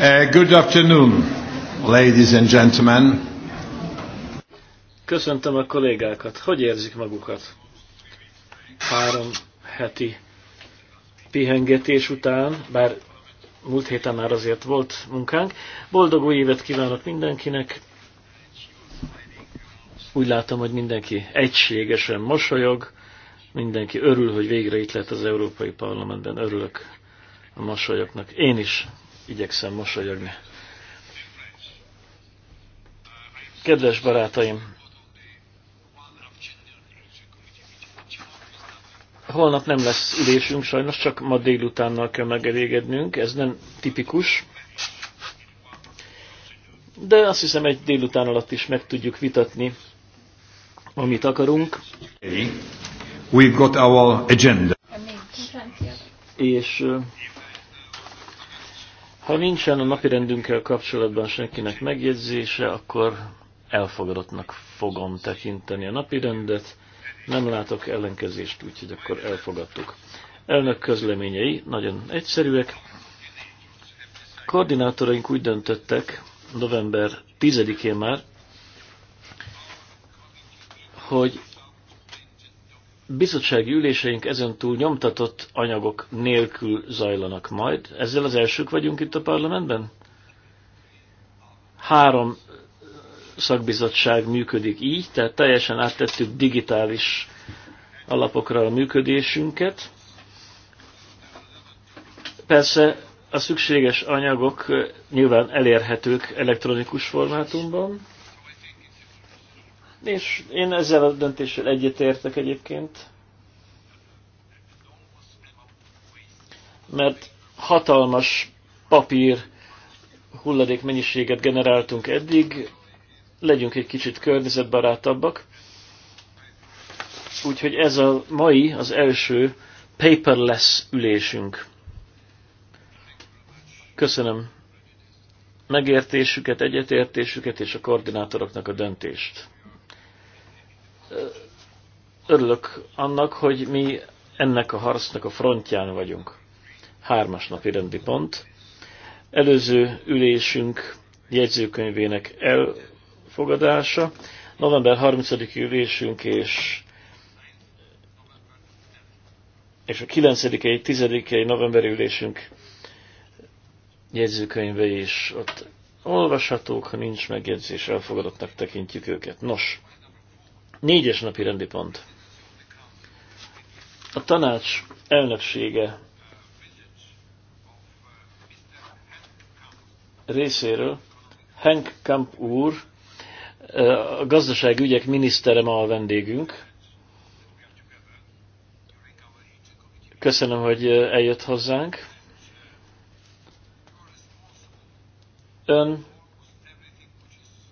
Uh, good afternoon, ladies and gentlemen. Köszöntöm a kollégákat. Hogy érzik magukat? Három heti pihengetés után, bár múlt héten már azért volt munkánk. Boldog új évet kívánok mindenkinek. Úgy látom, hogy mindenki egységesen mosolyog, mindenki örül, hogy végre itt lett az Európai Parlamentben. Örülök a mosolyoknak. Én is igyekszem mosolyogni. Kedves barátaim! Holnap nem lesz ülésünk, sajnos csak ma délutánnal kell megelégednünk, ez nem tipikus. De azt hiszem egy délután alatt is meg tudjuk vitatni, amit akarunk. We've got our agenda. És ha nincsen a napirendünkkel kapcsolatban senkinek megjegyzése, akkor elfogadottnak fogom tekinteni a napirendet. Nem látok ellenkezést, úgyhogy akkor elfogadtuk. Elnök közleményei nagyon egyszerűek. Koordinátoraink úgy döntöttek november 10-én már, hogy bizottsági üléseink ezen túl nyomtatott anyagok nélkül zajlanak majd. Ezzel az elsők vagyunk itt a parlamentben? Három szakbizottság működik így, tehát teljesen áttettük digitális alapokra a működésünket. Persze a szükséges anyagok nyilván elérhetők elektronikus formátumban, és én ezzel a döntéssel egyetértek egyébként, mert hatalmas papír hulladék mennyiséget generáltunk eddig, legyünk egy kicsit környezetbarátabbak. Úgyhogy ez a mai az első paperless ülésünk. Köszönöm megértésüket, egyetértésüket és a koordinátoroknak a döntést örülök annak, hogy mi ennek a harcnak a frontján vagyunk. Hármas napi rendi pont. Előző ülésünk jegyzőkönyvének elfogadása. November 30. ülésünk és és a 9 egy 10 egy novemberi ülésünk jegyzőkönyve is ott olvashatók, ha nincs megjegyzés, elfogadottnak tekintjük őket. Nos, Négyes napi rendi pont. A tanács elnöksége részéről Hank Kamp úr, a gazdasági ügyek minisztere ma a vendégünk. Köszönöm, hogy eljött hozzánk. Ön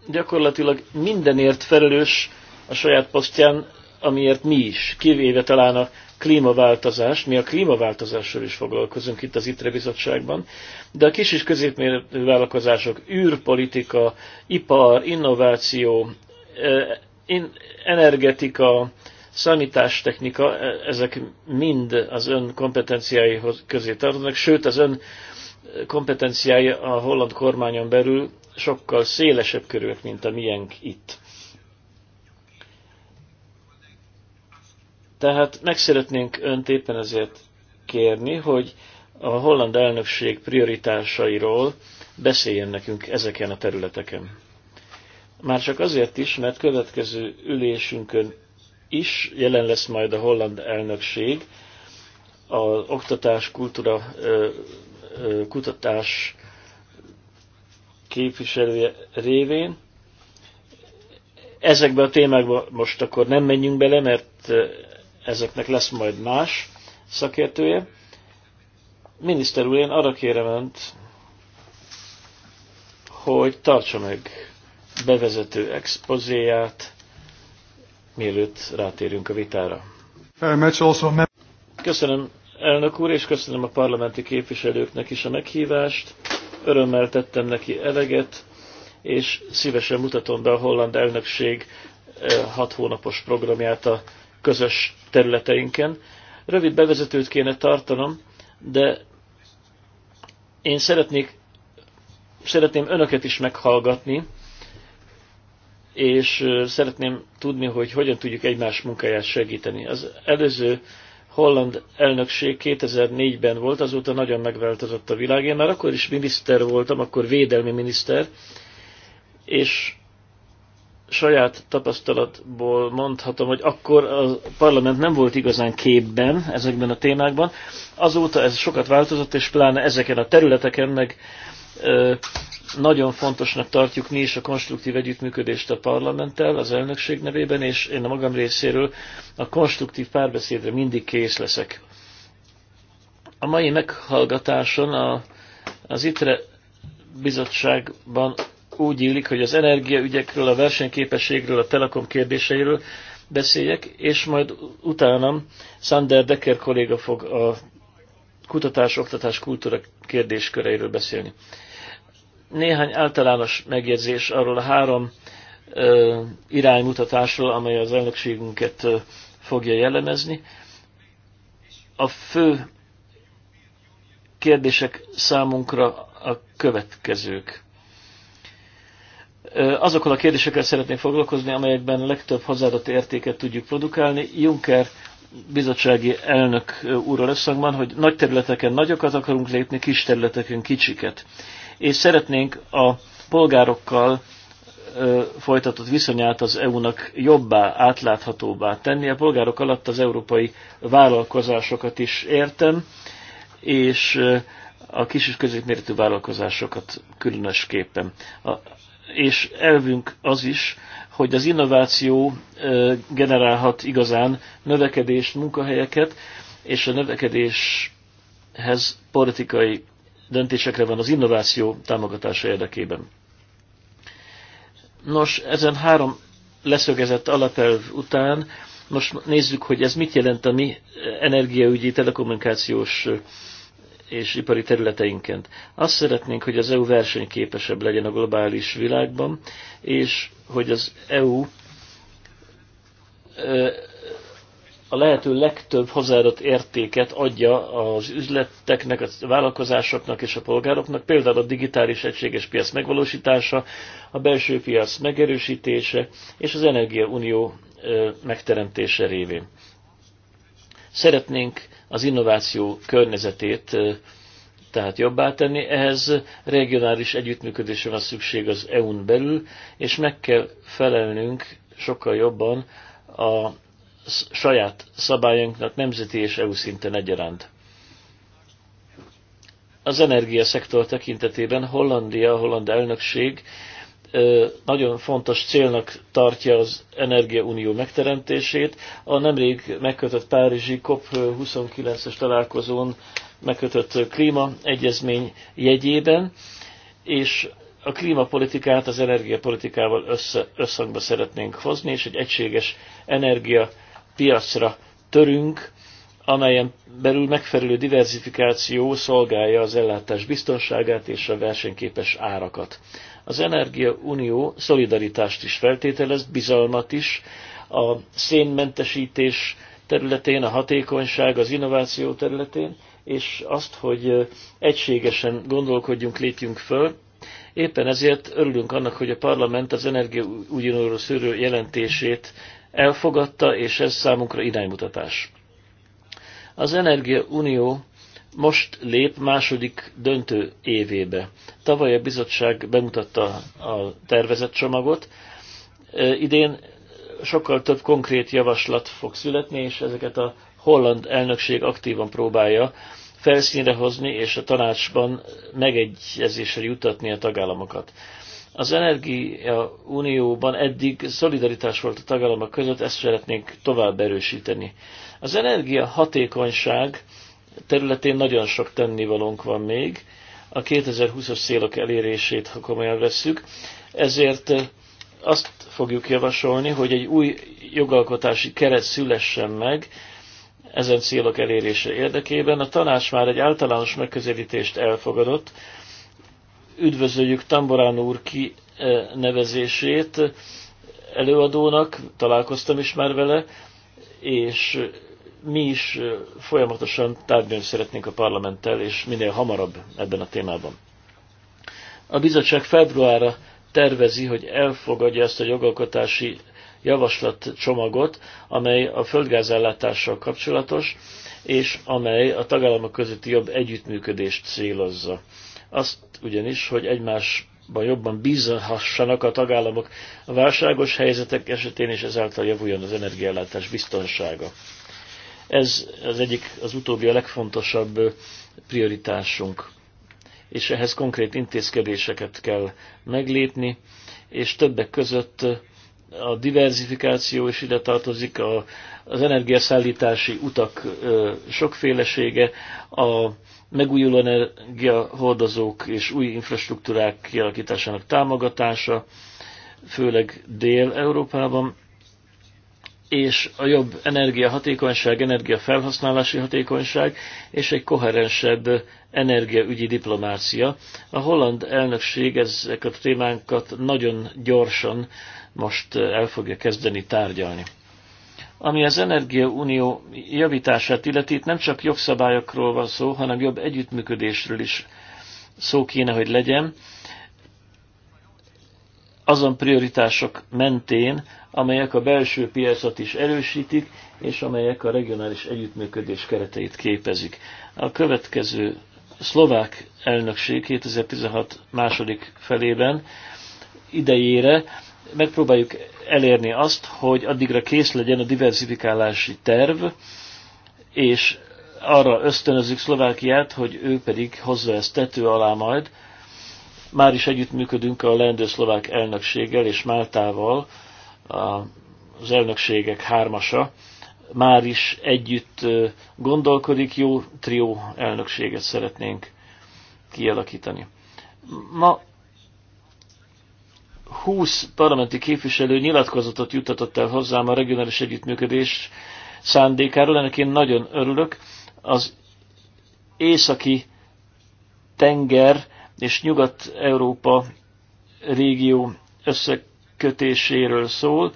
gyakorlatilag mindenért felelős a saját posztján, amiért mi is, kivéve talán a klímaváltozás, mi a klímaváltozással is foglalkozunk itt az ITRE bizottságban, de a kis és középmérő vállalkozások, űrpolitika, ipar, innováció, e, energetika, számítástechnika, e, ezek mind az ön kompetenciáihoz közé tartoznak, sőt az ön kompetenciái a holland kormányon belül sokkal szélesebb körülök, mint a miénk itt. Tehát meg szeretnénk önt éppen ezért kérni, hogy a holland elnökség prioritásairól beszéljen nekünk ezeken a területeken. Már csak azért is, mert következő ülésünkön is jelen lesz majd a holland elnökség, az oktatás, kultúra, kutatás képviselője révén. Ezekbe a témákba most akkor nem menjünk bele, mert ezeknek lesz majd más szakértője. Miniszter úr, én arra kérem önt, hogy tartsa meg bevezető expozéját, mielőtt rátérünk a vitára. Köszönöm elnök úr, és köszönöm a parlamenti képviselőknek is a meghívást. Örömmel tettem neki eleget, és szívesen mutatom be a holland elnökség eh, hat hónapos programját a közös területeinken. Rövid bevezetőt kéne tartanom, de én szeretnék, szeretném önöket is meghallgatni, és szeretném tudni, hogy hogyan tudjuk egymás munkáját segíteni. Az előző holland elnökség 2004-ben volt, azóta nagyon megváltozott a világ. Én már akkor is miniszter voltam, akkor védelmi miniszter, és saját tapasztalatból mondhatom, hogy akkor a parlament nem volt igazán képben ezekben a témákban. Azóta ez sokat változott, és pláne ezeken a területeken meg ö, nagyon fontosnak tartjuk mi is a konstruktív együttműködést a parlamenttel, az elnökség nevében, és én a magam részéről a konstruktív párbeszédre mindig kész leszek. A mai meghallgatáson a, az ITRE bizottságban úgy illik, hogy az energiaügyekről, a versenyképességről, a telekom kérdéseiről beszéljek, és majd utánam Sander Decker kolléga fog a kutatás, oktatás, kultúra kérdésköreiről beszélni. Néhány általános megjegyzés arról a három ö, iránymutatásról, amely az elnökségünket ö, fogja jellemezni. A fő kérdések számunkra a következők azokkal a kérdésekkel szeretnék foglalkozni, amelyekben legtöbb hozzáadott értéket tudjuk produkálni. Juncker bizottsági elnök úrral összhangban, hogy nagy területeken nagyokat akarunk lépni, kis területeken kicsiket. És szeretnénk a polgárokkal folytatott viszonyát az EU-nak jobbá, átláthatóbbá tenni. A polgárok alatt az európai vállalkozásokat is értem, és a kis és középméretű vállalkozásokat különösképpen. A és elvünk az is, hogy az innováció generálhat igazán növekedést, munkahelyeket, és a növekedéshez politikai döntésekre van az innováció támogatása érdekében. Nos, ezen három leszögezett alapelv után most nézzük, hogy ez mit jelent a mi energiaügyi, telekommunikációs és ipari területeinket. Azt szeretnénk, hogy az EU versenyképesebb legyen a globális világban, és hogy az EU a lehető legtöbb hozzáadott értéket adja az üzleteknek, a vállalkozásoknak és a polgároknak, például a digitális egységes piac megvalósítása, a belső piac megerősítése és az energiaunió megteremtése révén. Szeretnénk az innováció környezetét tehát jobbá tenni, ehhez regionális együttműködésre van szükség az EU-n belül, és meg kell felelnünk sokkal jobban a saját szabályainknak nemzeti és EU szinten egyaránt. Az energiaszektor tekintetében Hollandia, a holland elnökség nagyon fontos célnak tartja az energiaunió megteremtését. A nemrég megkötött Párizsi COP29-es találkozón megkötött klímaegyezmény jegyében, és a klímapolitikát az energiapolitikával össze, összhangba szeretnénk hozni, és egy egységes energiapiacra törünk, amelyen belül megfelelő diversifikáció szolgálja az ellátás biztonságát és a versenyképes árakat. Az energiaunió Unió szolidaritást is feltételez, bizalmat is, a szénmentesítés területén, a hatékonyság, az innováció területén, és azt, hogy egységesen gondolkodjunk, lépjünk föl. Éppen ezért örülünk annak, hogy a parlament az Energia Unióról szörő jelentését elfogadta, és ez számunkra iránymutatás. Az Energia Unió most lép második döntő évébe. Tavaly a bizottság bemutatta a tervezett csomagot, idén sokkal több konkrét javaslat fog születni, és ezeket a holland elnökség aktívan próbálja felszínre hozni, és a tanácsban megegyezésre jutatni a tagállamokat. Az Energia Unióban eddig szolidaritás volt a tagállamok között, ezt szeretnénk tovább erősíteni. Az energia hatékonyság területén nagyon sok tennivalónk van még. A 2020-as célok elérését, ha komolyan vesszük, ezért eh, azt fogjuk javasolni, hogy egy új jogalkotási keret szülessen meg ezen célok elérése érdekében. A tanács már egy általános megközelítést elfogadott. Üdvözöljük Tamborán úr ki eh, nevezését előadónak, találkoztam is már vele, és mi is folyamatosan tárgyalni szeretnénk a parlamenttel, és minél hamarabb ebben a témában. A bizottság februárra tervezi, hogy elfogadja ezt a jogalkotási javaslatcsomagot, amely a földgázellátással kapcsolatos, és amely a tagállamok közötti jobb együttműködést célozza. Azt ugyanis, hogy egymásban jobban bízhassanak a tagállamok a válságos helyzetek esetén, és ezáltal javuljon az energiállátás biztonsága. Ez az egyik, az utóbbi a legfontosabb prioritásunk. És ehhez konkrét intézkedéseket kell meglépni, és többek között a diversifikáció is ide tartozik, a, az energiaszállítási utak ö, sokfélesége, a megújuló energiahordozók és új infrastruktúrák kialakításának támogatása, főleg Dél-Európában, és a jobb energiahatékonyság, energiafelhasználási hatékonyság, és egy koherensebb energiaügyi diplomácia. A holland elnökség ezeket a témánkat nagyon gyorsan most el fogja kezdeni tárgyalni. Ami az Energiaunió javítását illeti, itt nem csak jogszabályokról van szó, hanem jobb együttműködésről is szó kéne, hogy legyen, azon prioritások mentén, amelyek a belső piacot is erősítik, és amelyek a regionális együttműködés kereteit képezik. A következő szlovák elnökség 2016 második felében idejére megpróbáljuk elérni azt, hogy addigra kész legyen a diversifikálási terv, és arra ösztönözzük Szlovákiát, hogy ő pedig hozza ezt tető alá majd. Már is együttműködünk a lendő szlovák elnökséggel és Máltával, az elnökségek hármasa már is együtt gondolkodik, jó trió elnökséget szeretnénk kialakítani. Ma 20 parlamenti képviselő nyilatkozatot juttatott el hozzám a regionális együttműködés szándékáról, ennek én nagyon örülök. Az északi tenger és Nyugat-Európa régió össze kötéséről szól.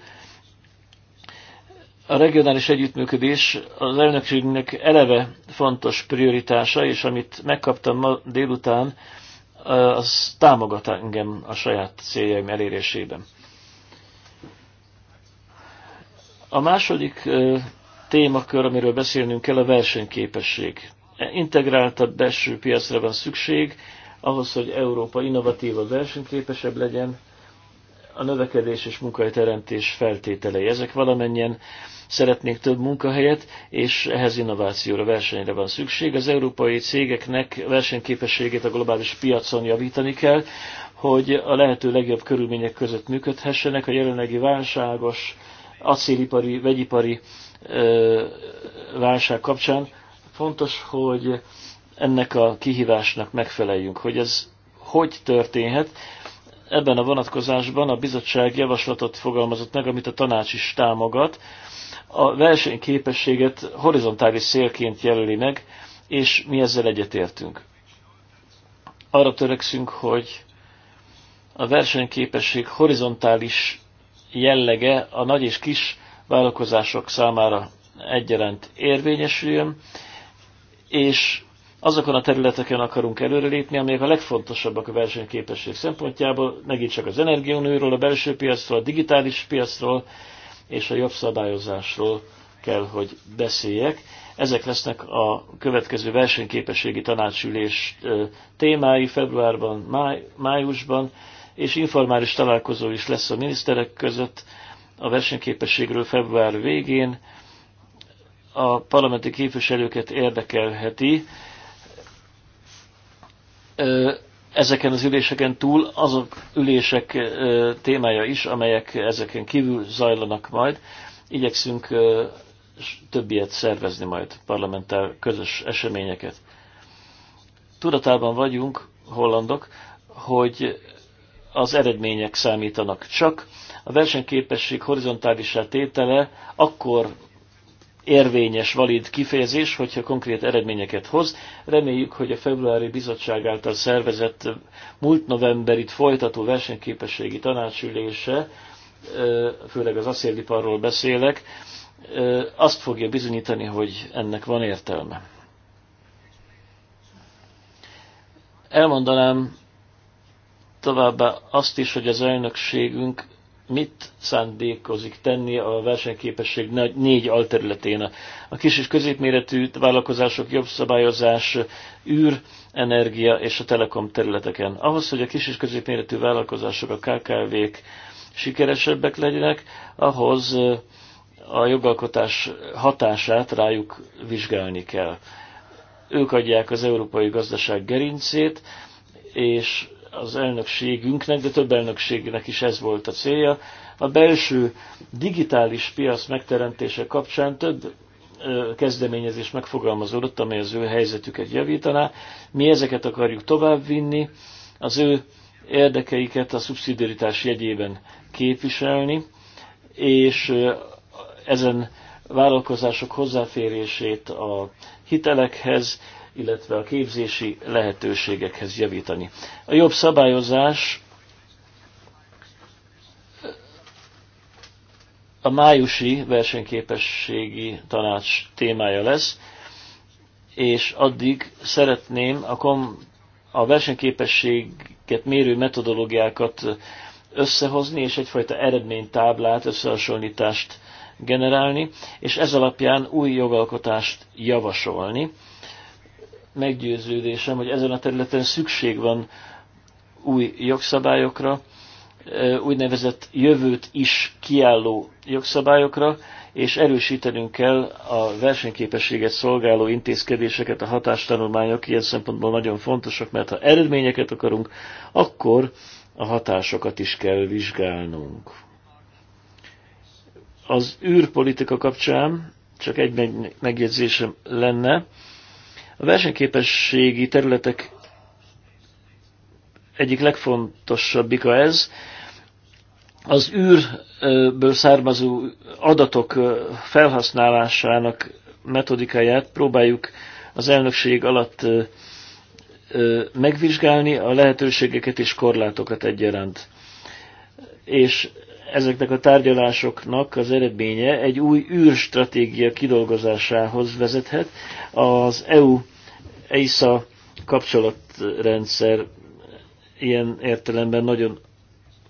A regionális együttműködés az elnökségnek eleve fontos prioritása, és amit megkaptam ma délután, az támogat engem a saját céljaim elérésében. A második témakör, amiről beszélnünk kell, a versenyképesség. Integráltabb belső piacra van szükség, ahhoz, hogy Európa innovatívabb, versenyképesebb legyen, a növekedés és munkahelyteremtés feltételei. Ezek valamennyien szeretnék több munkahelyet, és ehhez innovációra, versenyre van szükség. Az európai cégeknek versenyképességét a globális piacon javítani kell, hogy a lehető legjobb körülmények között működhessenek. A jelenlegi válságos acélipari, vegyipari ö, válság kapcsán fontos, hogy ennek a kihívásnak megfeleljünk, hogy ez hogy történhet, ebben a vonatkozásban a bizottság javaslatot fogalmazott meg, amit a tanács is támogat. A versenyképességet horizontális szélként jelöli meg, és mi ezzel egyetértünk. Arra törekszünk, hogy a versenyképesség horizontális jellege a nagy és kis vállalkozások számára egyaránt érvényesüljön, és azokon a területeken akarunk előrelépni, amelyek a legfontosabbak a versenyképesség szempontjából, megint csak az energiaunióról, a belső piacról, a digitális piacról és a jobb szabályozásról kell, hogy beszéljek. Ezek lesznek a következő versenyképességi tanácsülés témái februárban, máj, májusban, és informális találkozó is lesz a miniszterek között a versenyképességről február végén. A parlamenti képviselőket érdekelheti, ezeken az üléseken túl azok ülések témája is, amelyek ezeken kívül zajlanak majd. Igyekszünk többiet szervezni majd parlamentár közös eseményeket. Tudatában vagyunk, hollandok, hogy az eredmények számítanak csak. A versenyképesség horizontálisá tétele akkor érvényes, valid kifejezés, hogyha konkrét eredményeket hoz. Reméljük, hogy a februári bizottság által szervezett múlt novemberit folytató versenyképességi tanácsülése, főleg az acéliparról beszélek, azt fogja bizonyítani, hogy ennek van értelme. Elmondanám továbbá azt is, hogy az elnökségünk mit szándékozik tenni a versenyképesség négy alterületén. A kis és középméretű vállalkozások jobb szabályozás, űr, energia és a telekom területeken. Ahhoz, hogy a kis és középméretű vállalkozások, a KKV-k sikeresebbek legyenek, ahhoz eh, a jogalkotás hatását rájuk vizsgálni kell. Ők adják az európai gazdaság gerincét, és az elnökségünknek, de több elnökségnek is ez volt a célja. A belső digitális piac megteremtése kapcsán több kezdeményezés megfogalmazódott, amely az ő helyzetüket javítaná. Mi ezeket akarjuk továbbvinni, az ő érdekeiket a szubszidiaritás jegyében képviselni, és ezen vállalkozások hozzáférését a hitelekhez, illetve a képzési lehetőségekhez javítani. A jobb szabályozás a májusi versenyképességi tanács témája lesz, és addig szeretném a, kom- a versenyképességet mérő metodológiákat összehozni, és egyfajta eredménytáblát, összehasonlítást generálni, és ez alapján új jogalkotást javasolni meggyőződésem, hogy ezen a területen szükség van új jogszabályokra, e, úgynevezett jövőt is kiálló jogszabályokra, és erősítenünk kell a versenyképességet szolgáló intézkedéseket, a hatástanulmányok ilyen szempontból nagyon fontosak, mert ha eredményeket akarunk, akkor a hatásokat is kell vizsgálnunk. Az űrpolitika kapcsán csak egy megjegyzésem lenne, a versenyképességi területek egyik legfontosabbika ez. Az űrből származó adatok felhasználásának metodikáját próbáljuk az elnökség alatt megvizsgálni, a lehetőségeket és korlátokat egyaránt. És ezeknek a tárgyalásoknak az eredménye egy új űrstratégia kidolgozásához vezethet az EU-EISA kapcsolatrendszer ilyen értelemben nagyon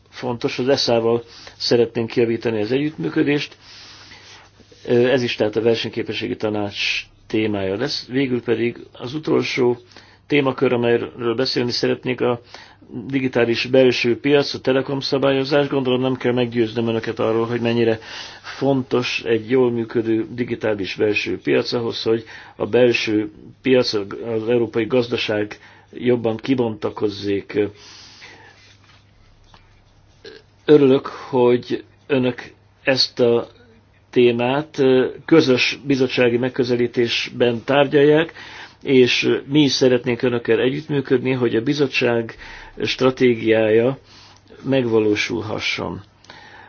fontos, az esa val szeretnénk kiavítani az együttműködést. Ez is tehát a versenyképességi tanács témája lesz. Végül pedig az utolsó témakör, amelyről beszélni szeretnék, a digitális belső piac, a telekomszabályozás. Gondolom nem kell meggyőznöm önöket arról, hogy mennyire fontos egy jól működő digitális belső piac ahhoz, hogy a belső piac, az európai gazdaság jobban kibontakozzék. Örülök, hogy önök ezt a témát közös bizottsági megközelítésben tárgyalják és mi is szeretnénk önökkel együttműködni, hogy a bizottság stratégiája megvalósulhasson.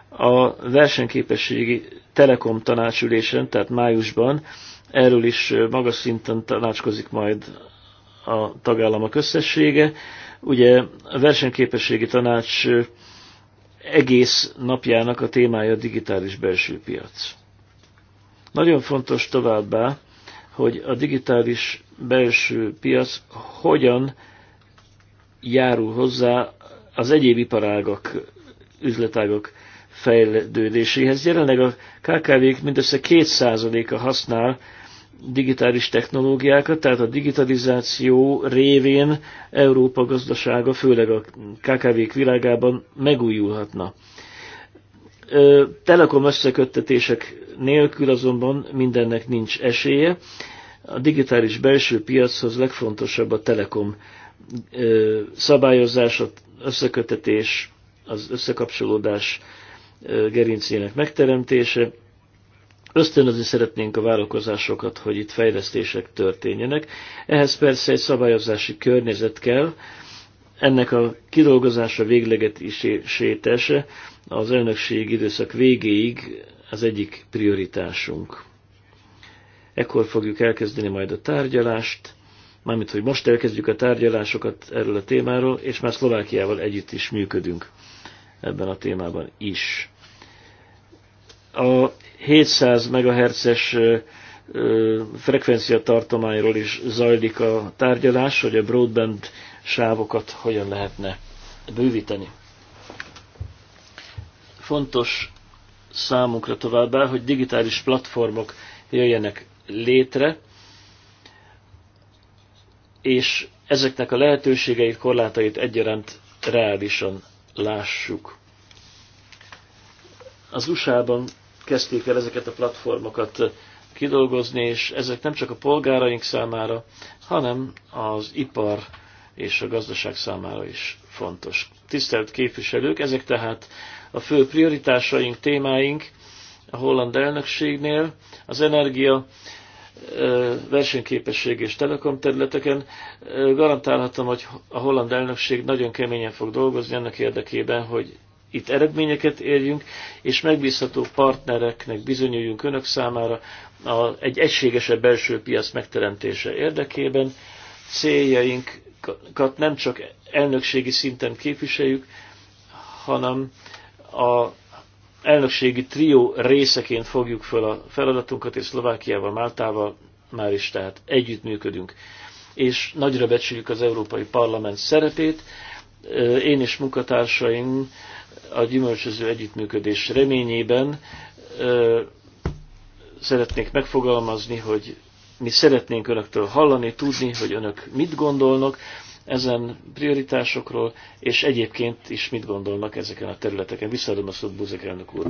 A versenyképességi Telekom tanácsülésen, tehát májusban, erről is magas szinten tanácskozik majd a tagállamok összessége. Ugye a versenyképességi tanács egész napjának a témája a digitális belső piac. Nagyon fontos továbbá, hogy a digitális belső piac hogyan járul hozzá az egyéb iparágak, üzletágak fejlődéséhez. Jelenleg a KKV-k mindössze 2%-a használ digitális technológiákat, tehát a digitalizáció révén Európa gazdasága, főleg a KKV-k világában megújulhatna. Telekom összeköttetések nélkül azonban mindennek nincs esélye. A digitális belső piachoz legfontosabb a telekom szabályozása, összekötetés, az összekapcsolódás gerincének megteremtése. Ösztönözni szeretnénk a vállalkozásokat, hogy itt fejlesztések történjenek. Ehhez persze egy szabályozási környezet kell, ennek a kidolgozása véglegesítése az elnökség időszak végéig az egyik prioritásunk. Ekkor fogjuk elkezdeni majd a tárgyalást, mármint, hogy most elkezdjük a tárgyalásokat erről a témáról, és már Szlovákiával együtt is működünk ebben a témában is. A 700 MHz-es frekvencia tartományról is zajlik a tárgyalás, hogy a broadband sávokat hogyan lehetne bővíteni. Fontos számunkra továbbá, hogy digitális platformok jöjjenek létre, és ezeknek a lehetőségeit, korlátait egyaránt reálisan lássuk. Az USA-ban kezdték el ezeket a platformokat kidolgozni, és ezek nem csak a polgáraink számára, hanem az ipar és a gazdaság számára is fontos. Tisztelt képviselők, ezek tehát a fő prioritásaink, témáink a holland elnökségnél, az energia, versenyképesség és telekom területeken. Garantálhatom, hogy a holland elnökség nagyon keményen fog dolgozni annak érdekében, hogy itt eredményeket érjünk, és megbízható partnereknek bizonyuljunk önök számára a, egy egységesebb belső piac megteremtése érdekében céljainkat nem csak elnökségi szinten képviseljük, hanem a elnökségi trió részeként fogjuk föl a feladatunkat, és Szlovákiával, Máltával már is tehát együttműködünk. És nagyra becsüljük az Európai Parlament szerepét. Én és munkatársaim a gyümölcsöző együttműködés reményében szeretnék megfogalmazni, hogy mi szeretnénk önöktől hallani, tudni, hogy önök mit gondolnak ezen prioritásokról, és egyébként is mit gondolnak ezeken a területeken. Visszaadom a szót Buzek elnök úr.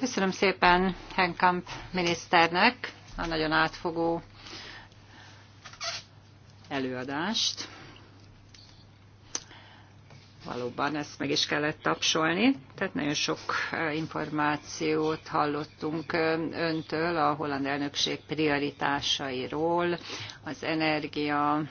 Köszönöm szépen Henkamp miniszternek a nagyon átfogó előadást valóban ezt meg is kellett tapsolni. Tehát nagyon sok információt hallottunk öntől a holland elnökség prioritásairól, az energia,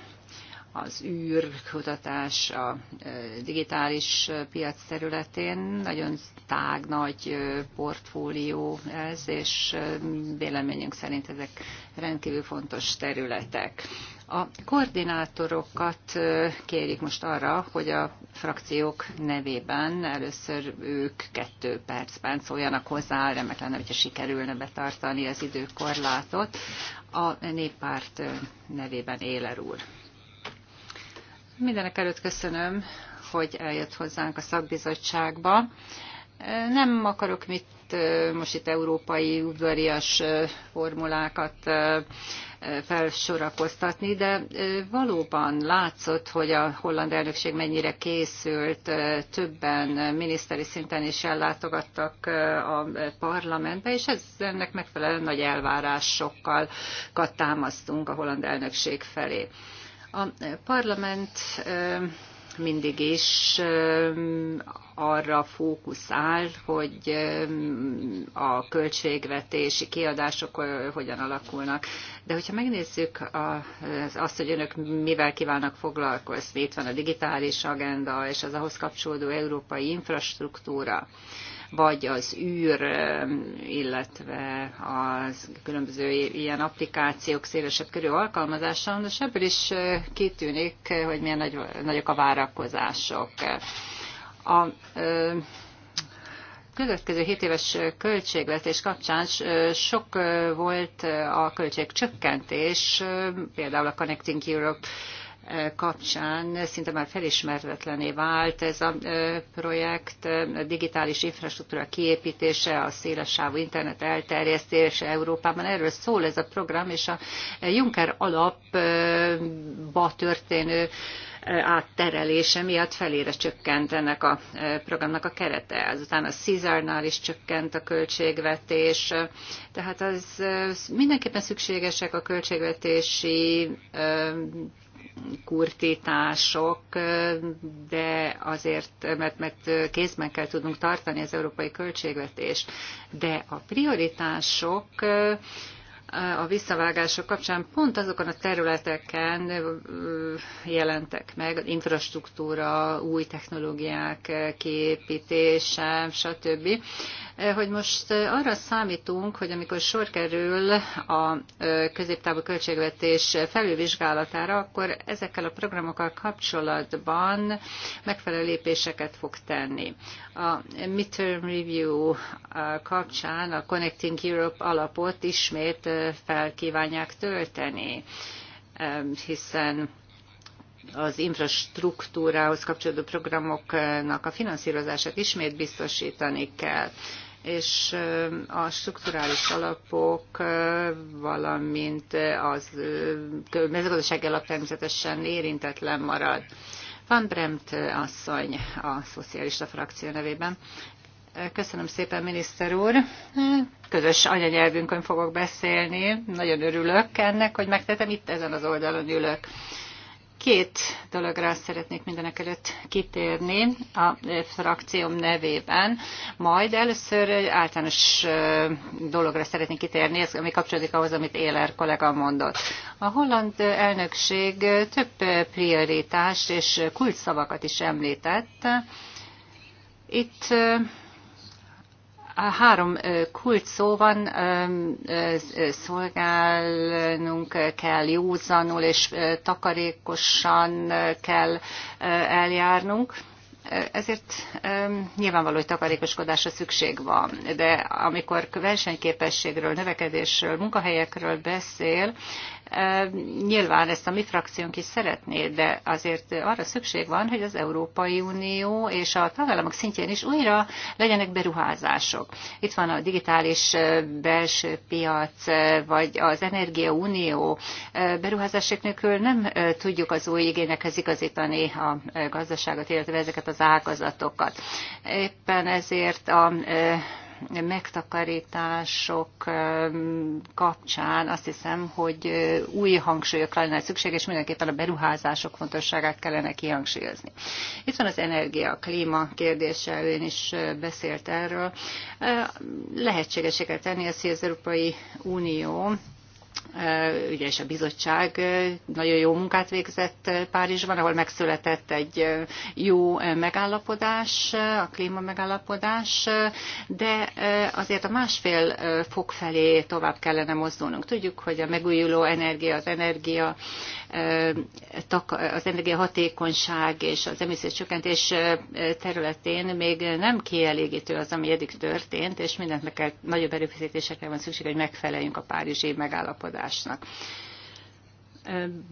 az űrkutatás a e, digitális piac területén. Nagyon tág, nagy e, portfólió ez, és e, véleményünk szerint ezek rendkívül fontos területek. A koordinátorokat kérjük most arra, hogy a frakciók nevében először ők kettő percben szóljanak hozzá, remek lenne, hogyha sikerülne betartani az időkorlátot. A néppárt nevében Éler úr. Mindenek előtt köszönöm, hogy eljött hozzánk a szakbizottságba. Nem akarok mit most itt európai udvarias formulákat felsorakoztatni, de valóban látszott, hogy a holland elnökség mennyire készült, többen miniszteri szinten is ellátogattak a parlamentbe, és ez ennek megfelelően nagy elvárásokkal támasztunk a holland elnökség felé. A parlament mindig is arra fókuszál, hogy a költségvetési kiadások hogyan alakulnak. De hogyha megnézzük azt, hogy önök mivel kívánnak foglalkozni, itt van a digitális agenda és az ahhoz kapcsolódó európai infrastruktúra, vagy az űr, illetve az különböző ilyen applikációk szélesebb körű alkalmazása, de ebből is eh, kitűnik, eh, hogy milyen nagy, nagyok a várakozások. A, ö, következő 7 éves költségvetés kapcsán eh, sok volt a költségcsökkentés, például a Connecting Europe kapcsán szinte már felismerhetlené vált ez a projekt, a digitális infrastruktúra kiépítése, a szélessávú internet elterjesztése Európában. Erről szól ez a program, és a Juncker alapba történő átterelése miatt felére csökkent ennek a programnak a kerete. Azután a Caesarnál is csökkent a költségvetés, tehát az mindenképpen szükségesek a költségvetési kurtítások, de azért, mert, mert kézben kell tudnunk tartani az európai költségvetést. De a prioritások a visszavágások kapcsán pont azokon a területeken jelentek meg, infrastruktúra, új technológiák képítése, stb hogy most arra számítunk, hogy amikor sor kerül a középtávú költségvetés felülvizsgálatára, akkor ezekkel a programokkal kapcsolatban megfelelő lépéseket fog tenni. A midterm review kapcsán a Connecting Europe alapot ismét felkívánják tölteni, hiszen az infrastruktúrához kapcsolódó programoknak a finanszírozását ismét biztosítani kell és a strukturális alapok, valamint az mezőgazdasági alap természetesen érintetlen marad. Van Bremt asszony a szocialista frakció nevében. Köszönöm szépen, miniszter úr. Közös anyanyelvünkön fogok beszélni. Nagyon örülök ennek, hogy megtetem. Itt ezen az oldalon ülök. Két dologra szeretnék mindenek előtt kitérni a frakcióm nevében, majd először egy általános dologra szeretnék kitérni, ez ami kapcsolódik ahhoz, amit Éler kollega mondott. A holland elnökség több prioritást és kulcsszavakat is említett. Itt Három kult szó van, szolgálnunk kell józanul és takarékosan kell eljárnunk. Ezért nyilvánvaló, hogy takarékoskodásra szükség van, de amikor versenyképességről, növekedésről, munkahelyekről beszél, Nyilván ezt a mi frakciónk is szeretné, de azért arra szükség van, hogy az Európai Unió és a tagállamok szintjén is újra legyenek beruházások. Itt van a digitális belső piac, vagy az Energiaunió beruházások nélkül nem tudjuk az új igényekhez igazítani a gazdaságot, illetve ezeket az ágazatokat. Éppen ezért a megtakarítások kapcsán azt hiszem, hogy új hangsúlyokra lenne szükség, és mindenképpen a beruházások fontosságát kellene kihangsúlyozni. Itt van az energia, a klíma kérdése, ön is beszélt erről. Lehetségesé tenni azt, hogy az Európai Unió ugye és a bizottság nagyon jó munkát végzett Párizsban, ahol megszületett egy jó megállapodás, a klíma megállapodás, de azért a másfél fok felé tovább kellene mozdulnunk. Tudjuk, hogy a megújuló energia, az energia az hatékonyság és az emissziós csökkentés területén még nem kielégítő az, ami eddig történt, és mindent meg kell, nagyobb erőfeszítésekre van szükség, hogy megfeleljünk a párizsi megállapodásnak megoldásnak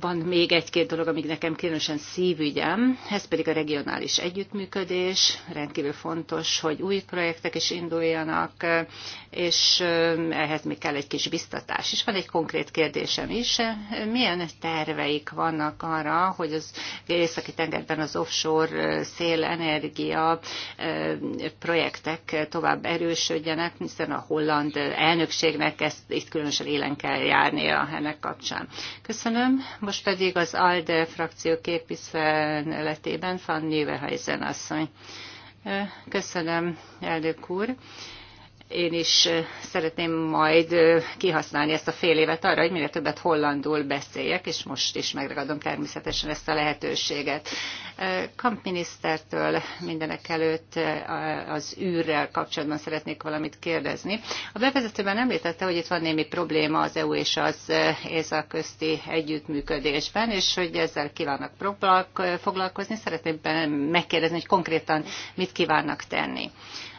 van még egy-két dolog, amik nekem különösen szívügyem, ez pedig a regionális együttműködés. Rendkívül fontos, hogy új projektek is induljanak, és ehhez még kell egy kis biztatás. És van egy konkrét kérdésem is. Milyen terveik vannak arra, hogy az északi tengerben az offshore szélenergia projektek tovább erősödjenek, hiszen a holland elnökségnek ezt itt különösen élen kell járnia ennek kapcsán. Köszönöm. Köszönöm. Most pedig az ALDE frakció képviseletében van Nyilveheisen asszony. Köszönöm, elnök úr én is szeretném majd kihasználni ezt a fél évet arra, hogy minél többet hollandul beszéljek, és most is megragadom természetesen ezt a lehetőséget. Kampminisztertől mindenek előtt az űrrel kapcsolatban szeretnék valamit kérdezni. A bevezetőben említette, hogy itt van némi probléma az EU és az ESA közti együttműködésben, és hogy ezzel kívánnak foglalkozni. Szeretném megkérdezni, hogy konkrétan mit kívánnak tenni.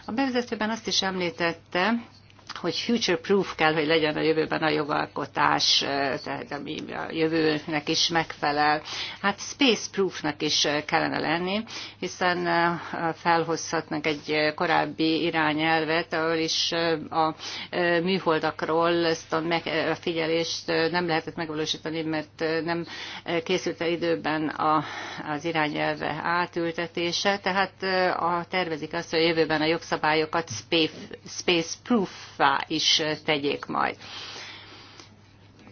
A bevezetőben azt is említette, hogy future-proof kell, hogy legyen a jövőben a jogalkotás, eh, tehát ami a jövőnek is megfelel. Hát space-proofnak is eh, kellene lenni, hiszen eh, felhozhatnak egy korábbi irányelvet, ahol is a műholdakról ezt a figyelést nem lehetett megvalósítani, mert nem készült el időben az irányelve átültetése, tehát a, tervezik azt, hogy a jövőben a jogszabályokat space-proof is tegyék majd.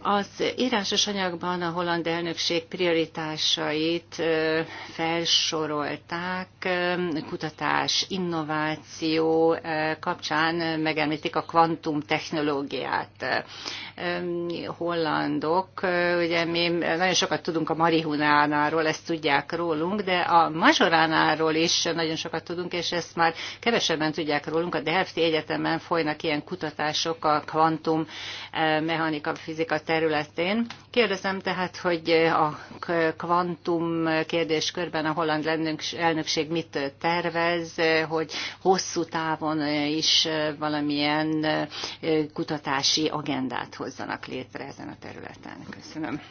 Az írásos anyagban a holland elnökség prioritásait felsorolták, kutatás, innováció kapcsán megemlítik a technológiát. Hollandok, ugye mi nagyon sokat tudunk a marihunánáról, ezt tudják rólunk, de a mazsoránáról is nagyon sokat tudunk, és ezt már kevesebben tudják rólunk. A Delfti Egyetemen folynak ilyen kutatások a kvantum mechanika fizika területén. Kérdezem tehát, hogy a kvantum kérdéskörben a holland elnökség mit tervez, hogy hosszú távon is valamilyen kutatási agendát hozzanak létre ezen a területen. Köszönöm.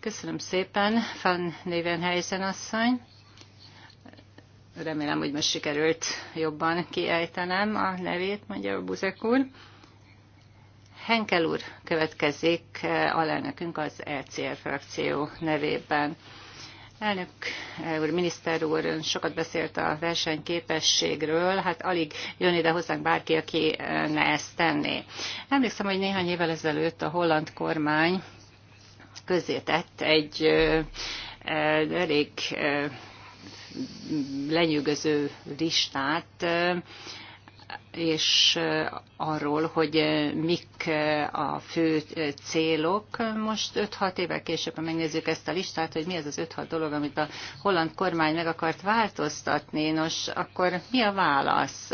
Köszönöm szépen, Van néven helyzen asszony. Remélem, hogy most sikerült jobban kiejtenem a nevét, Magyar Buzek úr. Henkel úr következik, eh, alelnökünk az ECR frakció nevében. Elnök eh, úr, miniszter úr, ön sokat beszélt a versenyképességről, hát alig jön ide hozzánk bárki, aki eh, ne ezt tenné. Emlékszem, hogy néhány évvel ezelőtt a holland kormány közzétett egy elég lenyűgöző listát, és arról, hogy mik a fő célok. Most 5-6 évvel később, ha megnézzük ezt a listát, hogy mi az az 5-6 dolog, amit a holland kormány meg akart változtatni, nos, akkor mi a válasz?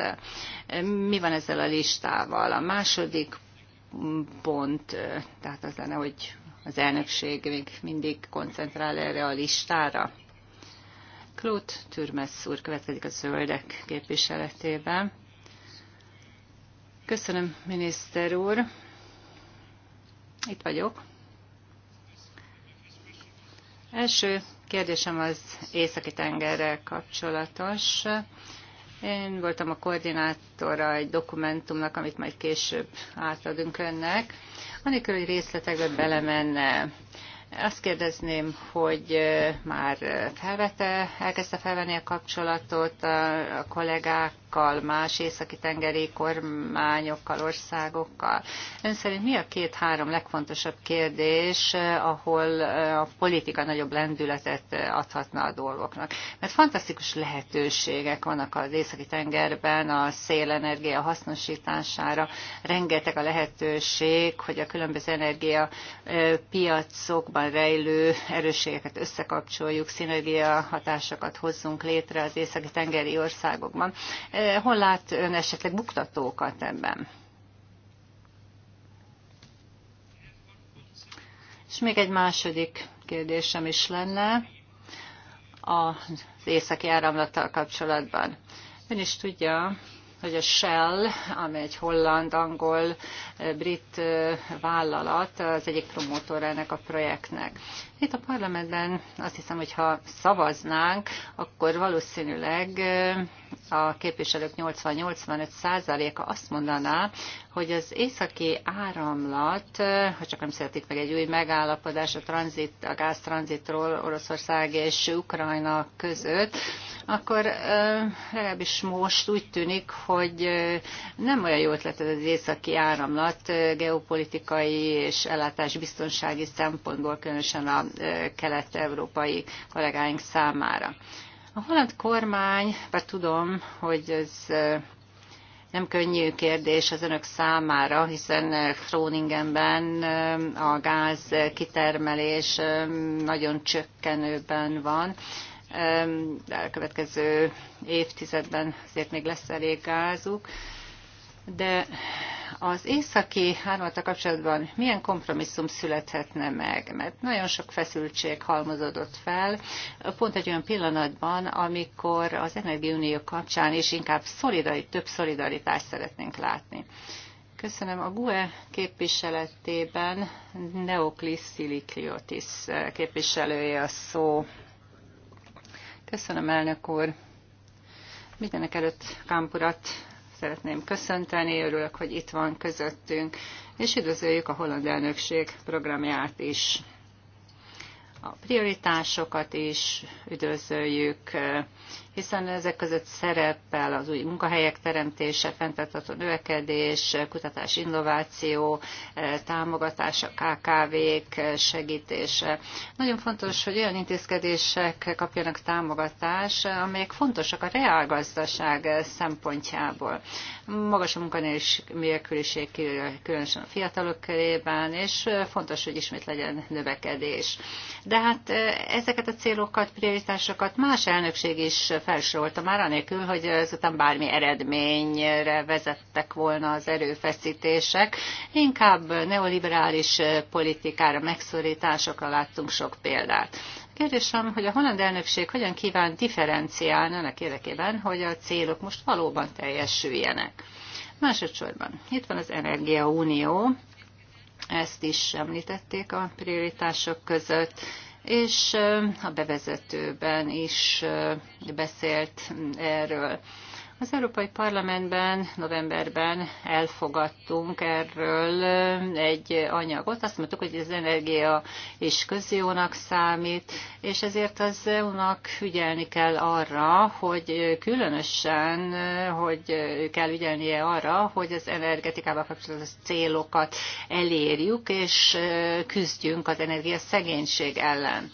Mi van ezzel a listával? A második pont, tehát az lenne, hogy az elnökség még mindig koncentrál erre a listára. Klót Türmesz úr következik a zöldek képviseletében. Köszönöm, miniszter úr. Itt vagyok. Első kérdésem az Északi-tengerrel kapcsolatos. Én voltam a koordinátora egy dokumentumnak, amit majd később átadunk önnek. Anélkül, hogy részletekbe belemenne, azt kérdezném, hogy már felvette, elkezdte felvenni a kapcsolatot a, kollégák országokkal, más északi tengeri kormányokkal, országokkal. Ön szerint mi a két-három legfontosabb kérdés, eh, ahol eh, a politika nagyobb lendületet eh, adhatna a dolgoknak? Mert fantasztikus lehetőségek vannak az északi tengerben a szélenergia hasznosítására, rengeteg a lehetőség, hogy a különböző energia piacokban rejlő erősségeket összekapcsoljuk, szinergia hatásokat hozzunk létre az északi tengeri országokban. Hol lát ön esetleg buktatókat ebben? És még egy második kérdésem is lenne az északi áramlattal kapcsolatban. Ön is tudja, hogy a Shell, amely egy holland, angol, brit vállalat, az egyik promotor ennek a projektnek. Itt a parlamentben azt hiszem, hogy ha szavaznánk, akkor valószínűleg a képviselők 80-85 százaléka azt mondaná, hogy az északi áramlat, ha csak nem születik meg egy új megállapodás a, tranzit, a gáztranzitról Oroszország és Ukrajna között, akkor legalábbis most úgy tűnik, hogy nem olyan jó ötlet az északi áramlat geopolitikai és ellátás biztonsági szempontból, különösen a kelet-európai kollégáink számára. A holland kormány, bár tudom, hogy ez nem könnyű kérdés az önök számára, hiszen Groningenben a gáz kitermelés nagyon csökkenőben van. De a következő évtizedben azért még lesz elég gázuk de az északi hármata kapcsolatban milyen kompromisszum születhetne meg? Mert nagyon sok feszültség halmozódott fel, pont egy olyan pillanatban, amikor az Energiaunió kapcsán is inkább szolidari, több szolidaritást szeretnénk látni. Köszönöm. A GUE képviseletében Neoklis Szilikliotis képviselője a szó. Köszönöm, elnök úr. Mindenek előtt Kampurat szeretném köszönteni, örülök, hogy itt van közöttünk, és üdvözöljük a holland elnökség programját is. A prioritásokat is üdvözöljük, hiszen ezek között szerepel az új munkahelyek teremtése, fenntartható növekedés, kutatás, innováció, eh, támogatása, KKV-k eh, segítése. Nagyon fontos, hogy olyan intézkedések kapjanak támogatást, amelyek fontosak a reálgazdaság eh, szempontjából. Magas a munkanélküliség, különösen a fiatalok körében, és fontos, hogy ismét legyen növekedés. De hát ezeket a célokat, prioritásokat más elnökség is felsorolta már, anélkül, hogy ezután bármi eredményre vezettek volna az erőfeszítések. Inkább neoliberális politikára, megszorításokra láttunk sok példát. Kérdésem, hogy a holland elnökség hogyan kíván differenciálni annak érdekében, hogy a célok most valóban teljesüljenek. Másodszorban, itt van az Energia Unió, ezt is említették a prioritások között és a bevezetőben is beszélt mm, erről. Az Európai Parlamentben novemberben elfogadtunk erről eh, egy anyagot. Azt mondtuk, hogy az energia is közjónak számít, és ezért az EU-nak ügyelni kell arra, hogy különösen, eh, hogy kell ügyelnie arra, hogy az energetikával kapcsolatos célokat elérjük, és eh, küzdjünk az energia szegénység ellen.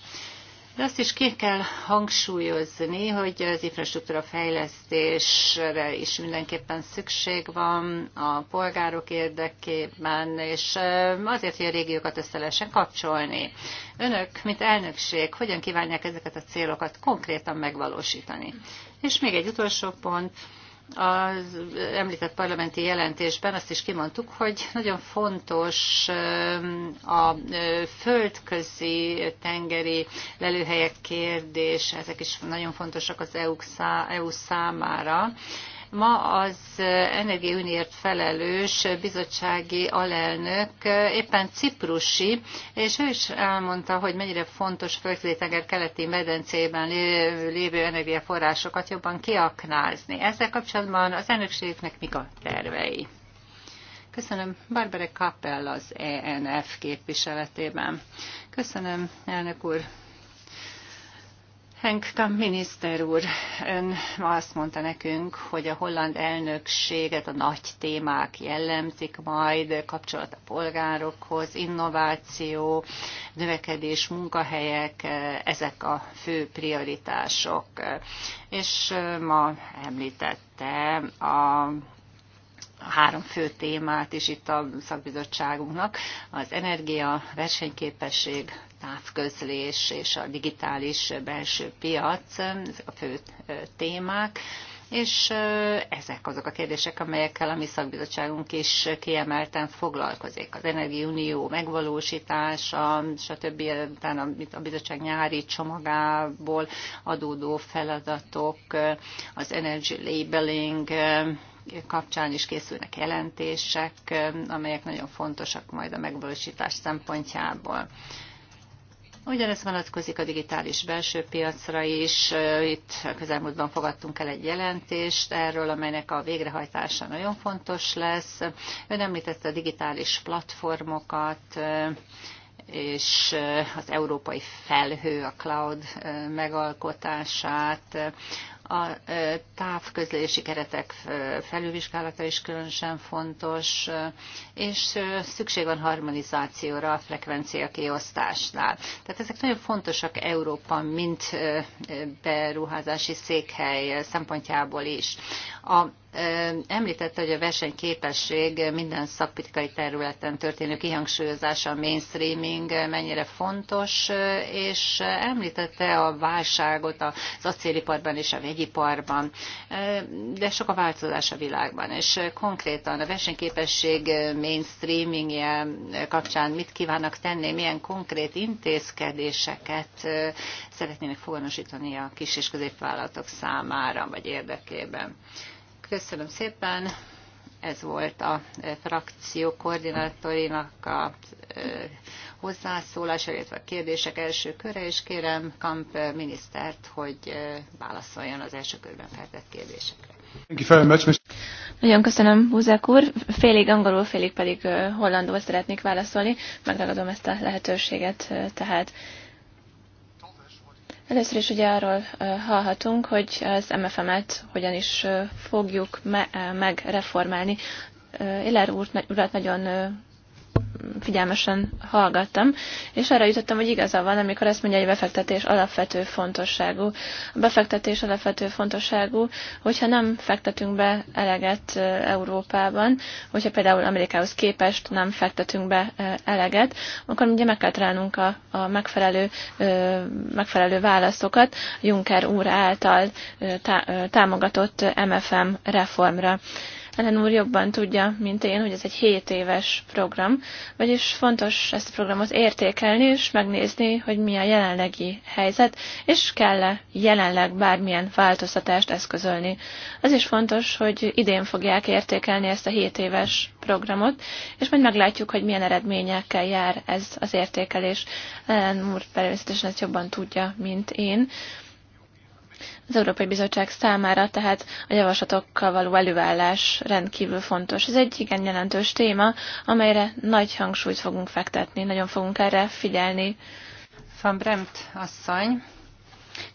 De azt is ki kell hangsúlyozni, hogy az infrastruktúra fejlesztésre is mindenképpen szükség van a polgárok érdekében, és azért, hogy a régiókat össze lehessen kapcsolni. Önök, mint elnökség, hogyan kívánják ezeket a célokat konkrétan megvalósítani? És még egy utolsó pont, az említett parlamenti jelentésben azt is kimondtuk, hogy nagyon fontos a földközi tengeri lelőhelyek kérdése, ezek is nagyon fontosak az EU számára Ma az Energiauniért felelős bizottsági alelnök éppen ciprusi, és ő is elmondta, hogy mennyire fontos földtéteger keleti medencében lévő energiaforrásokat jobban kiaknázni. Ezzel kapcsolatban az elnökségnek mik a tervei? Köszönöm Barbara Kappel az ENF képviseletében. Köszönöm, elnök úr. Henk miniszter úr, ön ma azt mondta nekünk, hogy a holland elnökséget a nagy témák jellemzik majd, kapcsolat a polgárokhoz, innováció, növekedés, munkahelyek, ezek a fő prioritások. És ma említette a három fő témát is itt a szakbizottságunknak, az energia, versenyképesség, távközlés és a digitális belső piac, ezek a fő témák és ezek azok a kérdések, amelyekkel a mi szakbizottságunk is kiemelten foglalkozik. Az Energiunió megvalósítása, stb. utána a bizottság nyári csomagából adódó feladatok, az energy labeling, kapcsán is készülnek jelentések, amelyek nagyon fontosak majd a megvalósítás szempontjából. Ugyanez vonatkozik a digitális belső piacra is. Itt közelmúltban fogadtunk el egy jelentést erről, amelynek a végrehajtása nagyon fontos lesz. Ön említette a digitális platformokat, és az európai felhő, a cloud megalkotását, a távközlési keretek felülvizsgálata is különösen fontos, és szükség van harmonizációra a frekvencia kiosztásnál. Tehát ezek nagyon fontosak Európa, mint beruházási székhely szempontjából is. A Említette, hogy a versenyképesség minden szakpolitikai területen történő kihangsúlyozása, a mainstreaming mennyire fontos, és említette a válságot az acéliparban és a vegyiparban, de sok a változás a világban, és konkrétan a versenyképesség mainstreamingje kapcsán mit kívánnak tenni, milyen konkrét intézkedéseket szeretnének foganosítani a kis és középvállalatok számára, vagy érdekében. Köszönöm szépen. Ez volt a e, frakció koordinátorinak a e, hozzászólása, illetve a kérdések első köre, és kérem Kamp minisztert, hogy e, válaszoljon az első körben feltett kérdésekre. Nagyon köszönöm, Búzák úr. Félig angolul, félig pedig hollandul szeretnék válaszolni. Megragadom ezt a lehetőséget tehát. Először is ugye arról hallhatunk, hogy az MFM-et hogyan is fogjuk me- megreformálni. Éler úr, urat nagyon figyelmesen hallgattam, és arra jutottam, hogy igaza van, amikor azt mondja, hogy a befektetés alapvető fontosságú. A befektetés alapvető fontosságú, hogyha nem fektetünk be eleget Európában, hogyha például Amerikához képest nem fektetünk be eleget, akkor ugye meg kell találnunk a, a megfelelő, megfelelő válaszokat Juncker úr által támogatott MFM reformra. Ellen úr jobban tudja, mint én, hogy ez egy 7 éves program, vagyis fontos ezt a programot értékelni és megnézni, hogy mi a jelenlegi helyzet, és kell-e jelenleg bármilyen változtatást eszközölni. Az is fontos, hogy idén fogják értékelni ezt a 7 éves programot, és majd meglátjuk, hogy milyen eredményekkel jár ez az értékelés. Ellen úr természetesen ezt jobban tudja, mint én. Az Európai Bizottság számára tehát a javaslatokkal való előállás rendkívül fontos. Ez egy igen jelentős téma, amelyre nagy hangsúlyt fogunk fektetni, nagyon fogunk erre figyelni. Van Bremt asszony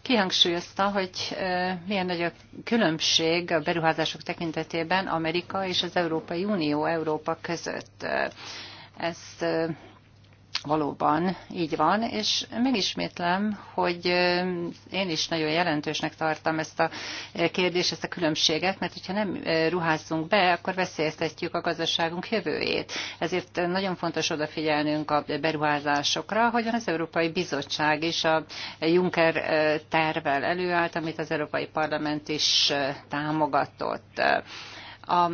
kihangsúlyozta, hogy milyen nagy a különbség a beruházások tekintetében Amerika és az Európai Unió Európa között. Ezt Valóban így van, és megismétlem, hogy én is nagyon jelentősnek tartom ezt a kérdést, ezt a különbséget, mert hogyha nem ruházzunk be, akkor veszélyeztetjük a gazdaságunk jövőjét. Ezért nagyon fontos odafigyelnünk a beruházásokra, hogy az Európai Bizottság is a Juncker tervvel előállt, amit az Európai Parlament is támogatott a,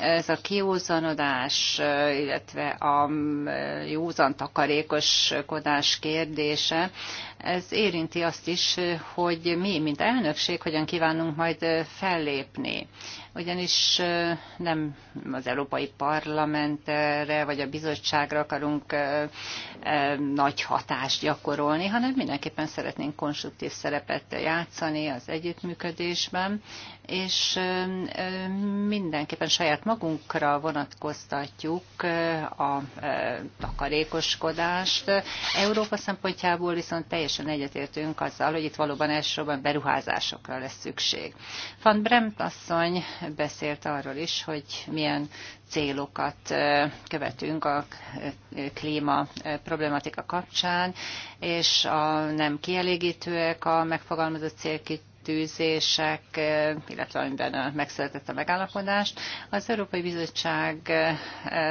ez a kiózanodás, illetve a e, józan takarékoskodás kérdése, ez érinti azt is, hogy mi, mint elnökség, hogyan kívánunk majd fellépni. Ugyanis e, nem az Európai Parlamentre vagy a bizottságra akarunk e, nagy hatást gyakorolni, hanem mindenképpen szeretnénk konstruktív szerepet játszani az együttműködésben, és mindenképpen saját magunkra vonatkoztatjuk a takarékoskodást. Európa szempontjából viszont teljesen egyetértünk azzal, hogy itt valóban elsősorban beruházásokra lesz szükség. Van Bremt asszony beszélt arról is, hogy milyen célokat követünk a klíma problematika kapcsán, és a nem kielégítőek a megfogalmazott célkit tűzések, eh, illetve amiben eh, megszületett a megállapodást. Az Európai Bizottság eh,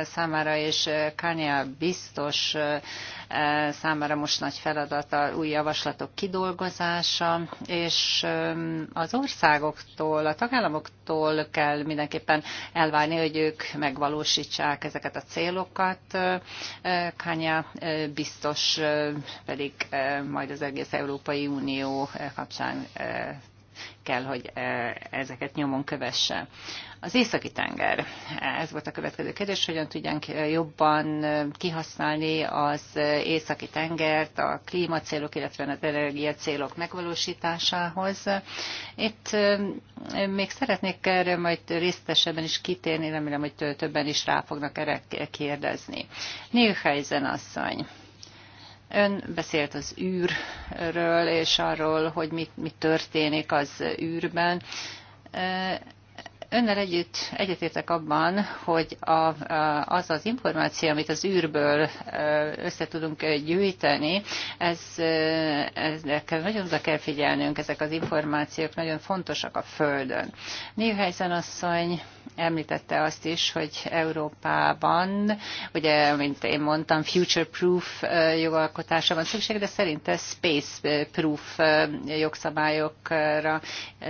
számára és Kányá biztos számára most nagy feladat a új javaslatok kidolgozása, és az országoktól, a tagállamoktól kell mindenképpen elvárni, hogy ők megvalósítsák ezeket a célokat. Kányá biztos pedig majd az egész Európai Unió kapcsán kell, hogy e, ezeket nyomon kövesse. Az északi tenger. Ez volt a következő kérdés, hogyan tudjánk e, jobban e, kihasználni az északi tengert a klímacélok, illetve az energiacélok megvalósításához. Itt még szeretnék erre majd részletesebben is kitérni, remélem, hogy többen is rá fognak erre kérdezni. Nilheisen asszony. Ön beszélt az űrről, és arról, hogy mit, mit történik az űrben. Önnel együtt egyetértek abban, hogy a, a, az az információ, amit az űrből össze tudunk gyűjteni, ez, ezek nagyon oda kell figyelnünk, ezek az információk nagyon fontosak a Földön. Néhányszor asszony említette azt is, hogy Európában, ugye, mint én mondtam, future-proof jogalkotásra van szükség, de szerinte space-proof jogszabályokra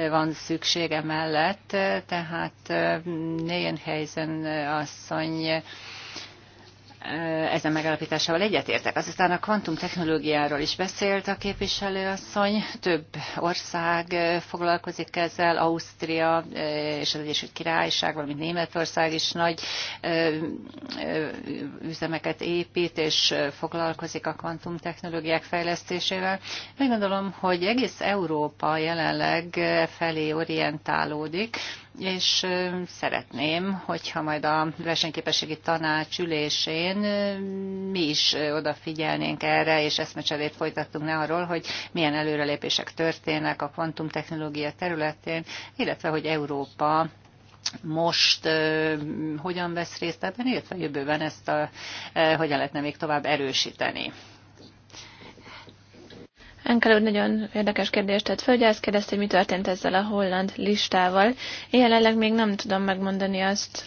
van szüksége mellett. Tehát Néjenhelyzen asszony ezen megállapításával egyetértek. Azután a kvantumtechnológiáról is beszélt a képviselőasszony. Több ország eh, foglalkozik ezzel, Ausztria eh, és az Egyesült Királyság, valamint Németország is nagy eh, üzemeket épít és foglalkozik a kvantumtechnológiák fejlesztésével. Úgy gondolom, hogy egész Európa jelenleg felé orientálódik, és szeretném, hogyha majd a versenyképességi tanács ülésén mi is odafigyelnénk erre, és eszmecserét folytattunk ne arról, hogy milyen előrelépések történnek a kvantumtechnológia területén, illetve hogy Európa most hogyan vesz részt ebben, illetve jövőben ezt a, hogyan lehetne még tovább erősíteni. Enkel úr nagyon érdekes kérdést tett föl, ezt azt kérdezte, hogy mi történt ezzel a holland listával. Én jelenleg még nem tudom megmondani azt,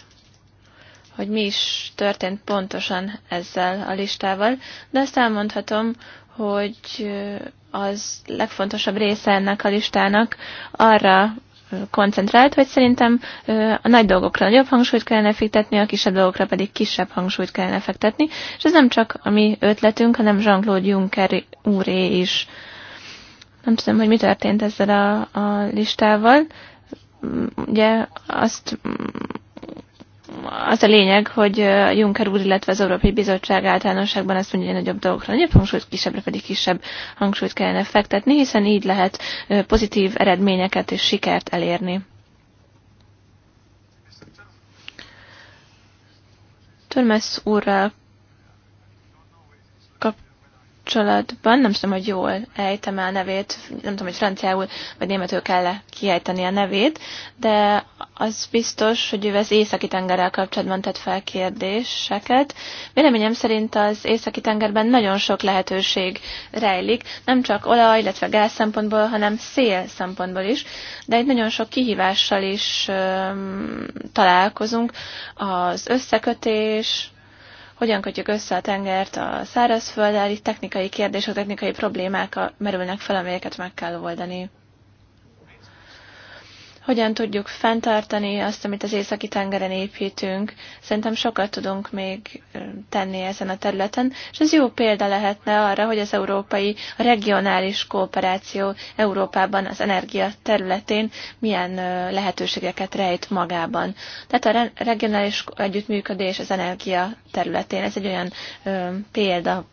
hogy mi is történt pontosan ezzel a listával, de azt elmondhatom, hogy az legfontosabb része ennek a listának arra koncentrált, vagy szerintem a nagy dolgokra nagyobb hangsúlyt kellene fektetni, a kisebb dolgokra pedig kisebb hangsúlyt kellene fektetni, és ez nem csak a mi ötletünk, hanem Jean-Claude Juncker úré is. Nem tudom, hogy mi történt ezzel a, a listával. Ugye azt az a lényeg, hogy Juncker úr, illetve az Európai Bizottság általánosságban azt mondja, hogy nagyobb dolgokra nagyobb hangsúlyt, kisebbre pedig kisebb hangsúlyt kellene fektetni, hiszen így lehet pozitív eredményeket és sikert elérni. Törmesz úrral kapcsolatban, nem tudom, hogy jól ejtem el a nevét, nem tudom, hogy franciául vagy németül kell -e kiejteni a nevét, de az biztos, hogy ő az északi tengerrel kapcsolatban tett fel kérdéseket. Véleményem szerint az északi tengerben nagyon sok lehetőség rejlik, nem csak olaj, illetve gáz szempontból, hanem szél szempontból is, de itt nagyon sok kihívással is ö, találkozunk. Az összekötés, hogyan kötjük össze a tengert a szárazfölddel, itt technikai kérdések, technikai problémák merülnek fel, amelyeket meg kell oldani hogyan tudjuk fenntartani azt, amit az északi tengeren építünk. Szerintem sokat tudunk még tenni ezen a területen, és ez jó példa lehetne arra, hogy az európai a regionális kooperáció Európában az energia területén milyen lehetőségeket rejt magában. Tehát a regionális együttműködés az energia területén, ez egy olyan példa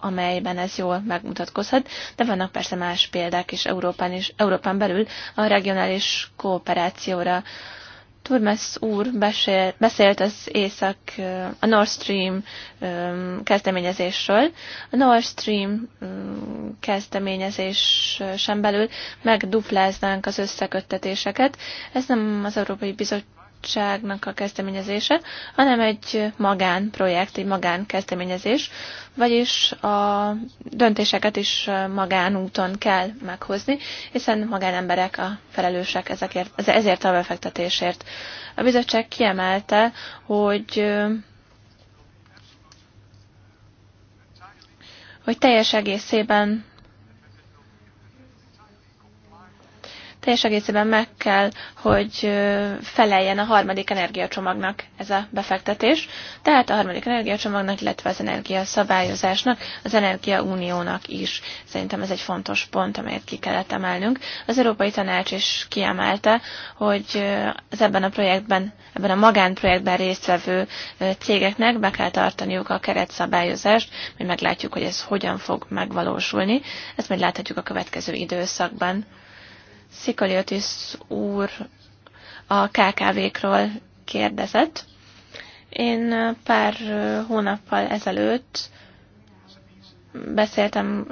amelyben ez jól megmutatkozhat, de vannak persze más példák is Európán, is, Európán belül a regionális kooperációra. Turmes úr besél, beszélt az Észak, a Nord Stream kezdeményezésről. A Nord Stream kezdeményezésen belül megdupláznánk az összeköttetéseket. Ez nem az Európai Bizottság bizottságnak a kezdeményezése, hanem egy magánprojekt, egy magánkezdeményezés, vagyis a döntéseket is magánúton kell meghozni, hiszen magánemberek a felelősek ezekért, ezért a befektetésért. A bizottság kiemelte, hogy hogy teljes egészében teljes egészében meg kell, hogy feleljen a harmadik energiacsomagnak ez a befektetés, tehát a harmadik energiacsomagnak, illetve az energiaszabályozásnak, az energiauniónak is. Szerintem ez egy fontos pont, amelyet ki kellett emelnünk. Az Európai Tanács is kiemelte, hogy az ebben a projektben, ebben a magánprojektben résztvevő cégeknek be kell tartaniuk a keretszabályozást, mi meglátjuk, hogy ez hogyan fog megvalósulni. Ezt majd láthatjuk a következő időszakban. Szikoliotis úr a KKV-król kérdezett. Én pár hónappal ezelőtt beszéltem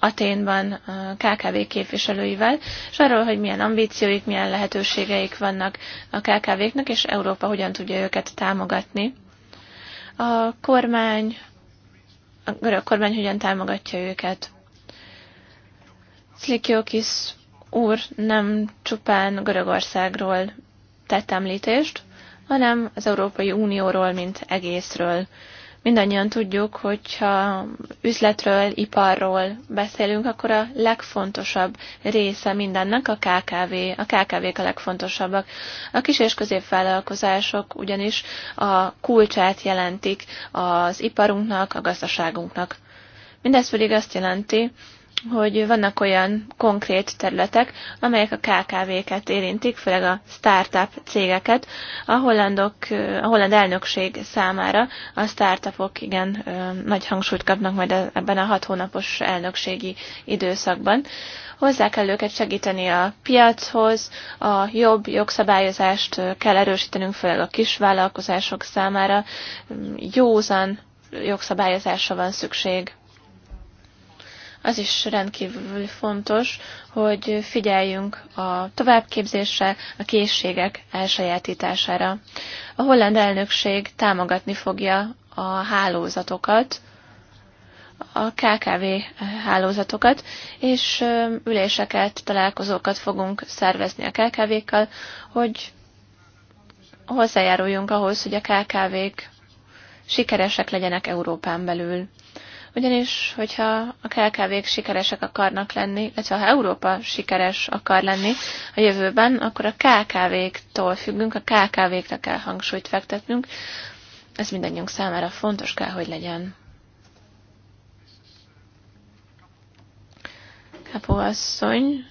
Aténban KKV képviselőivel, és arról, hogy milyen ambícióik, milyen lehetőségeik vannak a KKV-knak, és Európa hogyan tudja őket támogatni. A kormány, a görög kormány hogyan támogatja őket. Szlikjókis úr nem csupán Görögországról tett említést, hanem az Európai Unióról, mint egészről. Mindannyian tudjuk, hogyha üzletről, iparról beszélünk, akkor a legfontosabb része mindennek a KKV. A KKV-k a legfontosabbak. A kis és középvállalkozások ugyanis a kulcsát jelentik az iparunknak, a gazdaságunknak. Mindez pedig azt jelenti, hogy vannak olyan konkrét területek, amelyek a KKV-ket érintik, főleg a startup cégeket. A, hollandok, a holland elnökség számára a startupok igen nagy hangsúlyt kapnak majd e- ebben a hat hónapos elnökségi időszakban. Hozzá kell őket segíteni a piachoz, a jobb jogszabályozást kell erősítenünk, főleg a kisvállalkozások számára. Józan jogszabályozásra van szükség az is rendkívül fontos, hogy figyeljünk a továbbképzésre, a készségek elsajátítására. A holland elnökség támogatni fogja a hálózatokat, a KKV hálózatokat, és üléseket, találkozókat fogunk szervezni a KKV-kkal, hogy hozzájáruljunk ahhoz, hogy a KKV-k sikeresek legyenek Európán belül. Ugyanis, hogyha a KKV-k sikeresek akarnak lenni, illetve ha Európa sikeres akar lenni a jövőben, akkor a KKV-któl függünk, a KKV-kre kell hangsúlyt fektetnünk. Ez mindannyiunk számára fontos kell, hogy legyen. Kapó asszony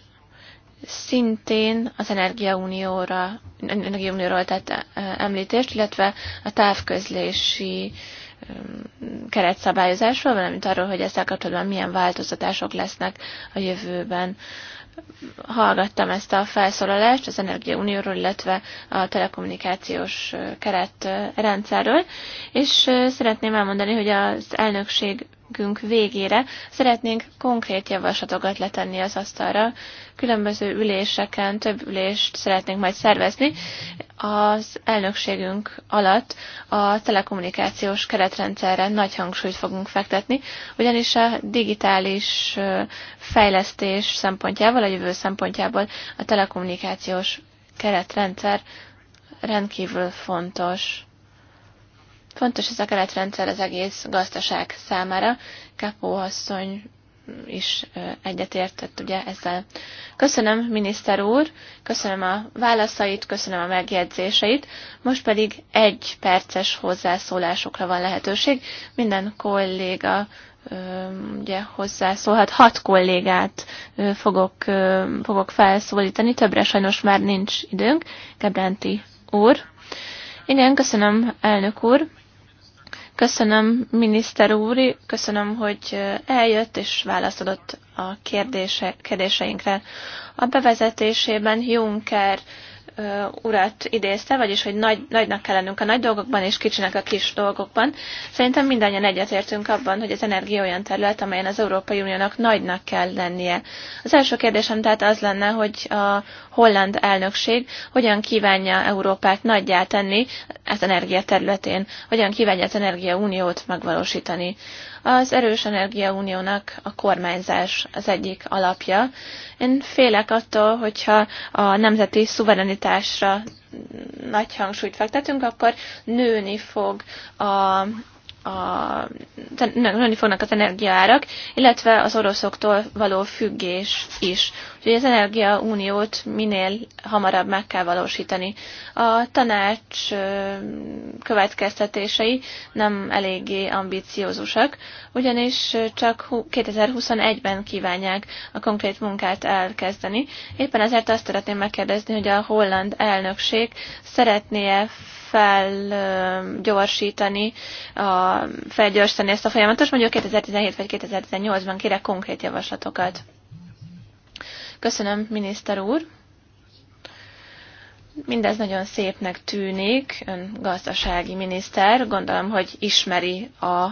szintén az energiaunióra, energiaunióról tett említést, illetve a távközlési keretszabályozásról, valamint arról, hogy ezzel kapcsolatban milyen változtatások lesznek a jövőben. Hallgattam ezt a felszólalást az Energia Unióról, illetve a telekommunikációs keretrendszerről, és szeretném elmondani, hogy az elnökség végére szeretnénk konkrét javaslatokat letenni az asztalra, különböző üléseken több ülést szeretnénk majd szervezni, az elnökségünk alatt a telekommunikációs keretrendszerre nagy hangsúlyt fogunk fektetni, ugyanis a digitális fejlesztés szempontjából, a jövő szempontjából a telekommunikációs keretrendszer rendkívül fontos. Fontos ez a keretrendszer az egész gazdaság számára. Kapó asszony is egyetértett ugye ezzel. Köszönöm, miniszter úr, köszönöm a válaszait, köszönöm a megjegyzéseit, most pedig egy perces hozzászólásokra van lehetőség. Minden kolléga ugye hozzászólhat, hat kollégát fogok, fogok felszólítani, többre sajnos már nincs időnk, Gebránti úr. Igen, köszönöm, elnök úr. Köszönöm, miniszter úr, köszönöm, hogy eljött és válaszolott a kérdése, kérdéseinkre. A bevezetésében Juncker urat idézte, vagyis hogy nagy, nagynak kell lennünk a nagy dolgokban és kicsinek a kis dolgokban. Szerintem mindannyian egyetértünk abban, hogy az energia olyan terület, amelyen az Európai Uniónak nagynak kell lennie. Az első kérdésem tehát az lenne, hogy a holland elnökség hogyan kívánja Európát nagyjá tenni az energia területén, hogyan kívánja az energiauniót megvalósítani. Az erős energiauniónak a kormányzás az egyik alapja. Én félek attól, hogyha a nemzeti szuverenitásra nagy hangsúlyt fektetünk, akkor nőni fog a a, nőni fognak az energiaárak, illetve az oroszoktól való függés is. Úgyhogy az energiauniót minél hamarabb meg kell valósítani. A tanács következtetései nem eléggé ambiciózusak, ugyanis csak 2021-ben kívánják a konkrét munkát elkezdeni. Éppen ezért azt szeretném megkérdezni, hogy a holland elnökség szeretné-e felgyorsítani, a, felgyorsítani ezt a folyamatos, mondjuk 2017 vagy 2018-ban kérek konkrét javaslatokat. Köszönöm, miniszter úr! Mindez nagyon szépnek tűnik, ön gazdasági miniszter, gondolom, hogy ismeri a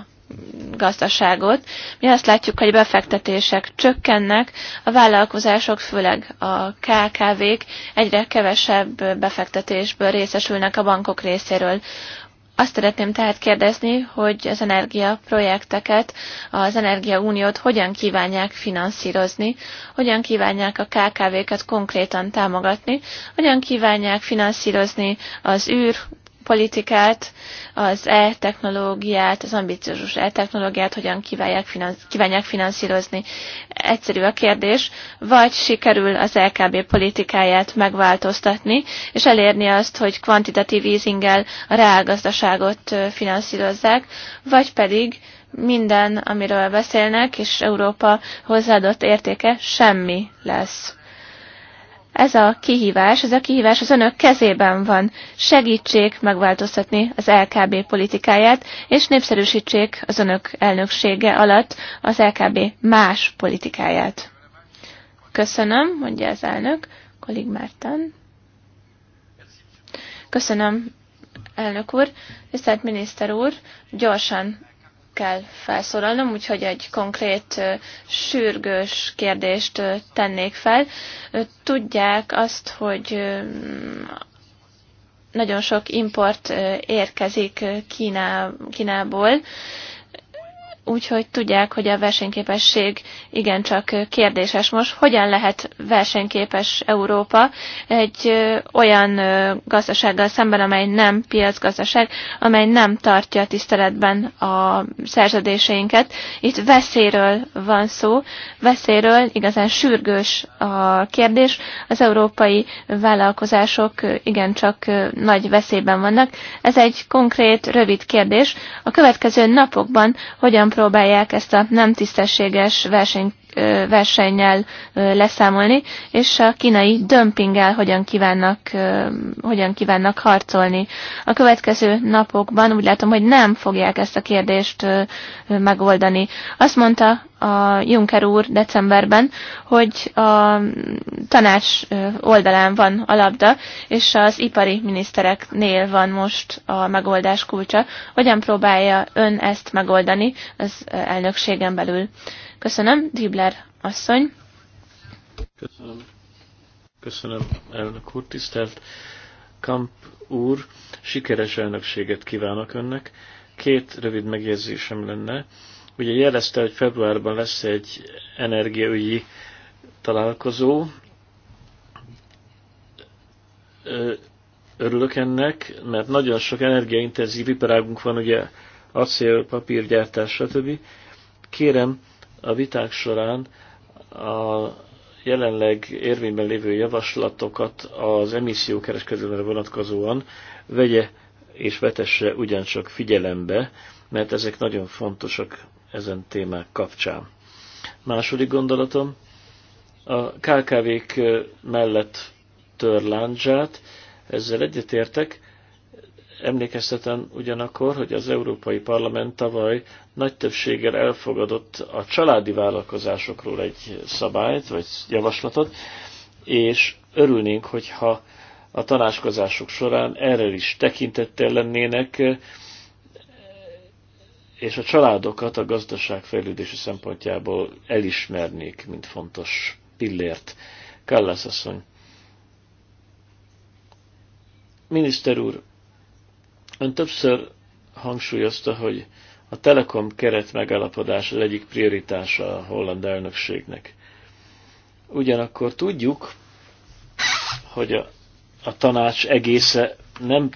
gazdaságot. Mi azt látjuk, hogy befektetések csökkennek, a vállalkozások, főleg a KKV-k egyre kevesebb befektetésből részesülnek a bankok részéről. Azt szeretném tehát kérdezni, hogy az energiaprojekteket, az Energiauniót hogyan kívánják finanszírozni, hogyan kívánják a KKV-ket konkrétan támogatni, hogyan kívánják finanszírozni az űr, politikát, az e-technológiát, az ambiciózus e-technológiát hogyan kívánják, finansz, kívánják finanszírozni. Egyszerű a kérdés, vagy sikerül az LKB politikáját megváltoztatni, és elérni azt, hogy kvantitatív easinggel a reálgazdaságot finanszírozzák, vagy pedig minden, amiről beszélnek, és Európa hozzáadott értéke semmi lesz ez a kihívás, ez a kihívás az önök kezében van. Segítsék megváltoztatni az LKB politikáját, és népszerűsítsék az önök elnöksége alatt az LKB más politikáját. Köszönöm, mondja az elnök, kollég Márton. Köszönöm, elnök úr, tisztelt miniszter úr, gyorsan kell felszólalnom, úgyhogy egy konkrét sürgős kérdést tennék fel. Tudják azt, hogy nagyon sok import érkezik Kíná, Kínából, úgyhogy tudják, hogy a versenyképesség igencsak kérdéses most. Hogyan lehet versenyképes Európa egy olyan gazdasággal szemben, amely nem piacgazdaság, amely nem tartja tiszteletben a szerződéseinket. Itt veszélyről van szó, veszélyről igazán sürgős a kérdés. Az európai vállalkozások igencsak nagy veszélyben vannak. Ez egy konkrét, rövid kérdés. A következő napokban hogyan megpróbálják ezt a nem tisztességes versenyt versennyel leszámolni, és a kínai dömpinggel hogyan kívánnak, hogyan kívánnak harcolni. A következő napokban úgy látom, hogy nem fogják ezt a kérdést megoldani. Azt mondta a Juncker úr decemberben, hogy a tanács oldalán van a labda, és az ipari minisztereknél van most a megoldás kulcsa. Hogyan próbálja ön ezt megoldani az elnökségen belül? Köszönöm, Dribler asszony. Köszönöm. Köszönöm, elnök úr, tisztelt Kamp úr. Sikeres elnökséget kívánok önnek. Két rövid megjegyzésem lenne. Ugye jelezte, hogy februárban lesz egy energiaügyi találkozó. Örülök ennek, mert nagyon sok energiaintenzív iparágunk van, ugye acél, papírgyártás, stb. Kérem, a viták során a jelenleg érvényben lévő javaslatokat az emissziókereskedelemre vonatkozóan vegye és vetesse ugyancsak figyelembe, mert ezek nagyon fontosak ezen témák kapcsán. Második gondolatom, a KKV-k mellett tör ezzel egyetértek, Emlékeztetem ugyanakkor, hogy az Európai Parlament tavaly nagy többséggel elfogadott a családi vállalkozásokról egy szabályt, vagy javaslatot, és örülnénk, hogyha a tanácskozások során erre is tekintettel lennének, és a családokat a gazdaság fejlődési szempontjából elismernék, mint fontos pillért. Kallász asszony. Miniszter úr, Ön többször hangsúlyozta, hogy a Telekom keret megállapodás az egyik prioritása a holland elnökségnek. Ugyanakkor tudjuk, hogy a, a tanács egésze nem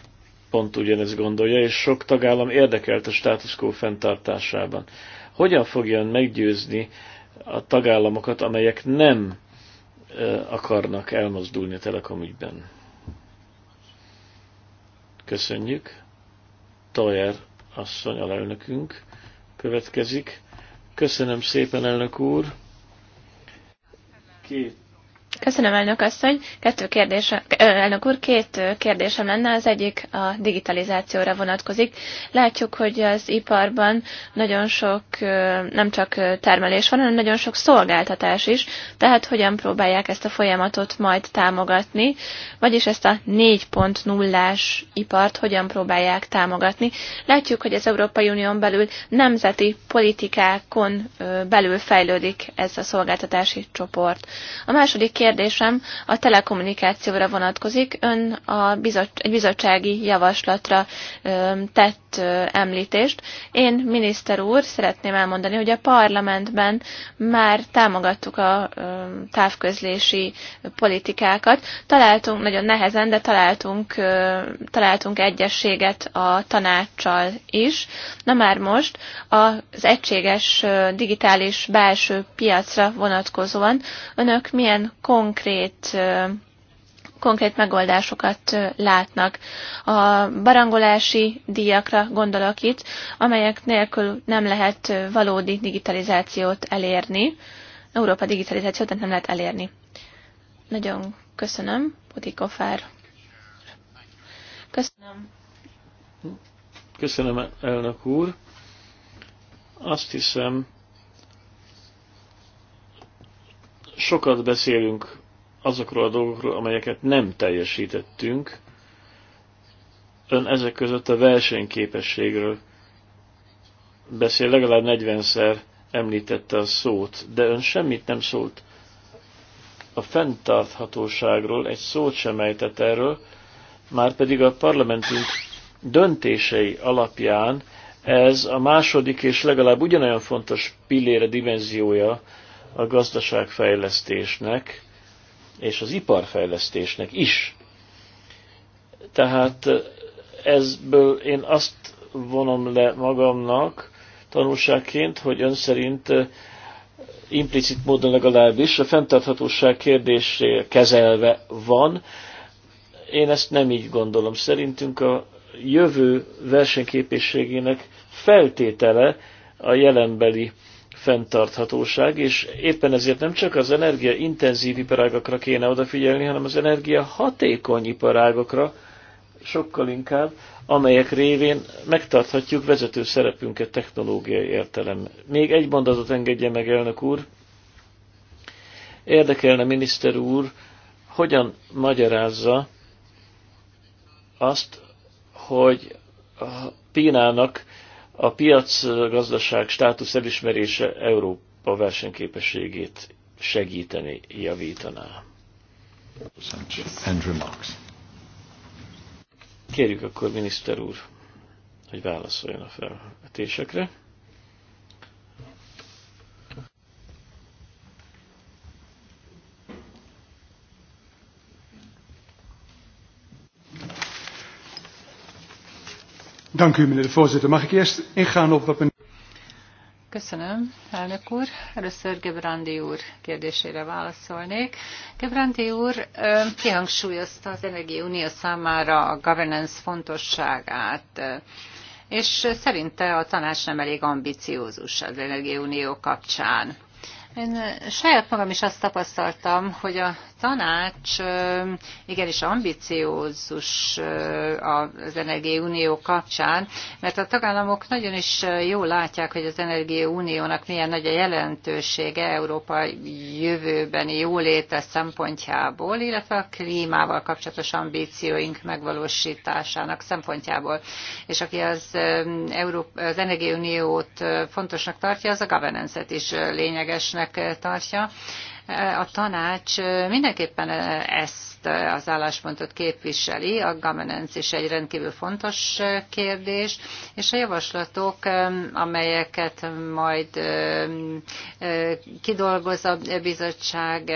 pont ugyanezt gondolja, és sok tagállam érdekelt a status quo fenntartásában. Hogyan fogja meggyőzni a tagállamokat, amelyek nem akarnak elmozdulni a Telekom ügyben? Köszönjük! Toyer asszony, alelnökünk következik. Köszönöm szépen, elnök úr! Két Köszönöm, elnök asszony. Kettő kérdése, elnök úr, két kérdésem lenne. Az egyik a digitalizációra vonatkozik. Látjuk, hogy az iparban nagyon sok, nem csak termelés van, hanem nagyon sok szolgáltatás is. Tehát hogyan próbálják ezt a folyamatot majd támogatni, vagyis ezt a 4.0-ás ipart hogyan próbálják támogatni. Látjuk, hogy az Európai Unión belül nemzeti politikákon belül fejlődik ez a szolgáltatási csoport. A második kérdésem a telekommunikációra vonatkozik. Ön a bizottság egy bizottsági javaslatra ö, tett ö, említést. Én, miniszter úr, szeretném elmondani, hogy a parlamentben már támogattuk a ö, távközlési politikákat. Találtunk, nagyon nehezen, de találtunk, ö, találtunk egyességet a tanácssal is. Na már most az egységes digitális belső piacra vonatkozóan önök milyen konkrét konkrét megoldásokat látnak. A barangolási díjakra gondolok itt, amelyek nélkül nem lehet valódi digitalizációt elérni. Európa digitalizációt nem lehet elérni. Nagyon köszönöm, Putikofár. Köszönöm. Köszönöm, elnök úr. Azt hiszem, sokat beszélünk azokról a dolgokról, amelyeket nem teljesítettünk. Ön ezek között a versenyképességről beszél, legalább 40-szer említette a szót, de ön semmit nem szólt a fenntarthatóságról, egy szót sem ejtett erről, már pedig a parlamentünk döntései alapján ez a második és legalább ugyanolyan fontos pillére dimenziója a gazdaságfejlesztésnek és az iparfejlesztésnek is. Tehát ezből én azt vonom le magamnak tanulságként, hogy ön szerint eh, implicit módon legalábbis a fenntarthatóság kérdésé kezelve van. Én ezt nem így gondolom. Szerintünk a jövő versenyképességének feltétele a jelenbeli fenntarthatóság, és éppen ezért nem csak az energiaintenzív iparágakra kéne odafigyelni, hanem az energia hatékony iparágakra sokkal inkább, amelyek révén megtarthatjuk vezető szerepünket technológiai értelem. Még egy mondatot engedje meg, elnök úr. Érdekelne miniszter úr, hogyan magyarázza azt, hogy Pínának a piacgazdaság státusz elismerése Európa versenyképességét segíteni, javítaná. Andrew Kérjük akkor miniszter úr, hogy válaszoljon a felvetésekre. Dank u, meneer de voorzitter. Mag ik eerst ingaan op wat meneer... Köszönöm, elnök úr. Először Gebrandi úr kérdésére válaszolnék. Gebrandi úr kihangsúlyozta az Energiaunió számára a governance fontosságát, és szerinte a tanács nem elég ambiciózus az Energiaunió kapcsán. Én saját magam is azt tapasztaltam, hogy a tanács igenis ambiciózus az Energiaunió kapcsán, mert a tagállamok nagyon is jól látják, hogy az Energiauniónak milyen nagy a jelentősége Európa jövőbeni jóléte szempontjából, illetve a klímával kapcsolatos ambícióink megvalósításának szempontjából. És aki az, Európa, az Energiauniót fontosnak tartja, az a governance-et is lényegesnek tartja a tanács mindenképpen ezt ezt eh, az álláspontot képviseli. A governance is egy rendkívül fontos eh, kérdés, és a javaslatok, eh, amelyeket majd kidolgoz a bizottság,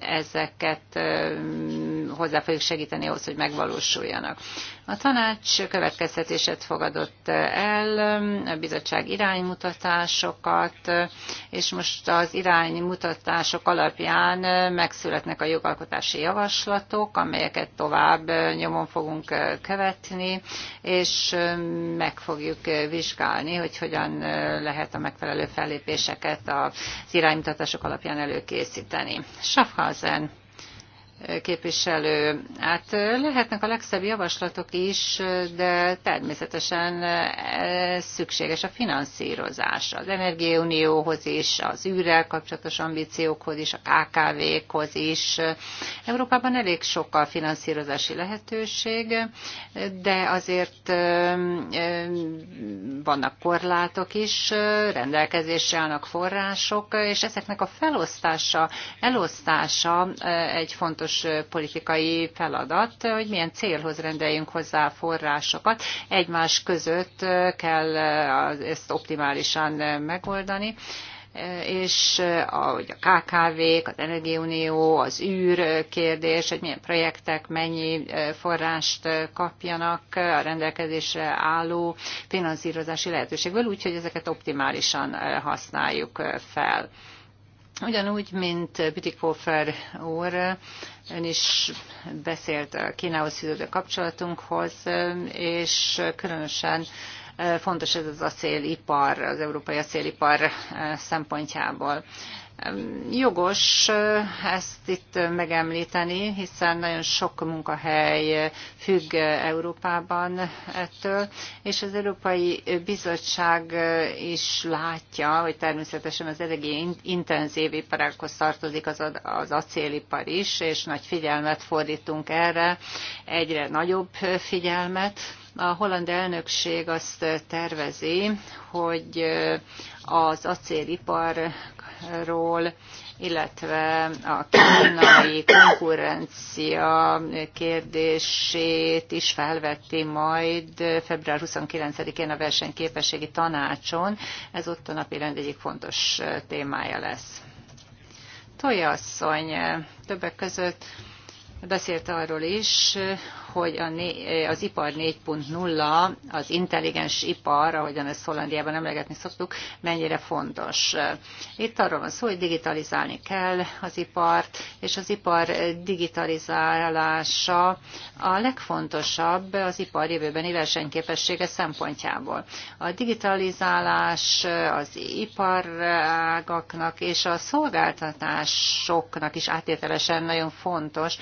ezeket hozzá fogjuk segíteni ahhoz, hogy megvalósuljanak. A tanács következtetéset fogadott el, a bizottság iránymutatásokat, és most az iránymutatások alapján megszületnek a jogalkotási javaslatok javaslatok, amelyeket tovább nyomon fogunk követni, és meg fogjuk vizsgálni, hogy hogyan lehet a megfelelő fellépéseket az iránymutatások alapján előkészíteni. Schaffhausen képviselő. Hát lehetnek a legszebb javaslatok is, de természetesen szükséges a finanszírozás. Az Energiaunióhoz is, az űrrel kapcsolatos ambíciókhoz is, a KKV-khoz is. Európában elég sok a finanszírozási lehetőség, de azért vannak korlátok is, rendelkezésre állnak források, és ezeknek a felosztása, elosztása egy fontos fontos politikai feladat, hogy milyen célhoz rendeljünk hozzá forrásokat. Egymás között kell ezt optimálisan megoldani és ahogy a kkv az Energiaunió, az űr kérdés, hogy milyen projektek mennyi forrást kapjanak a rendelkezésre álló finanszírozási lehetőségből, úgyhogy ezeket optimálisan használjuk fel. Ugyanúgy, mint Bütikofer úr, ön is beszélt a Kínához fűződő kapcsolatunkhoz, és különösen fontos ez az acélipar, az európai acélipar szempontjából. Jogos ezt itt megemlíteni, hiszen nagyon sok munkahely függ Európában ettől, és az Európai Bizottság is látja, hogy természetesen az eléggé intenzív iparákhoz tartozik az, az acélipar is, és nagy figyelmet fordítunk erre, egyre nagyobb figyelmet, a holland elnökség azt tervezi, hogy az acéliparról illetve a kínai konkurencia kérdését is felvetti majd február 29-én a versenyképességi tanácson. Ez ott a napi rend egyik fontos témája lesz. Tolja asszony többek között beszélt arról is, hogy az ipar 4.0, az intelligens ipar, ahogyan ezt Hollandiában emlegetni szoktuk, mennyire fontos. Itt arról van szó, hogy digitalizálni kell az ipart, és az ipar digitalizálása a legfontosabb az ipar jövőbeni versenyképessége szempontjából. A digitalizálás az iparágaknak és a szolgáltatásoknak is átételesen nagyon fontos.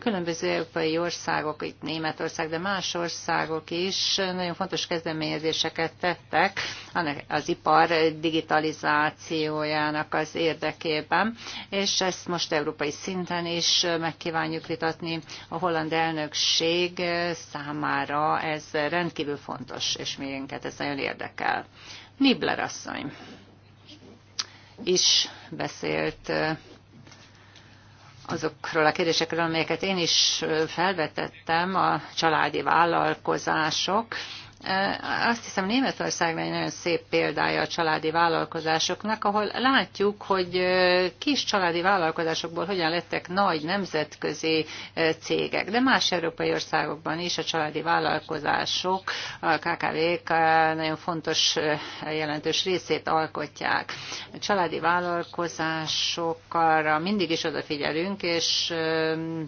Különböző európai országok itt Németország, de más országok is nagyon fontos kezdeményezéseket tettek az ipar digitalizációjának az érdekében, és ezt most európai szinten is megkívánjuk vitatni. A holland elnökség számára ez rendkívül fontos, és minket ez nagyon érdekel. Nibler asszony is beszélt azokról a kérdésekről, amelyeket én is felvetettem, a családi vállalkozások, Eh, azt hiszem Németországban egy nagyon szép példája a családi vállalkozásoknak, ahol látjuk, hogy eh, kis családi vállalkozásokból hogyan lettek nagy nemzetközi eh, cégek. De más európai országokban is a családi vállalkozások, a KKV-k nagyon fontos jelentős részét alkotják. A családi vállalkozásokra mindig is odafigyelünk, és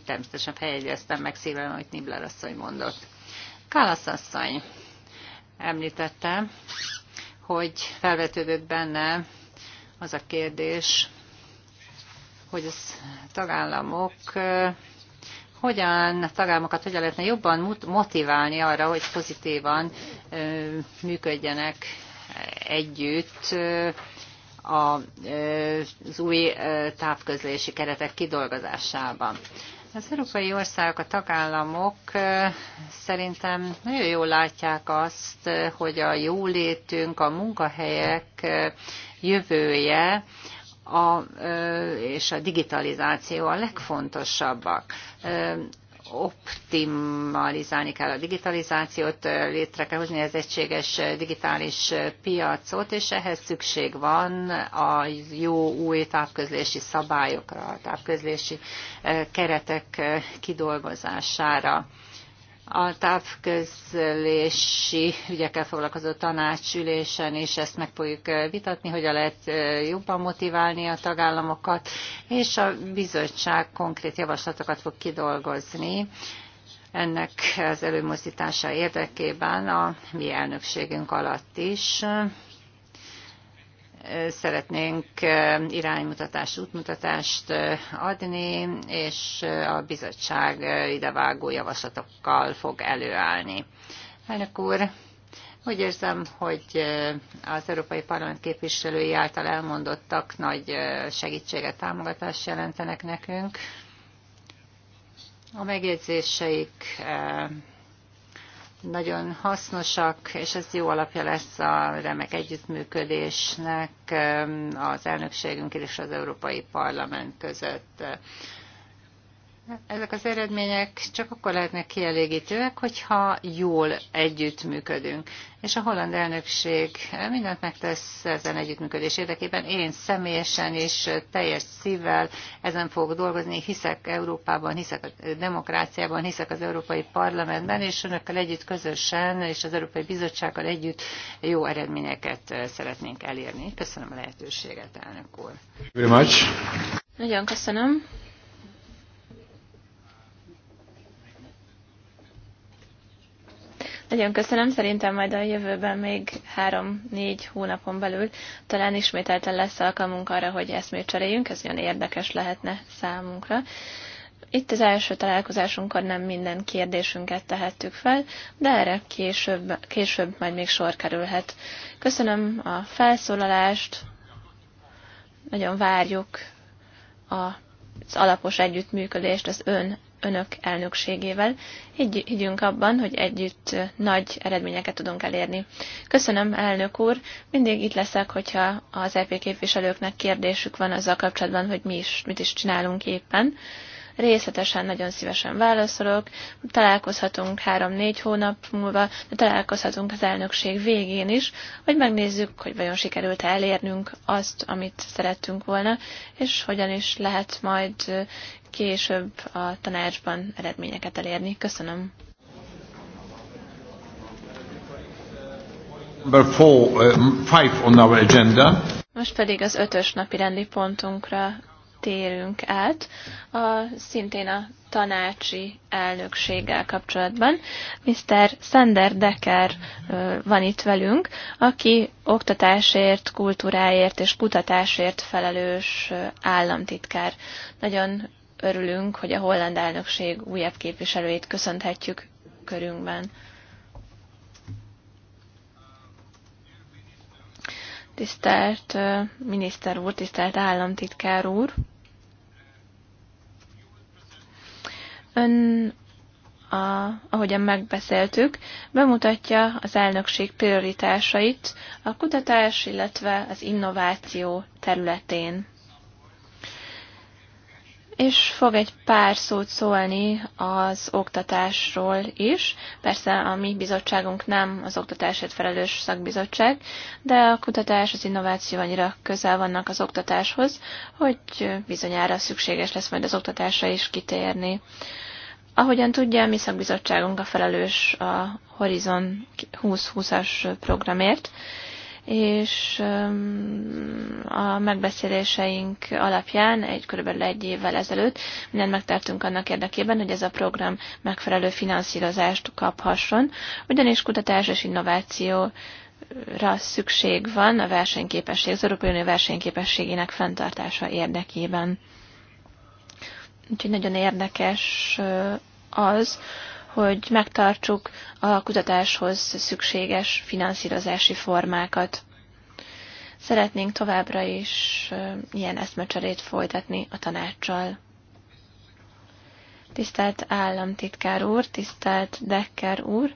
természetesen fejegyeztem meg szívem, amit Nibler asszony mondott. Kálasz asszony említette, hogy felvetődött benne az a kérdés, hogy az tagállamok hogyan a tagállamokat hogyan lehetne jobban motiválni arra, hogy pozitívan működjenek együtt az új távközlési keretek kidolgozásában. Az európai országok, a tagállamok szerintem nagyon jól látják azt, hogy a jólétünk, a munkahelyek jövője a, és a digitalizáció a legfontosabbak optimalizálni kell a digitalizációt, létre kell hozni az egységes digitális piacot, és ehhez szükség van a jó új távközlési szabályokra, a távközlési keretek kidolgozására a távközlési ügyekkel foglalkozó tanácsülésen, és ezt meg fogjuk eh, vitatni, hogyan lehet eh, jobban motiválni a tagállamokat, és a bizottság konkrét javaslatokat fog kidolgozni ennek az előmozdítása érdekében a mi elnökségünk alatt is szeretnénk iránymutatást, útmutatást adni, és a bizottság idevágó javaslatokkal fog előállni. Elnök úr, úgy érzem, hogy az Európai Parlament képviselői által elmondottak nagy segítséget, támogatást jelentenek nekünk. A megjegyzéseik nagyon hasznosak, és ez jó alapja lesz a remek együttműködésnek um, az elnökségünk és az Európai Parlament között ezek az eredmények csak akkor lehetnek kielégítőek, hogyha jól együttműködünk. És a holland elnökség mindent megtesz ezen együttműködés érdekében. Én személyesen és teljes szívvel ezen fogok dolgozni, hiszek Európában, hiszek a demokráciában, hiszek az Európai Parlamentben, és önökkel együtt közösen, és az Európai Bizottsággal együtt jó eredményeket szeretnénk elérni. Köszönöm a lehetőséget, elnök úr. Nagyon köszönöm. Nagyon köszönöm, szerintem majd a jövőben még három-négy hónapon belül talán ismételten lesz alkalmunk arra, hogy eszmét cseréljünk, ez nagyon érdekes lehetne számunkra. Itt az első találkozásunkkor nem minden kérdésünket tehettük fel, de erre később, később majd még sor kerülhet. Köszönöm a felszólalást, nagyon várjuk a az alapos együttműködést az ön önök elnökségével. Így ígyünk abban, hogy együtt nagy eredményeket tudunk elérni. Köszönöm, elnök úr, mindig itt leszek, hogyha az EP képviselőknek kérdésük van azzal kapcsolatban, hogy mi is, mit is csinálunk éppen részletesen nagyon szívesen válaszolok. Találkozhatunk három-négy hónap múlva, de találkozhatunk az elnökség végén is, hogy megnézzük, hogy vajon sikerült elérnünk azt, amit szerettünk volna, és hogyan is lehet majd később a tanácsban eredményeket elérni. Köszönöm. Four, uh, five on our agenda. Most pedig az ötös napi rendi pontunkra térünk át, a, szintén a tanácsi elnökséggel kapcsolatban. Mr. Sander Decker van itt velünk, aki oktatásért, kultúráért és kutatásért felelős államtitkár. Nagyon örülünk, hogy a holland elnökség újabb képviselőit köszönhetjük körünkben. Tisztelt miniszter úr, tisztelt államtitkár úr! Ön, a, ahogyan megbeszéltük, bemutatja az elnökség prioritásait a kutatás, illetve az innováció területén. És fog egy pár szót szólni az oktatásról is. Persze a mi bizottságunk nem az oktatásért felelős szakbizottság, de a kutatás, az innováció annyira közel vannak az oktatáshoz, hogy bizonyára szükséges lesz majd az oktatásra is kitérni. Ahogyan tudja, mi szakbizottságunk a felelős a Horizon 2020-as programért, és a megbeszéléseink alapján egy körülbelül egy évvel ezelőtt mindent megtartunk annak érdekében, hogy ez a program megfelelő finanszírozást kaphasson, ugyanis kutatás és innováció ra szükség van a versenyképesség, az Európai Unió versenyképességének fenntartása érdekében. Úgyhogy nagyon érdekes az, hogy megtartsuk a kutatáshoz szükséges finanszírozási formákat. Szeretnénk továbbra is ilyen eszmecserét folytatni a tanácssal. Tisztelt államtitkár úr, tisztelt Decker úr,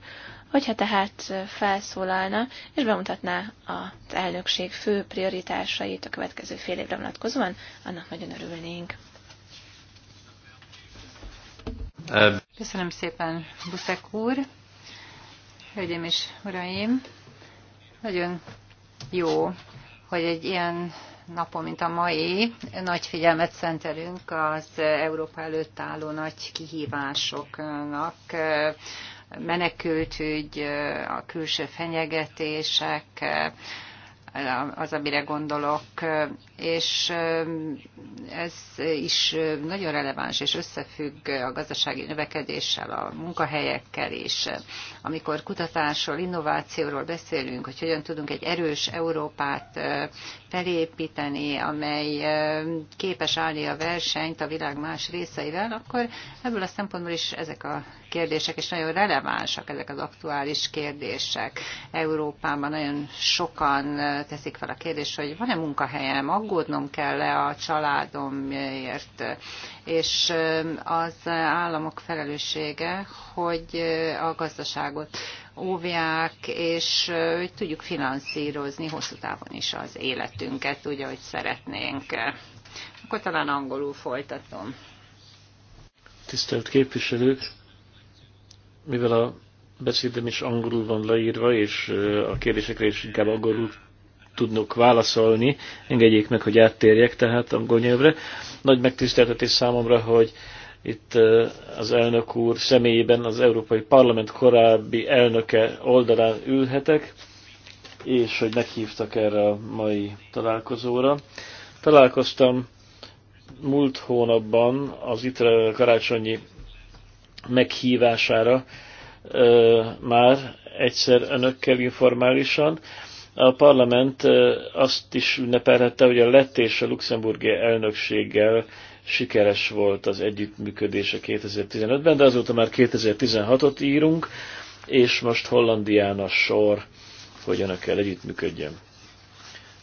hogyha tehát felszólalna és bemutatná az elnökség fő prioritásait a következő fél évre vonatkozóan, annak nagyon örülnénk. Köszönöm szépen, Buszek úr. Hölgyeim és uraim, nagyon jó, hogy egy ilyen napon, mint a mai, nagy figyelmet szentelünk az Európa előtt álló nagy kihívásoknak, menekültügy, a külső fenyegetések, az, amire gondolok, és ez is nagyon releváns, és összefügg a gazdasági növekedéssel, a munkahelyekkel is. Amikor kutatásról, innovációról beszélünk, hogy hogyan tudunk egy erős Európát felépíteni, amely képes állni a versenyt a világ más részeivel, akkor ebből a szempontból is ezek a kérdések is nagyon relevánsak, ezek az aktuális kérdések. Európában nagyon sokan teszik fel a kérdést, hogy van-e munkahelyem, aggódnom kell-e a családomért, és az államok felelőssége, hogy a gazdaságot óvják, és hogy tudjuk finanszírozni hosszú távon is az életünket, úgy, ahogy szeretnénk. Akkor talán angolul folytatom. Tisztelt képviselők! Mivel a beszédem is angolul van leírva, és a kérdésekre is inkább angolul tudnok válaszolni. Engedjék meg, hogy áttérjek tehát angol nyelvre. Nagy megtiszteltetés számomra, hogy itt az elnök úr személyében az Európai Parlament korábbi elnöke oldalán ülhetek, és hogy meghívtak erre a mai találkozóra. Találkoztam múlt hónapban az itt karácsonyi meghívására már egyszer önökkel informálisan, a parlament azt is ünnepelhette, hogy a lett és a luxemburgi elnökséggel sikeres volt az együttműködése 2015-ben, de azóta már 2016-ot írunk, és most Hollandián a sor, hogy önökkel együttműködjön.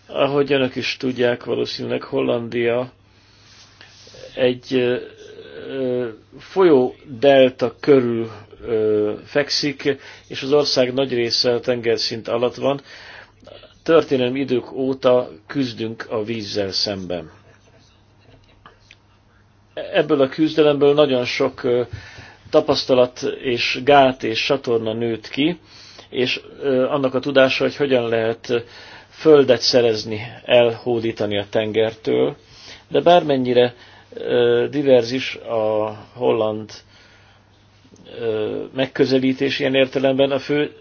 Ahogy önök is tudják, valószínűleg Hollandia egy folyó delta körül fekszik, és az ország nagy része a tengerszint alatt van, történelmi idők óta küzdünk a vízzel szemben. Ebből a küzdelemből nagyon sok tapasztalat és gát és satorna nőtt ki, és annak a tudása, hogy hogyan lehet földet szerezni, elhódítani a tengertől, de bármennyire diverzis a holland megközelítés ilyen értelemben, a fő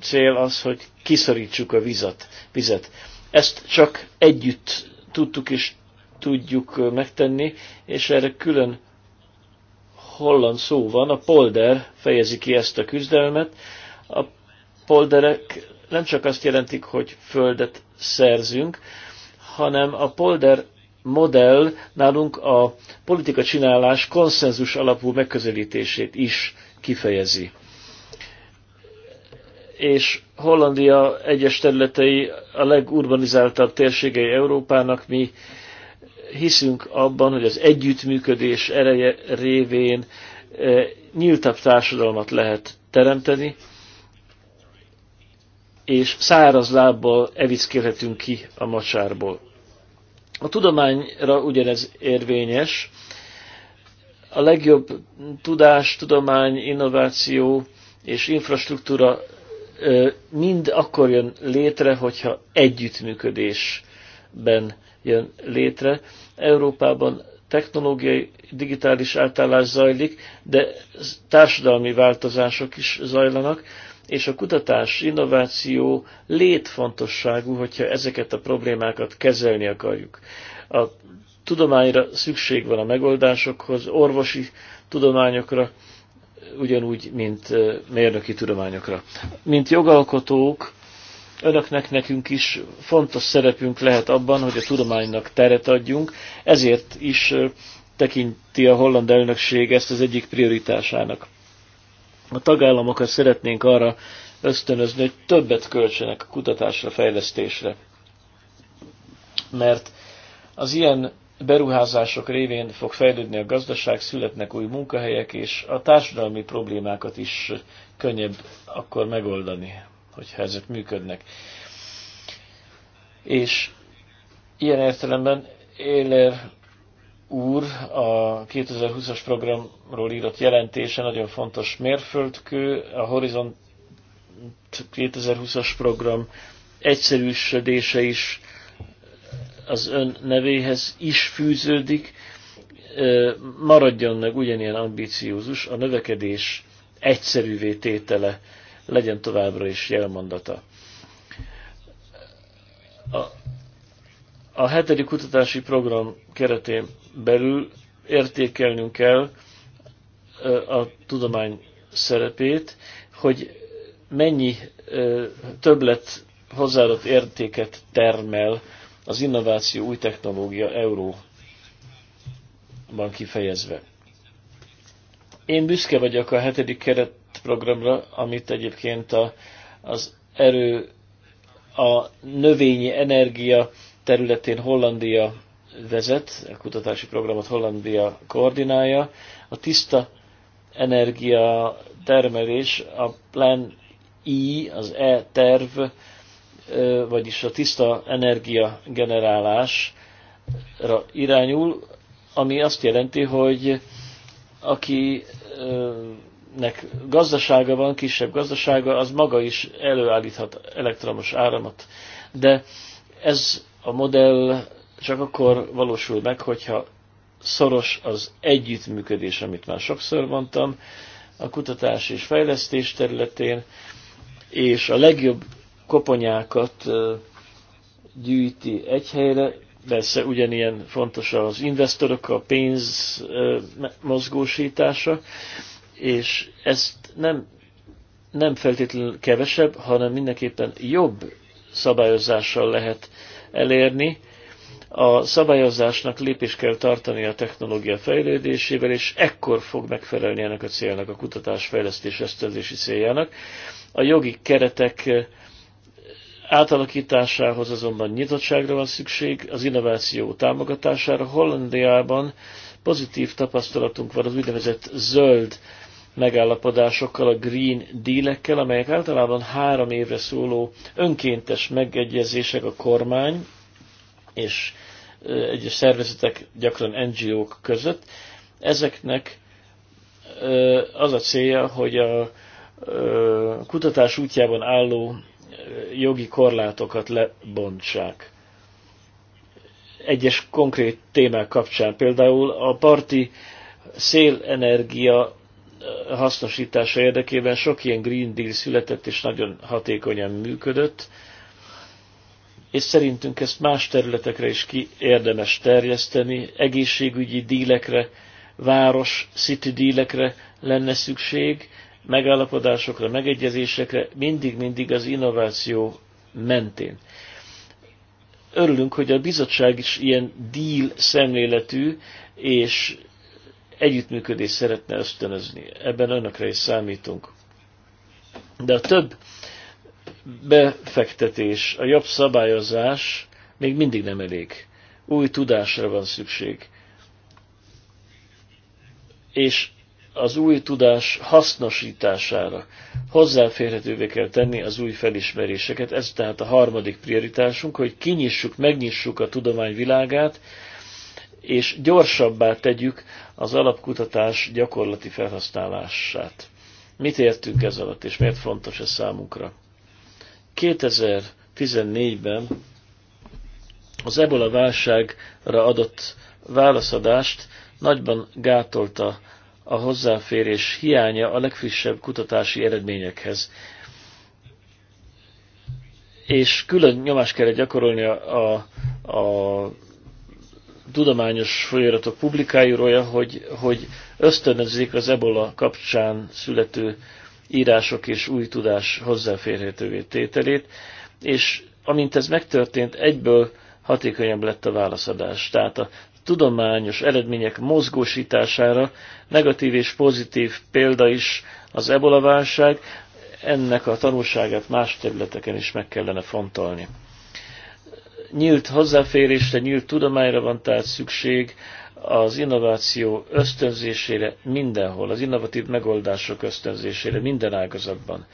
cél az, hogy kiszorítsuk a vizet. vizet. Ezt csak együtt tudtuk és tudjuk megtenni, és erre külön holland szó van, a polder fejezi ki ezt a küzdelmet. A polderek nem csak azt jelentik, hogy földet szerzünk, hanem a polder modell nálunk a politika csinálás konszenzus alapú megközelítését is kifejezi és Hollandia egyes területei a legurbanizáltabb térségei Európának. Mi hiszünk abban, hogy az együttműködés ereje révén eh, nyíltabb társadalmat lehet teremteni, és száraz lábbal evickélhetünk ki a macsárból. A tudományra ugyanez érvényes. A legjobb tudás, tudomány, innováció és infrastruktúra mind akkor jön létre, hogyha együttműködésben jön létre. Európában technológiai, digitális átállás zajlik, de társadalmi változások is zajlanak, és a kutatás, innováció létfontosságú, hogyha ezeket a problémákat kezelni akarjuk. A tudományra szükség van a megoldásokhoz, orvosi tudományokra, ugyanúgy, mint mérnöki tudományokra. Mint jogalkotók, önöknek nekünk is fontos szerepünk lehet abban, hogy a tudománynak teret adjunk, ezért is tekinti a holland elnökség ezt az egyik prioritásának. A tagállamokat szeretnénk arra ösztönözni, hogy többet költsenek a kutatásra, fejlesztésre. Mert az ilyen beruházások révén fog fejlődni a gazdaság, születnek új munkahelyek, és a társadalmi problémákat is könnyebb akkor megoldani, hogyha ezek működnek. És ilyen értelemben Éler úr a 2020-as programról írott jelentése nagyon fontos mérföldkő, a Horizont 2020-as program egyszerűsödése is az ön nevéhez is fűződik, maradjon meg ugyanilyen ambíciózus, a növekedés egyszerűvé tétele legyen továbbra is jelmondata. A, a hetedik kutatási program keretén belül értékelnünk kell a tudomány szerepét, hogy mennyi többlet hozzáadott értéket termel az innováció új technológia euróban kifejezve. Én büszke vagyok a hetedik keretprogramra, amit egyébként a, az erő, a növényi energia területén Hollandia vezet, a kutatási programot Hollandia koordinálja. A tiszta energia termelés, a Plan I, az E-terv vagyis a tiszta energia generálásra irányul, ami azt jelenti, hogy akinek gazdasága van, kisebb gazdasága, az maga is előállíthat elektromos áramot. De ez a modell csak akkor valósul meg, hogyha szoros az együttműködés, amit már sokszor mondtam, a kutatás és fejlesztés területén, és a legjobb koponyákat gyűjti egy helyre, persze ugyanilyen fontos az investorok, a pénz mozgósítása, és ezt nem, nem feltétlenül kevesebb, hanem mindenképpen jobb szabályozással lehet elérni. A szabályozásnak lépés kell tartani a technológia fejlődésével, és ekkor fog megfelelni ennek a célnak, a kutatás, fejlesztés, ösztönzési céljának. A jogi keretek Átalakításához azonban nyitottságra van szükség, az innováció támogatására. Hollandiában pozitív tapasztalatunk van az úgynevezett zöld megállapodásokkal, a Green Deal-ekkel, amelyek általában három évre szóló önkéntes megegyezések a kormány és egyes szervezetek, gyakran NGO-k között. Ezeknek az a célja, hogy a kutatás útjában álló jogi korlátokat lebontsák. Egyes konkrét témák kapcsán, például a parti szélenergia eh, hasznosítása érdekében sok ilyen Green Deal született és nagyon hatékonyan működött, és szerintünk ezt más területekre is ki érdemes terjeszteni, egészségügyi dílekre, város, city dílekre lenne szükség, megállapodásokra, megegyezésekre, mindig-mindig az innováció mentén. Örülünk, hogy a bizottság is ilyen díl szemléletű, és együttműködést szeretne ösztönözni. Ebben önökre is számítunk. De a több befektetés, a jobb szabályozás még mindig nem elég. Új tudásra van szükség. És az új tudás hasznosítására. Hozzáférhetővé kell tenni az új felismeréseket. Ez tehát a harmadik prioritásunk, hogy kinyissuk, megnyissuk a tudomány világát, és gyorsabbá tegyük az alapkutatás gyakorlati felhasználását. Mit értünk ez alatt, és miért fontos ez számunkra? 2014-ben az ebola válságra adott válaszadást nagyban gátolta a hozzáférés hiánya a legfrissebb kutatási eredményekhez. És külön nyomást kell gyakorolni a, a, a tudományos folyóiratok publikájúrója, hogy, hogy ösztönözzék az ebola kapcsán születő írások és új tudás hozzáférhetővé tételét, és amint ez megtörtént, egyből hatékonyabb lett a válaszadás. Tehát a tudományos eredmények mozgósítására negatív és pozitív példa is az ebola válság, ennek a tanulságát más területeken is meg kellene fontolni. Nyílt hozzáférésre, nyílt tudományra van tehát szükség, az innováció ösztönzésére mindenhol, az innovatív megoldások ösztönzésére minden ágazatban.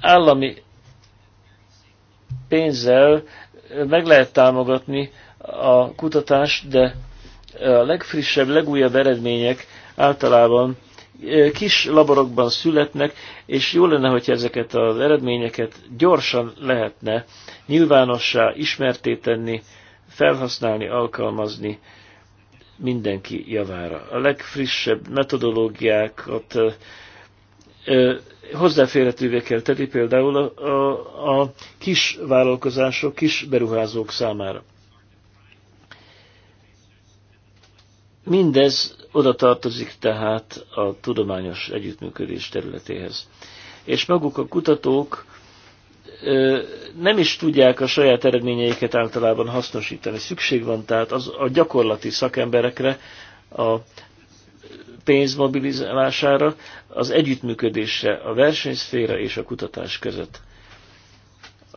Állami pénzzel meg lehet támogatni a kutatás, de a legfrissebb, legújabb eredmények általában e, kis laborokban születnek, és jó lenne, hogy ezeket az eredményeket gyorsan lehetne nyilvánossá, ismerté tenni, felhasználni, alkalmazni mindenki javára. A legfrissebb metodológiákat e, e, hozzáférhetővé kell tenni például a, a, a kis vállalkozások, kis beruházók számára. Mindez oda tartozik tehát a tudományos együttműködés területéhez. És maguk a kutatók nem is tudják a saját eredményeiket általában hasznosítani. Szükség van tehát az, a gyakorlati szakemberekre, a pénz mobilizálására, az együttműködésre a versenyszféra és a kutatás között.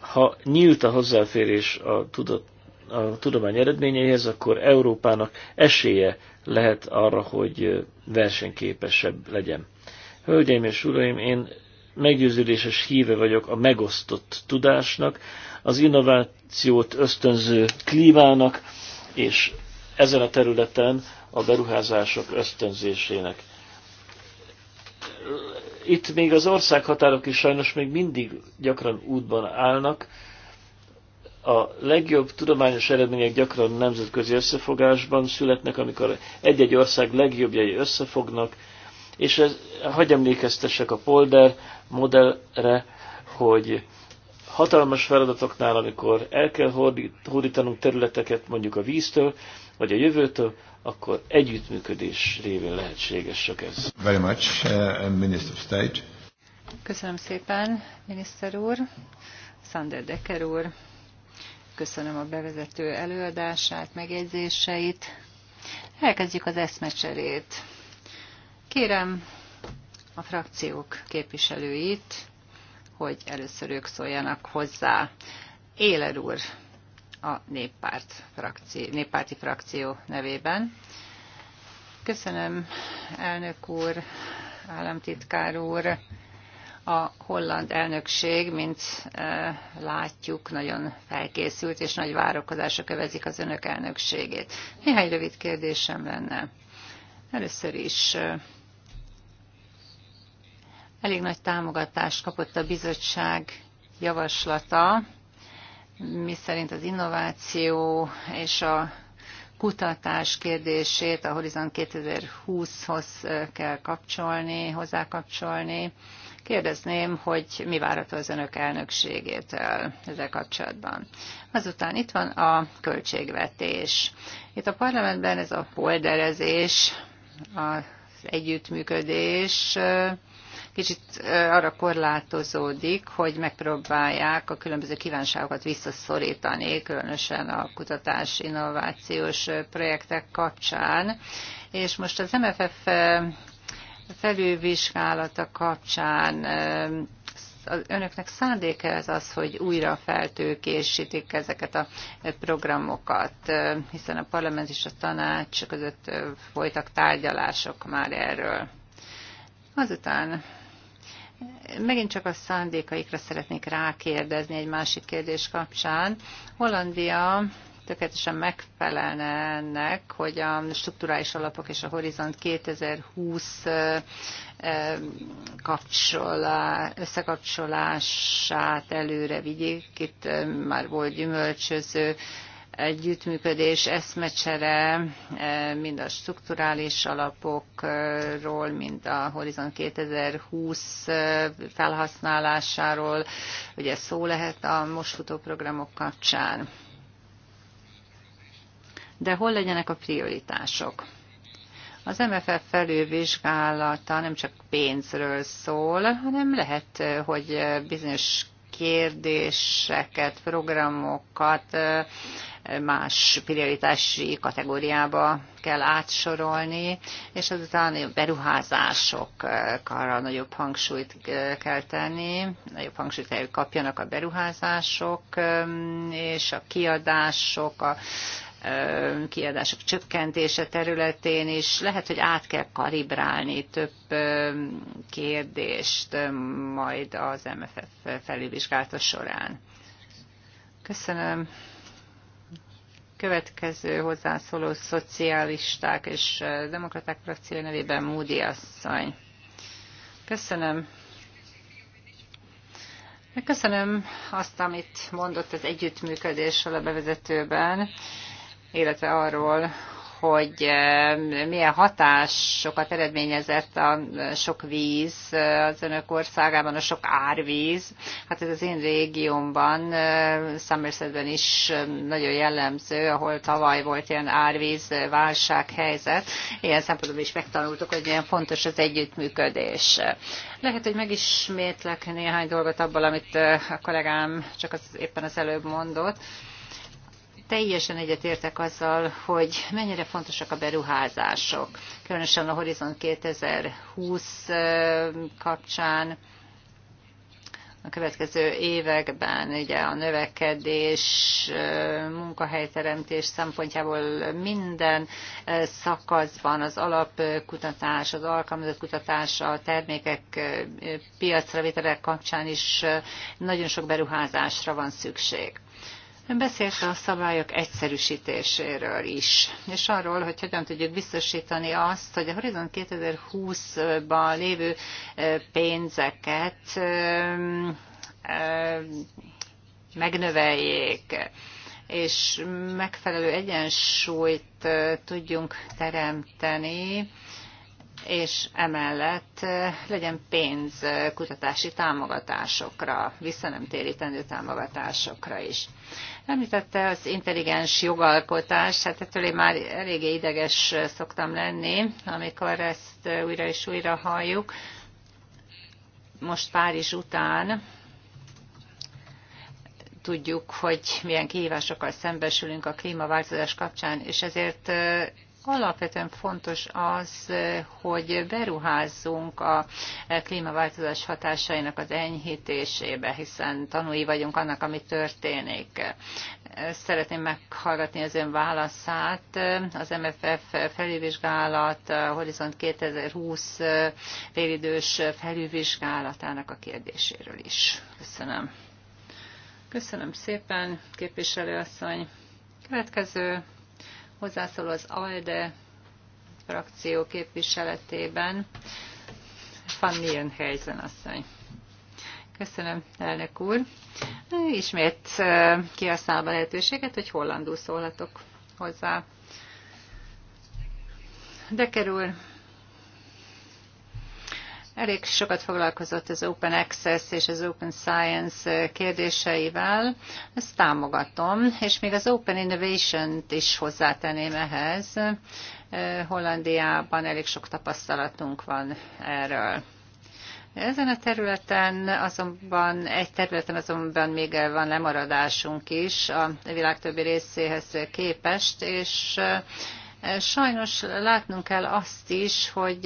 Ha nyílt a hozzáférés a, tudat, a tudomány eredményeihez, akkor Európának esélye lehet arra, hogy versenyképesebb legyen. Hölgyeim és uraim, én meggyőződéses híve vagyok a megosztott tudásnak, az innovációt ösztönző klímának, és ezen a területen a beruházások ösztönzésének. Itt még az országhatárok is sajnos még mindig gyakran útban állnak, a legjobb tudományos eredmények gyakran nemzetközi összefogásban születnek, amikor egy-egy ország legjobbjai összefognak, és ez, hagy emlékeztessek a Polder modellre, hogy hatalmas feladatoknál, amikor el kell hódítanunk területeket mondjuk a víztől, vagy a jövőtől, akkor együttműködés révén lehetséges csak ez. Very much, uh, Minister of State. Köszönöm szépen, miniszter úr, Sander Decker úr köszönöm a bevezető előadását, megjegyzéseit. Elkezdjük az eszmecserét. Kérem a frakciók képviselőit, hogy először ők szóljanak hozzá. Éler úr a néppárt frakció, néppárti frakció nevében. Köszönöm, elnök úr, államtitkár úr, a holland elnökség, mint e, látjuk, nagyon felkészült, és nagy várakozások kövezik az önök elnökségét. Néhány rövid kérdésem lenne. Először is e, elég nagy támogatást kapott a bizottság javaslata, miszerint az innováció és a kutatás kérdését a Horizon 2020-hoz e, kell kapcsolni, hozzákapcsolni. kapcsolni Kérdezném, hogy mi várható az önök elnökségétől ezzel kapcsolatban. Azután itt van a költségvetés. Itt a parlamentben ez a polderezés, az együttműködés, kicsit arra korlátozódik, hogy megpróbálják a különböző kívánságokat visszaszorítani, különösen a kutatás innovációs projektek kapcsán. És most az MFF felülvizsgálata kapcsán önöknek szándéke ez az, hogy újra feltőkésítik ezeket a programokat, hiszen a parlament és a tanács között folytak tárgyalások már erről. Azután megint csak a szándékaikra szeretnék rákérdezni egy másik kérdés kapcsán. Hollandia tökéletesen megfelelne ennek, hogy a strukturális alapok és a Horizont 2020 kapcsolá, összekapcsolását előre vigyék. Itt már volt gyümölcsöző együttműködés, eszmecsere, mind a strukturális alapokról, mind a Horizon 2020 felhasználásáról, ugye szó lehet a most futó programok kapcsán. De hol legyenek a prioritások? Az MFF felülvizsgálata nem csak pénzről szól, hanem lehet, hogy bizonyos kérdéseket, programokat más prioritási kategóriába kell átsorolni, és azután a beruházásokra nagyobb hangsúlyt kell tenni, nagyobb hangsúlyt kell kapjanak a beruházások, és a kiadások, a kiadások csökkentése területén is. Lehet, hogy át kell kalibrálni több kérdést majd az MFF felülvizsgálata során. Köszönöm. Következő hozzászóló szocialisták és demokraták frakció nevében Múdi asszony. Köszönöm. Köszönöm azt, amit mondott az együttműködésről a bevezetőben illetve arról, hogy eh, milyen hatásokat eredményezett a eh, sok víz eh, az önök országában, a sok árvíz. Hát ez az én régiómban, Somersetben is nagyon jellemző, ahol tavaly volt ilyen árvíz válsághelyzet. Ilyen szempontból is megtanultuk, hogy milyen fontos az együttműködés. Lehet, hogy megismétlek néhány dolgot abból, amit a kollégám csak az, éppen az előbb mondott teljesen egyetértek azzal, hogy mennyire fontosak a beruházások, különösen a Horizont 2020 kapcsán a következő években ugye a növekedés, munkahelyteremtés szempontjából minden szakaszban az alapkutatás, az alkalmazott kutatás, a termékek piacra vételek kapcsán is nagyon sok beruházásra van szükség. Ön beszélt a szabályok egyszerűsítéséről is, és arról, hogy hogyan tudjuk biztosítani azt, hogy a Horizon 2020-ban lévő pénzeket megnöveljék, és megfelelő egyensúlyt tudjunk teremteni és emellett legyen pénz kutatási támogatásokra, visszanemtérítendő támogatásokra is. Említette az intelligens jogalkotás, hát ettől én már eléggé ideges szoktam lenni, amikor ezt újra és újra halljuk. Most Párizs után tudjuk, hogy milyen kihívásokkal szembesülünk a klímaváltozás kapcsán, és ezért alapvetően fontos az, hogy beruházzunk a klímaváltozás hatásainak az enyhítésébe, hiszen tanúi vagyunk annak, ami történik. Szeretném meghallgatni az ön válaszát. Az MFF felülvizsgálat, Horizont 2020 félidős felülvizsgálatának a kérdéséről is. Köszönöm. Köszönöm szépen, képviselőasszony. Következő hozzászól az ALDE frakció képviseletében. Van helyzen asszony. Köszönöm, elnök úr. Ismét kihasználom a lehetőséget, hogy hollandul szólhatok hozzá. Deker úr, elég sokat foglalkozott az Open Access és az Open Science kérdéseivel, ezt támogatom, és még az Open Innovation-t is hozzátenném ehhez. Hollandiában elég sok tapasztalatunk van erről. Ezen a területen azonban, egy területen azonban még van lemaradásunk is a világ többi részéhez képest, és Sajnos látnunk kell azt is, hogy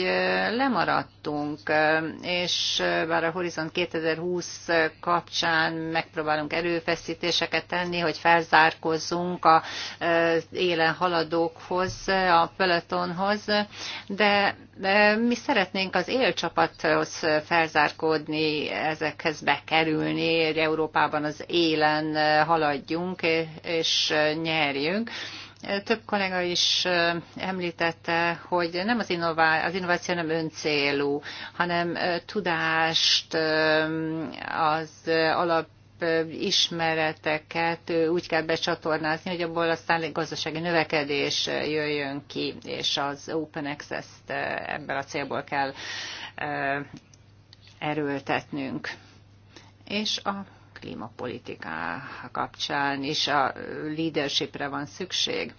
lemaradtunk, és bár a Horizont 2020 kapcsán megpróbálunk erőfeszítéseket tenni, hogy felzárkozzunk a élen haladókhoz, a pelotonhoz, de mi szeretnénk az élcsapathoz felzárkódni, ezekhez bekerülni, hogy Európában az élen haladjunk és nyerjünk. Több kollega is említette, hogy nem az, innová- az innováció nem öncélú, hanem tudást, az alap ismereteket úgy kell becsatornázni, hogy abból aztán gazdasági növekedés jöjjön ki, és az Open Access-t ebből a célból kell erőltetnünk. És a klímapolitiká kapcsán is a leadershipre van szükség.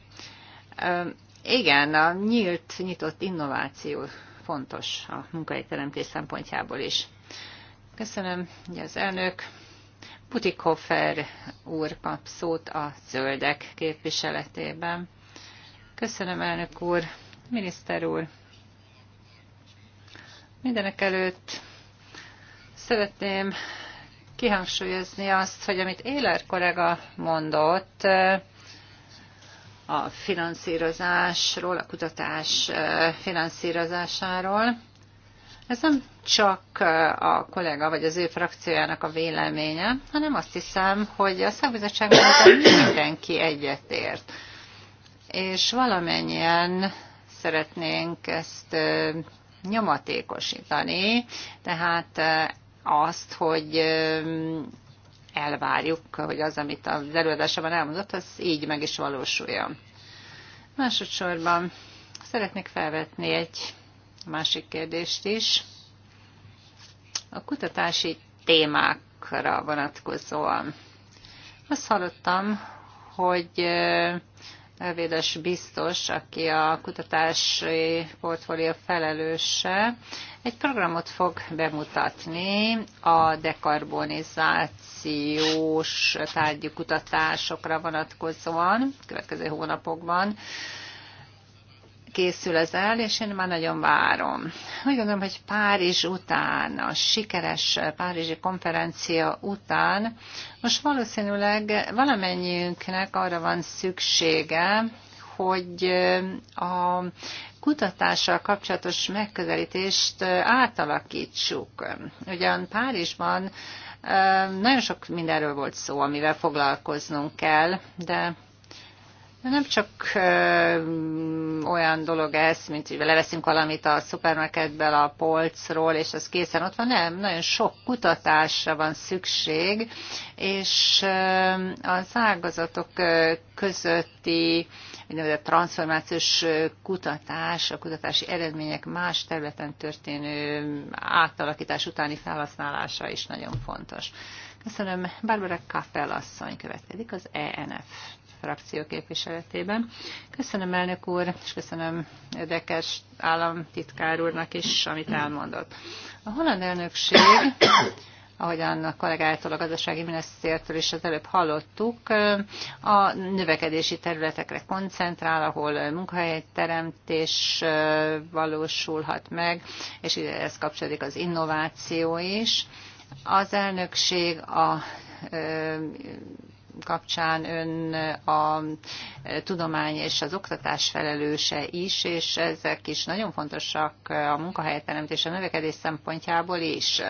Igen, a nyílt, nyitott innováció fontos a munkahelyteremtés szempontjából is. Köszönöm, hogy az elnök Putikhofer úr kap szót a zöldek képviseletében. Köszönöm, elnök úr, miniszter úr. Mindenek előtt szeretném kihangsúlyozni azt, hogy amit Éler kollega mondott, a finanszírozásról, a kutatás finanszírozásáról. Ez nem csak a kollega vagy az ő frakciójának a véleménye, hanem azt hiszem, hogy a szakbizottságban mindenki egyetért. És valamennyien szeretnénk ezt nyomatékosítani, tehát azt, hogy elvárjuk, hogy az, amit az előadásában elmondott, az így meg is valósuljon. Másodszorban szeretnék felvetni egy másik kérdést is. A kutatási témákra vonatkozóan. Azt hallottam, hogy Elvédes biztos, aki a kutatási portfólió felelőse, egy programot fog bemutatni a dekarbonizációs tárgyi kutatásokra vonatkozóan következő hónapokban készül ez el, és én már nagyon várom. Úgy gondolom, hogy Párizs után, a sikeres Párizsi konferencia után, most valószínűleg valamennyiünknek arra van szüksége, hogy a kutatással kapcsolatos megközelítést átalakítsuk. Ugyan Párizsban nagyon sok mindenről volt szó, amivel foglalkoznunk kell, de nem csak olyan dolog ez, mint hogy leveszünk valamit a szupermarketből, a polcról, és az készen ott van, nem, nagyon sok kutatásra van szükség, és az ágazatok közötti úgynevezett transformációs kutatás, a kutatási eredmények más területen történő átalakítás utáni felhasználása is nagyon fontos. Köszönöm. Barbara Kappel asszony következik az ENF frakció képviseletében. Köszönöm elnök úr, és köszönöm Dekes államtitkár úrnak is, amit elmondott. A holland elnökség ahogyan a kollégától, a gazdasági minisztértől is az előbb hallottuk, a növekedési területekre koncentrál, ahol munkahelyteremtés valósulhat meg, és ez kapcsolódik az innováció is. Az elnökség a kapcsán ön a tudomány és az oktatás felelőse is, és ezek is nagyon fontosak a munkahelyteremtés a növekedés szempontjából is.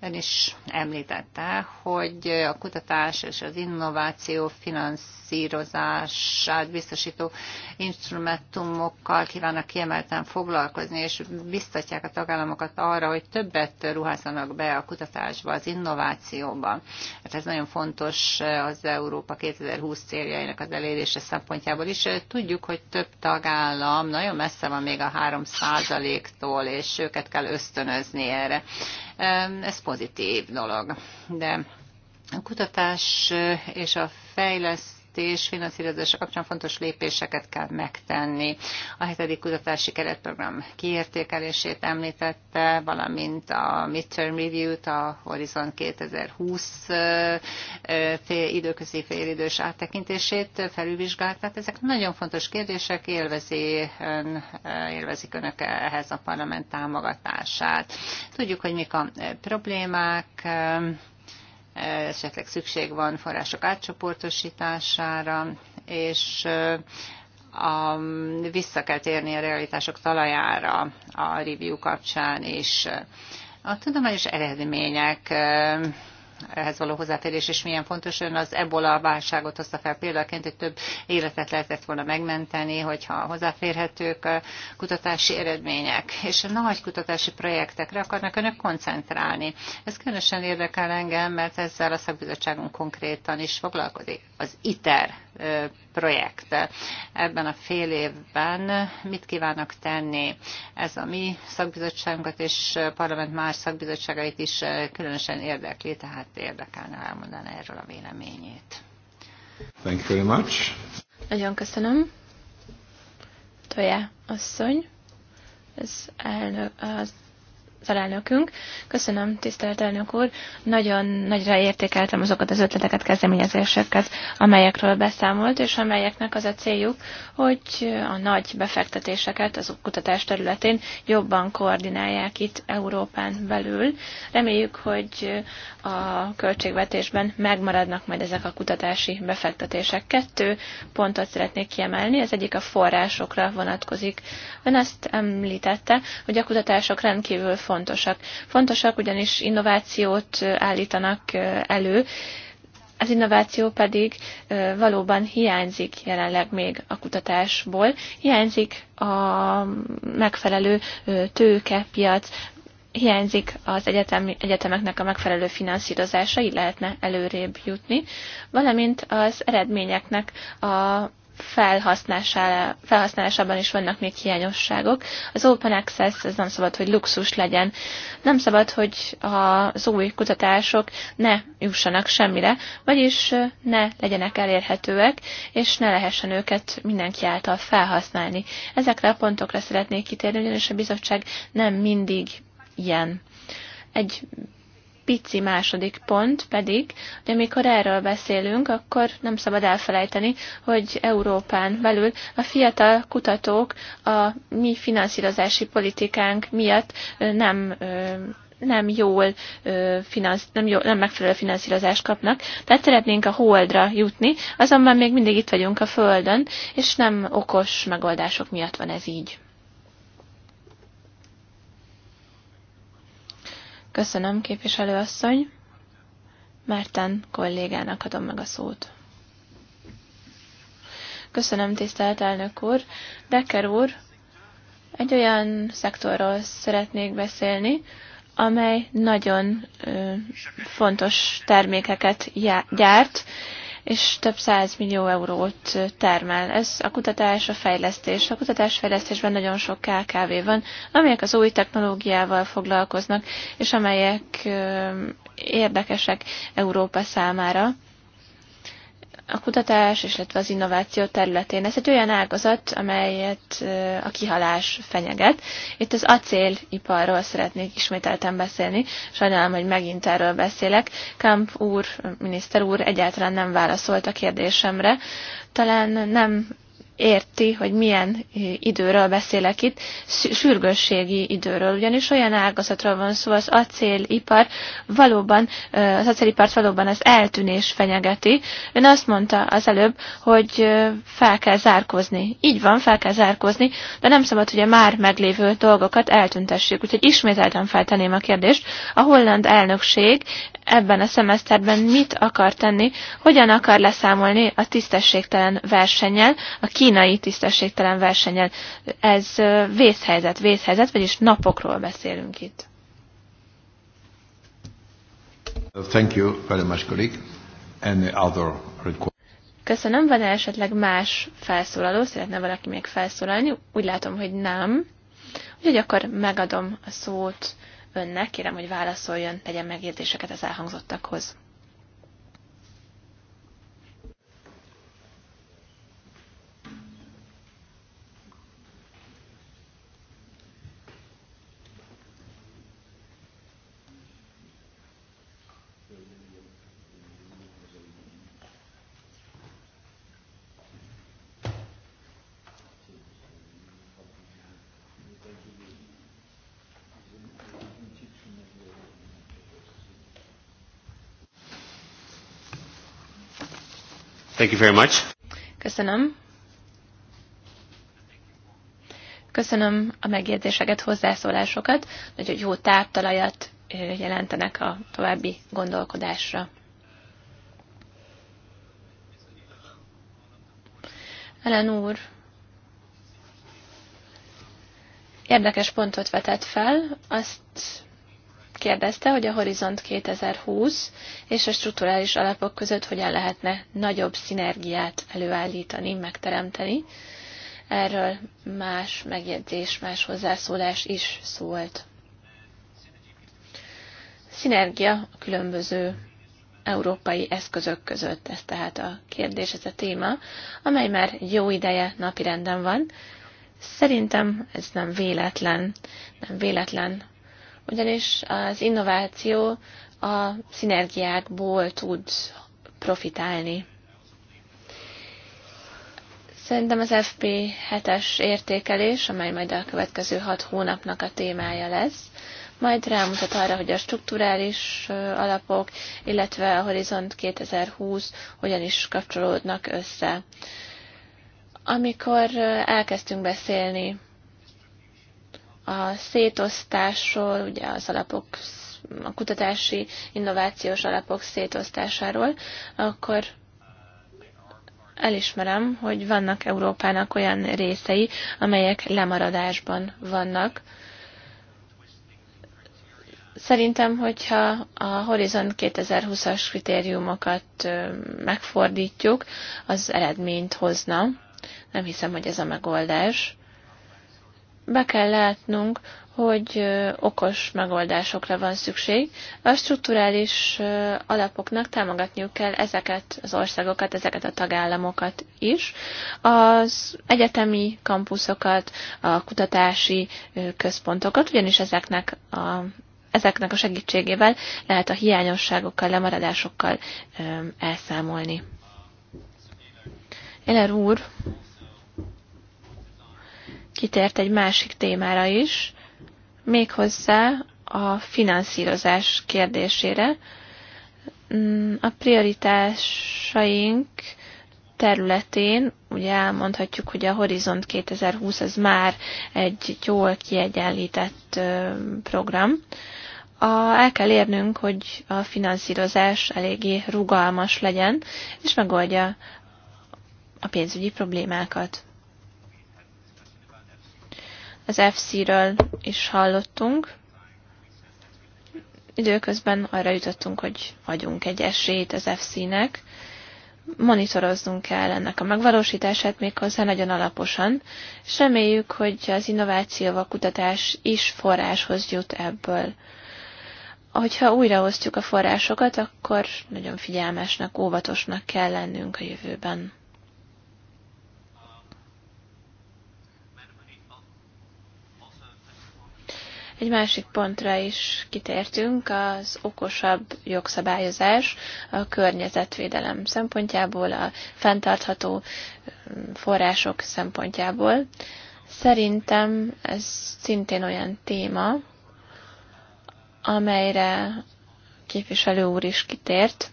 Ön is említette, hogy a kutatás és az innováció finanszírozását biztosító instrumentumokkal kívánnak kiemelten foglalkozni, és biztatják a tagállamokat arra, hogy többet ruházzanak be a kutatásba, az innovációba. Hát ez nagyon fontos az Európa 2020 céljainak az elérése szempontjából is. Tudjuk, hogy több tagállam nagyon messze van még a 3%-tól, és őket kell ösztönözni erre. Ez pozitív dolog. De a kutatás és a fejlesztés fejlesztés finanszírozása kapcsán fontos lépéseket kell megtenni. A hetedik kutatási keretprogram kiértékelését említette, valamint a midterm review-t, a Horizon 2020 fél, időközi félidős áttekintését felülvizsgált. Tehát ezek nagyon fontos kérdések, élvezi ön, élvezik önök ehhez a parlament támogatását. Tudjuk, hogy mik a problémák, esetleg szükség van források átcsoportosítására, és a, vissza kell térni a realitások talajára a review kapcsán is. A tudományos eredmények ehhez való hozzáférés, és milyen fontos. Ön az ebola válságot hozta fel példaként, hogy több életet lehetett volna megmenteni, hogyha hozzáférhetők a kutatási eredmények. És a nagy kutatási projektekre akarnak önök koncentrálni. Ez különösen érdekel engem, mert ezzel a szakbizottságunk konkrétan is foglalkozik. Az ITER projekt. Ebben a fél évben mit kívánnak tenni? Ez a mi szakbizottságunkat és a parlament más szakbizottságait is különösen érdekli, tehát érdekelne elmondani erről a véleményét. Thank you very much. Nagyon köszönöm. Toja asszony, ez elnök, az felelnökünk. Köszönöm, tisztelt elnök úr. Nagyon nagyra értékeltem azokat az ötleteket, kezdeményezéseket, amelyekről beszámolt, és amelyeknek az a céljuk, hogy a nagy befektetéseket az kutatás területén jobban koordinálják itt Európán belül. Reméljük, hogy a költségvetésben megmaradnak majd ezek a kutatási befektetések. Kettő pontot szeretnék kiemelni, ez egyik a forrásokra vonatkozik. Ön azt említette, hogy a kutatások rendkívül fontosak. Fontosak, ugyanis innovációt állítanak elő, az innováció pedig valóban hiányzik jelenleg még a kutatásból, hiányzik a megfelelő tőkepiac, hiányzik az egyetem, egyetemeknek a megfelelő finanszírozása, így lehetne előrébb jutni, valamint az eredményeknek a felhasználásában is vannak még hiányosságok. Az open access ez nem szabad, hogy luxus legyen. Nem szabad, hogy az új kutatások ne jussanak semmire, vagyis ne legyenek elérhetőek, és ne lehessen őket mindenki által felhasználni. Ezekre a pontokra szeretnék kitérni, ugyanis a bizottság nem mindig ilyen. Egy pici második pont pedig, hogy amikor erről beszélünk, akkor nem szabad elfelejteni, hogy Európán belül a fiatal kutatók a mi finanszírozási politikánk miatt nem nem jól, finansz, nem, jól, nem megfelelő finanszírozást kapnak. Tehát szeretnénk a holdra jutni, azonban még mindig itt vagyunk a Földön, és nem okos megoldások miatt van ez így. Köszönöm, képviselőasszony. Márten kollégának adom meg a szót. Köszönöm, tisztelt elnök úr. Decker úr, egy olyan szektorról szeretnék beszélni, amely nagyon ö, fontos termékeket gyárt, és több száz millió eurót termel. Ez a kutatás, a fejlesztés. A fejlesztésben nagyon sok KKV van, amelyek az új technológiával foglalkoznak, és amelyek érdekesek Európa számára a kutatás, és illetve az innováció területén. Ez egy olyan ágazat, amelyet a kihalás fenyeget. Itt az acéliparról szeretnék ismételten beszélni. Sajnálom, hogy megint erről beszélek. Kamp úr, miniszter úr egyáltalán nem válaszolt a kérdésemre. Talán nem érti, hogy milyen eh, időről beszélek itt, sürgősségi időről, ugyanis olyan ágazatról van szó, az acélipar valóban, eh, az acélipart valóban az eltűnés fenyegeti. Ön azt mondta az előbb, hogy eh, fel kell zárkozni. Így van, fel kell zárkozni, de nem szabad, hogy a már meglévő dolgokat eltüntessük. Úgyhogy ismételten feltenném a kérdést. A holland elnökség ebben a szemeszterben mit akar tenni, hogyan akar leszámolni a tisztességtelen versennyel, a ki kínai tisztességtelen versenyen. Ez vészhelyzet, vészhelyzet, vagyis napokról beszélünk itt. Thank you very much, colleague. Any other request? Köszönöm, van -e esetleg más felszólaló? Szeretne valaki még felszólalni? Úgy látom, hogy nem. Úgyhogy akkor megadom a szót önnek, kérem, hogy válaszoljon, tegyen megjegyzéseket az elhangzottakhoz. Thank you very much. Köszönöm. Köszönöm a megjegyzéseket, hozzászólásokat, nagyon jó táptalajat jelentenek a további gondolkodásra. Ellen úr érdekes pontot vetett fel, azt kérdezte, hogy a Horizont 2020 és a strukturális alapok között hogyan lehetne nagyobb szinergiát előállítani, megteremteni. Erről más megjegyzés, más hozzászólás is szólt. Szinergia a különböző európai eszközök között, ez tehát a kérdés, ez a téma, amely már jó ideje napirenden van. Szerintem ez nem véletlen, nem véletlen, ugyanis az innováció a szinergiákból tud profitálni. Szerintem az FP7-es értékelés, amely majd a következő hat hónapnak a témája lesz, majd rámutat arra, hogy a strukturális alapok, illetve a Horizont 2020 hogyan is kapcsolódnak össze. Amikor elkezdtünk beszélni a szétosztásról, ugye az alapok a kutatási innovációs alapok szétosztásáról, akkor elismerem, hogy vannak Európának olyan részei, amelyek lemaradásban vannak. Szerintem, hogyha a horizont 2020-as kritériumokat megfordítjuk, az eredményt hozna. Nem hiszem, hogy ez a megoldás be kell látnunk, hogy okos megoldásokra van szükség. A strukturális alapoknak támogatniuk kell ezeket az országokat, ezeket a tagállamokat is. Az egyetemi kampuszokat, a kutatási központokat, ugyanis ezeknek a ezeknek a segítségével lehet a hiányosságokkal, lemaradásokkal elszámolni. Eller úr, kitért egy másik témára is, méghozzá a finanszírozás kérdésére. Mm, a prioritásaink területén, ugye elmondhatjuk, hogy a Horizont 2020 az már egy jól kiegyenlített program. A, el kell érnünk, hogy a finanszírozás eléggé rugalmas legyen, és megoldja a pénzügyi problémákat az FC-ről is hallottunk. Időközben arra jutottunk, hogy adjunk egy esélyt az FC-nek. Monitoroznunk kell ennek a megvalósítását méghozzá nagyon alaposan, és reméljük, hogy az innováció, a kutatás is forráshoz jut ebből. Hogyha újraosztjuk a forrásokat, akkor nagyon figyelmesnek, óvatosnak kell lennünk a jövőben. Egy másik pontra is kitértünk, az okosabb jogszabályozás a környezetvédelem szempontjából, a fenntartható um, források szempontjából. Szerintem ez szintén olyan téma, amelyre képviselő úr is kitért.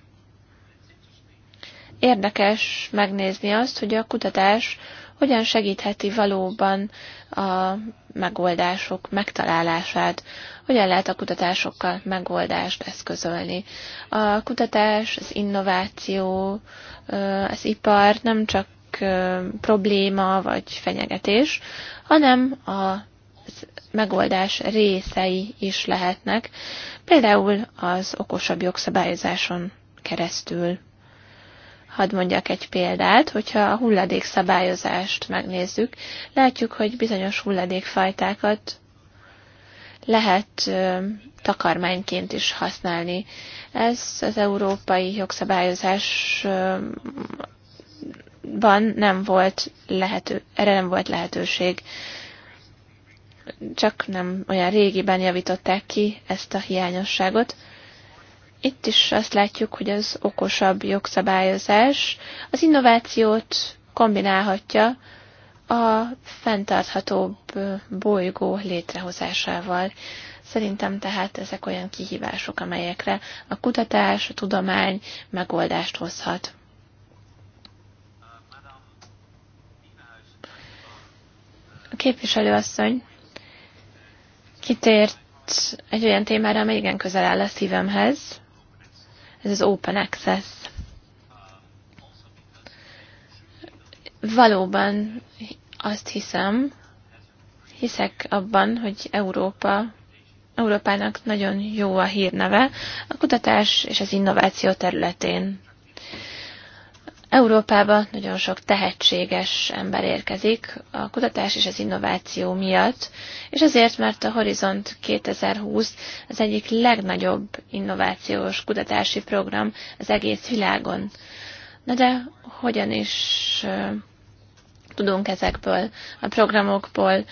Érdekes megnézni azt, hogy a kutatás hogyan segítheti valóban a megoldások megtalálását, hogyan lehet a kutatásokkal megoldást eszközölni. A kutatás, az innováció, az ipar nem csak probléma vagy fenyegetés, hanem a megoldás részei is lehetnek, például az okosabb jogszabályozáson keresztül. Hadd mondjak egy példát, hogyha a hulladékszabályozást megnézzük, látjuk, hogy bizonyos hulladékfajtákat lehet ö, takarmányként is használni. Ez az európai jogszabályozásban nem volt lehető, erre nem volt lehetőség. Csak nem olyan régiben javították ki ezt a hiányosságot. Itt is azt látjuk, hogy az okosabb jogszabályozás az innovációt kombinálhatja a fenntarthatóbb bolygó létrehozásával. Szerintem tehát ezek olyan kihívások, amelyekre a kutatás, a tudomány megoldást hozhat. A képviselőasszony kitért egy olyan témára, amely igen közel áll a szívemhez ez az Open Access. Valóban azt hiszem, hiszek abban, hogy Európa, Európának nagyon jó a hírneve a kutatás és az innováció területén. Európába nagyon sok tehetséges ember érkezik a kutatás és az innováció miatt, és azért, mert a Horizont 2020 az egyik legnagyobb innovációs kutatási program az egész világon. Na de hogyan is tudunk ezekből a programokból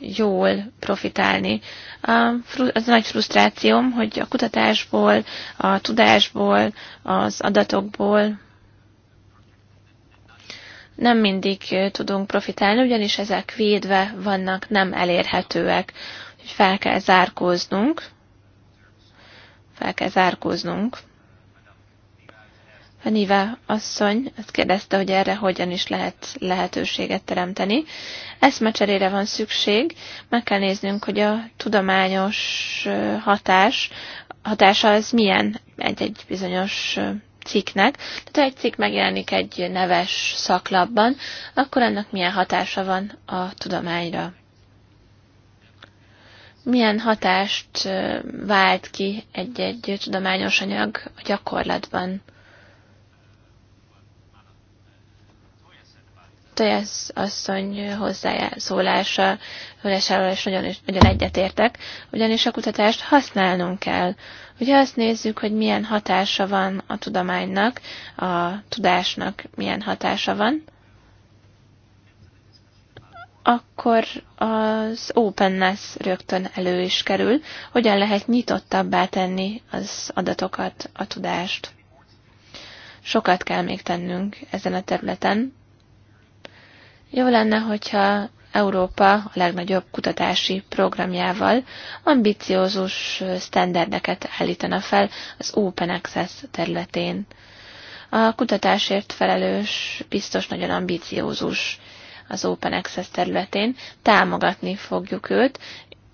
jól profitálni. A, az a nagy frusztrációm, hogy a kutatásból, a tudásból, az adatokból nem mindig tudunk profitálni, ugyanis ezek védve vannak, nem elérhetőek. Úgyhogy fel kell zárkóznunk. Fel kell zárkóznunk. A Niva asszony azt kérdezte, hogy erre hogyan is lehet lehetőséget teremteni. Eszmecserére van szükség, meg kell néznünk, hogy a tudományos hatás, hatása az milyen egy-egy bizonyos cikknek, tehát ha egy cikk megjelenik egy neves szaklapban, akkor ennek milyen hatása van a tudományra. Milyen hatást vált ki egy-egy tudományos anyag a gyakorlatban? Tejász asszony hozzászólása, hölesával is nagyon, nagyon egyetértek, ugyanis a kutatást használnunk kell. Ugye azt nézzük, hogy milyen hatása van a tudománynak, a tudásnak milyen hatása van, akkor az openness rögtön elő is kerül, hogyan lehet nyitottabbá tenni az adatokat, a tudást. Sokat kell még tennünk ezen a területen, jó lenne, hogyha Európa a legnagyobb kutatási programjával ambiciózus sztenderdeket állítana fel az Open Access területén. A kutatásért felelős biztos nagyon ambiciózus az Open Access területén, támogatni fogjuk őt,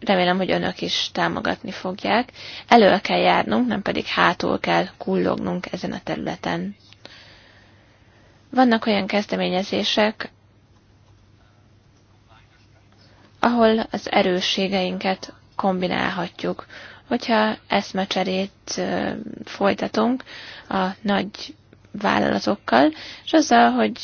remélem, hogy önök is támogatni fogják. Elő kell járnunk, nem pedig hátul kell kullognunk ezen a területen. Vannak olyan kezdeményezések, ahol az erősségeinket kombinálhatjuk. Hogyha eszmecserét folytatunk a nagy vállalatokkal, és azzal, hogy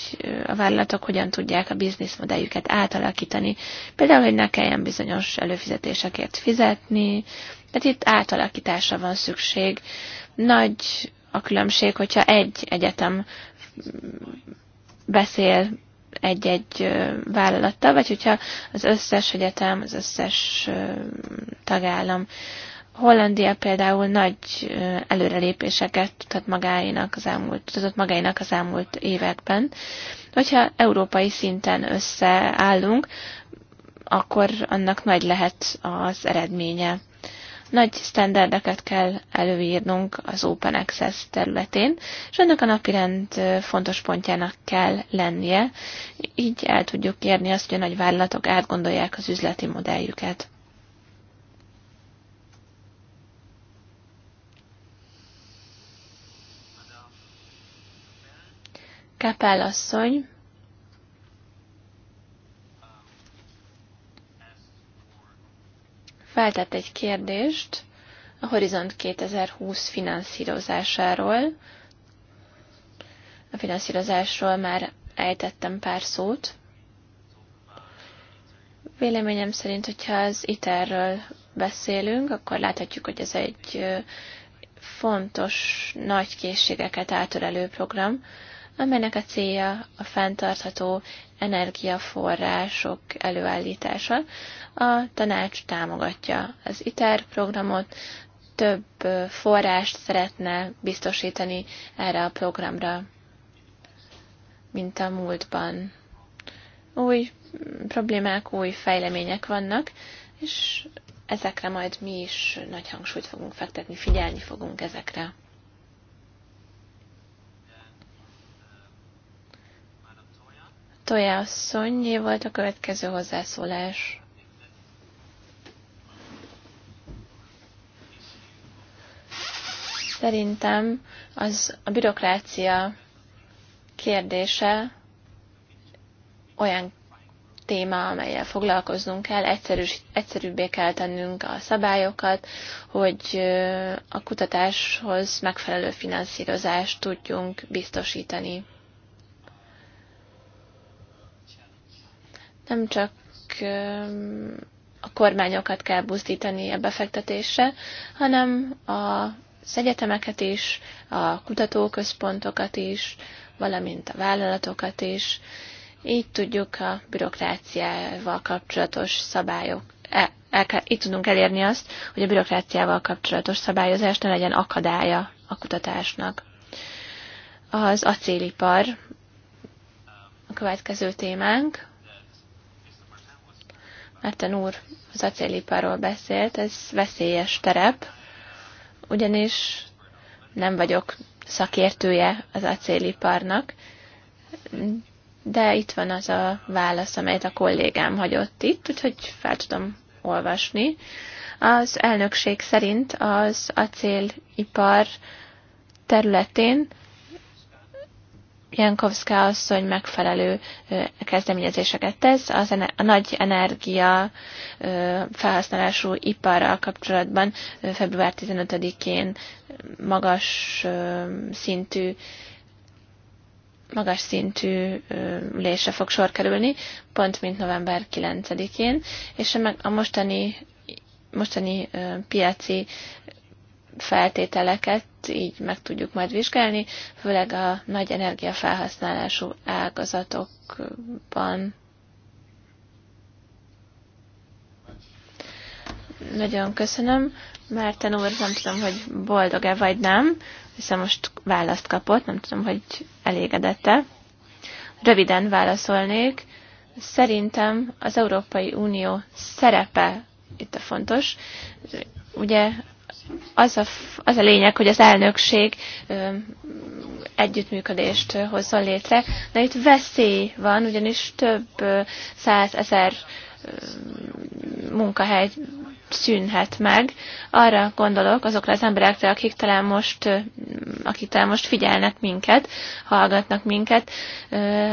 a vállalatok hogyan tudják a bizniszmodelljüket átalakítani. Például, hogy ne kelljen bizonyos előfizetésekért fizetni, tehát itt átalakításra van szükség. Nagy a különbség, hogyha egy egyetem beszél egy-egy vállalattal, vagy hogyha az összes egyetem, az összes tagállam. Hollandia például nagy előrelépéseket tudott magáinak az elmúlt, tudott magáinak az elmúlt években. Hogyha európai szinten összeállunk, akkor annak nagy lehet az eredménye nagy standardeket kell előírnunk az Open Access területén, és ennek a napirend fontos pontjának kell lennie, így el tudjuk érni azt, hogy a nagy vállalatok átgondolják az üzleti modelljüket. Kapál asszony feltett egy kérdést a Horizont 2020 finanszírozásáról. A finanszírozásról már ejtettem pár szót. Véleményem szerint, hogyha az ITER-ről beszélünk, akkor láthatjuk, hogy ez egy fontos, nagy készségeket átölelő program, amelynek a célja a fenntartható energiaforrások előállítása. A tanács támogatja az ITER programot, több forrást szeretne biztosítani erre a programra, mint a múltban. Új problémák, új fejlemények vannak, és ezekre majd mi is nagy hangsúlyt fogunk fektetni, figyelni fogunk ezekre. Toja asszony, volt a következő hozzászólás. Szerintem az a bürokrácia kérdése olyan téma, amelyel foglalkoznunk kell, egyszerűs, egyszerűbbé kell tennünk a szabályokat, hogy a kutatáshoz megfelelő finanszírozást tudjunk biztosítani. Nem csak a kormányokat kell buzdítani a befektetésre, hanem az egyetemeket is, a kutatóközpontokat is, valamint a vállalatokat is. Így tudjuk a bürokráciával kapcsolatos szabályok, e, el, el, így tudunk elérni azt, hogy a bürokráciával kapcsolatos szabályozás ne legyen akadálya a kutatásnak. Az acélipar a következő témánk. Márten úr az acélipáról beszélt, ez veszélyes terep, ugyanis nem vagyok szakértője az acéliparnak, de itt van az a válasz, amelyet a kollégám hagyott itt, úgyhogy fel tudom olvasni. Az elnökség szerint az acélipar területén Jankovszka asszony megfelelő kezdeményezéseket tesz az a nagy energia felhasználású iparral kapcsolatban február 15-én magas szintű magas szintű ülésre fog sor kerülni, pont mint november 9-én, és a mostani mostani piaci feltételeket így meg tudjuk majd vizsgálni, főleg a nagy energiafelhasználású ágazatokban. Nagyon köszönöm. Márten úr, nem tudom, hogy boldog-e vagy nem, hiszen most választ kapott, nem tudom, hogy elégedette. Röviden válaszolnék. Szerintem az Európai Unió szerepe itt a fontos. Ugye az a, az a lényeg, hogy az elnökség együttműködést hozzon létre, de itt veszély van, ugyanis több százezer munkahely szűnhet meg. Arra gondolok azokra az emberekre, akik talán most, akik talán most figyelnek minket, hallgatnak minket,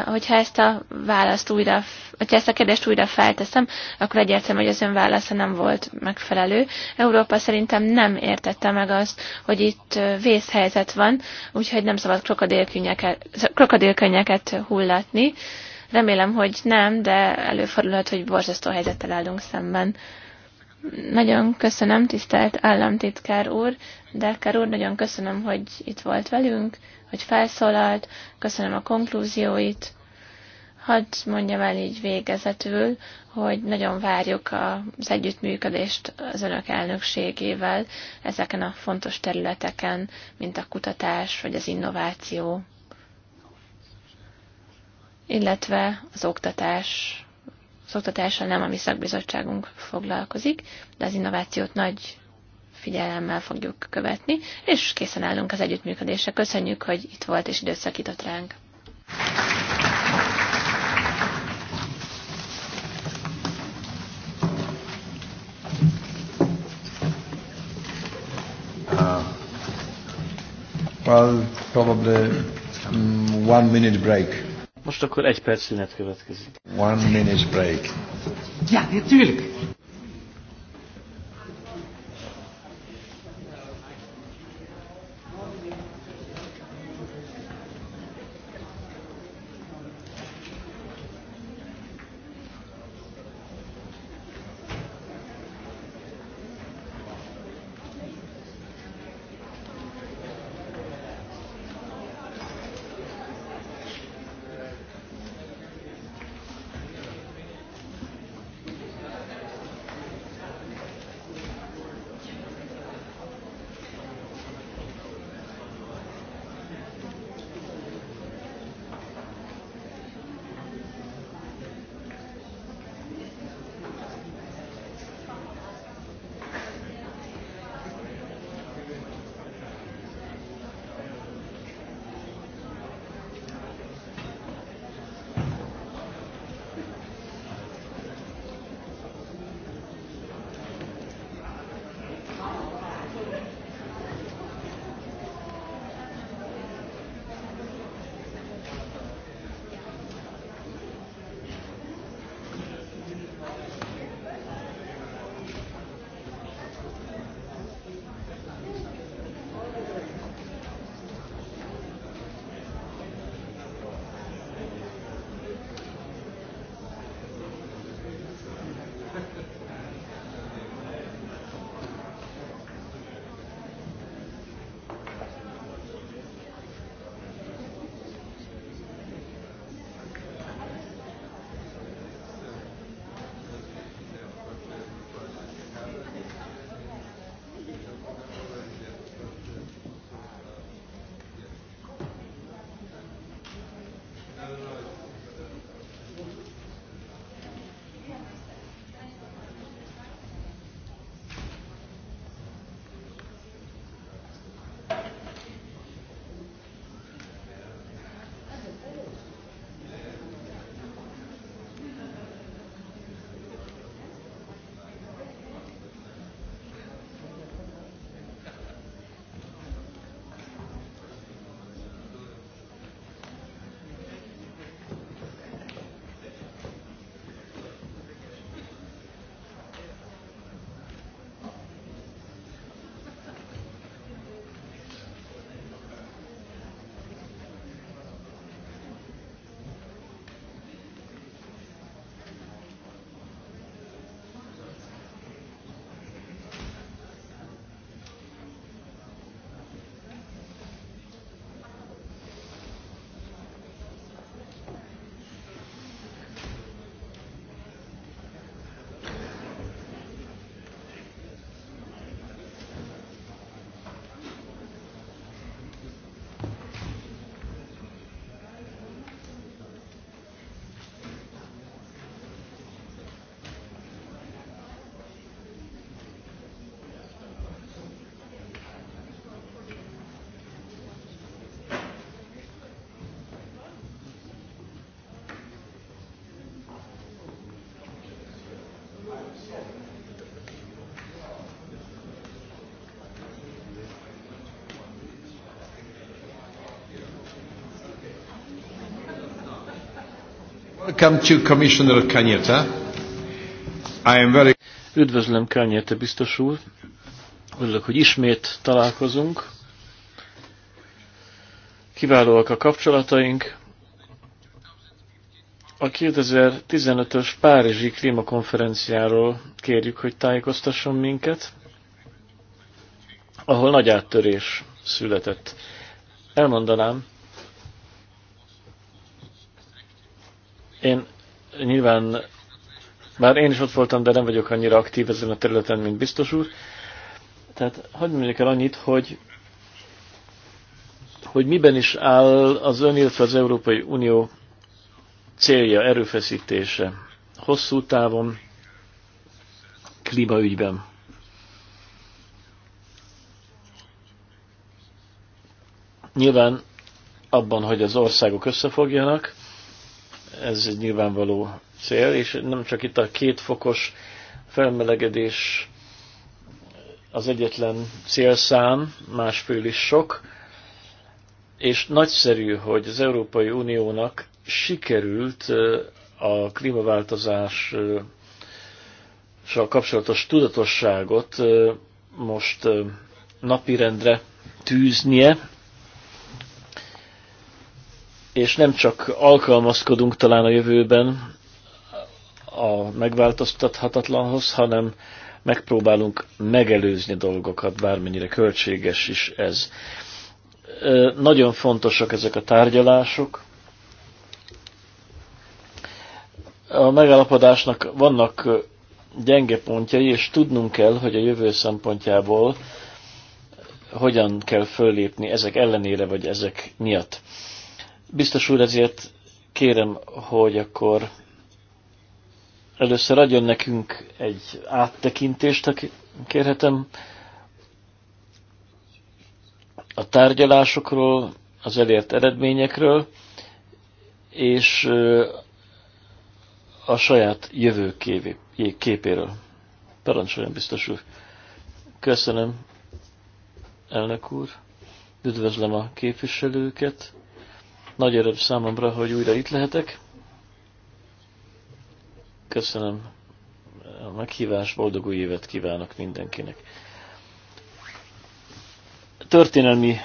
hogyha ezt a választ újra, hogyha ezt a kérdést újra felteszem, akkor egyértelmű, hogy az ön válasza nem volt megfelelő. Európa szerintem nem értette meg azt, hogy itt vészhelyzet van, úgyhogy nem szabad krokodilkönnyeket, krokodilkönnyeket hullatni. Remélem, hogy nem, de előfordulhat, hogy borzasztó helyzettel állunk szemben. Nagyon köszönöm, tisztelt államtitkár úr, Delkár úr, nagyon köszönöm, hogy itt volt velünk, hogy felszólalt, köszönöm a konklúzióit. Hadd mondjam el így végezetül, hogy nagyon várjuk az együttműködést az önök elnökségével ezeken a fontos területeken, mint a kutatás vagy az innováció illetve az oktatás, az oktatással nem a mi szakbizottságunk foglalkozik, de az innovációt nagy figyelemmel fogjuk követni, és készen állunk az együttműködésre. Köszönjük, hogy itt volt és időt szakított ránk. Uh, well, probably um, one minute break. Most akkor egy perc szünet következik. One minute break. Ja, natuurlijk. Hát Welcome to Commissioner Kanyeta. I am very... Üdvözlöm Kanyeta biztos úr. Örülök, hogy ismét találkozunk. Kiválóak a kapcsolataink. A 2015-ös Párizsi klímakonferenciáról kérjük, hogy tájékoztasson minket, ahol nagy áttörés született. Elmondanám, nyilván már én is ott voltam, de nem vagyok annyira aktív ezen a területen, mint biztos úr. Tehát hagyd mondjak el annyit, hogy, hogy miben is áll az ön, illetve az Európai Unió célja, erőfeszítése hosszú távon klímaügyben. Nyilván abban, hogy az országok összefogjanak, ez egy nyilvánvaló cél, és nem csak itt a két fokos felmelegedés az egyetlen célszám, másfél is sok, és nagyszerű, hogy az Európai Uniónak sikerült a klímaváltozással kapcsolatos tudatosságot most napirendre tűznie, és nem csak alkalmazkodunk talán a jövőben a megváltoztathatatlanhoz, hanem megpróbálunk megelőzni dolgokat, bármennyire költséges is ez. Nagyon fontosak ezek a tárgyalások. A megállapodásnak vannak gyenge pontjai, és tudnunk kell, hogy a jövő szempontjából hogyan kell föllépni ezek ellenére, vagy ezek miatt. Biztos úr, ezért kérem, hogy akkor először adjon nekünk egy áttekintést, ha kérhetem, a tárgyalásokról, az elért eredményekről, és a saját jövő képéről. Parancsoljon, biztos úr. Köszönöm, elnök úr. Üdvözlöm a képviselőket. Nagy öröm számomra, hogy újra itt lehetek. Köszönöm a meghívás, boldog új évet kívánok mindenkinek. Történelmi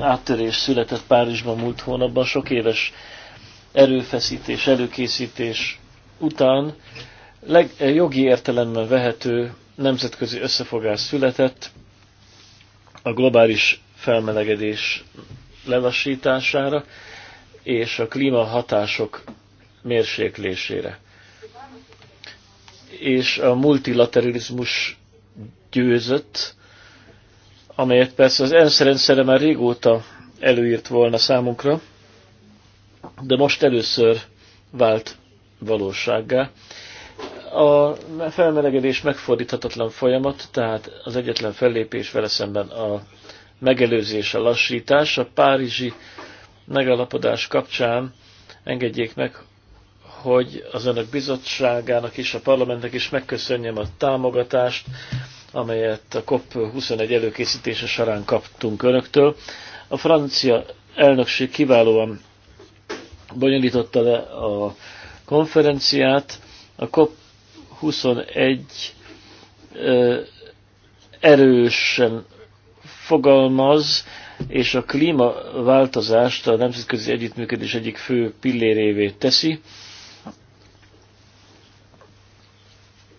áttörés született Párizsban múlt hónapban, sok éves erőfeszítés, előkészítés után leg, jogi értelemben vehető nemzetközi összefogás született a globális felmelegedés lelassítására és a klímahatások mérséklésére. És a multilaterizmus győzött, amelyet persze az ENSZ rendszere már régóta előírt volna számunkra, de most először vált valósággá. A felmelegedés megfordíthatatlan folyamat, tehát az egyetlen fellépés vele szemben a megelőzése, lassítás. A párizsi megalapodás kapcsán engedjék meg, hogy az önök bizottságának is, a parlamentnek is megköszönjem a támogatást, amelyet a COP21 előkészítése során kaptunk önöktől. A francia elnökség kiválóan bonyolította le a konferenciát. A COP21 erősen fogalmaz, és a klímaváltozást a nemzetközi együttműködés egyik fő pillérévé teszi,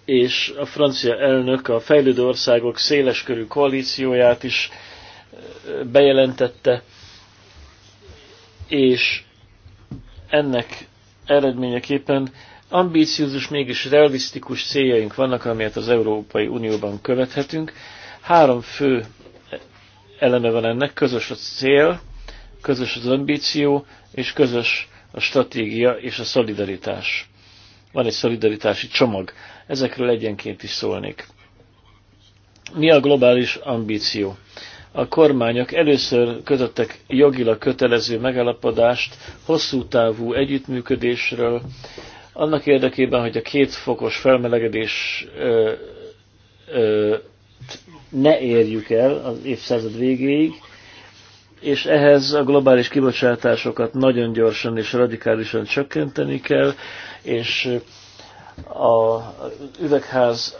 és a francia elnök a fejlődő országok széleskörű koalícióját is bejelentette, és ennek eredményeképpen ambíciózus, mégis realisztikus céljaink vannak, amelyet az Európai Unióban követhetünk. Három fő eleme van ennek, közös a cél, közös az ambíció, és közös a stratégia és a szolidaritás. Van egy szolidaritási csomag. Ezekről egyenként is szólnék. Mi a globális ambíció? A kormányok először kötöttek jogilag kötelező megállapodást hosszú távú együttműködésről, annak érdekében, hogy a két fokos felmelegedés ö, ö, ne érjük el az évszázad végéig, és ehhez a globális kibocsátásokat nagyon gyorsan és radikálisan csökkenteni kell, és a üvegház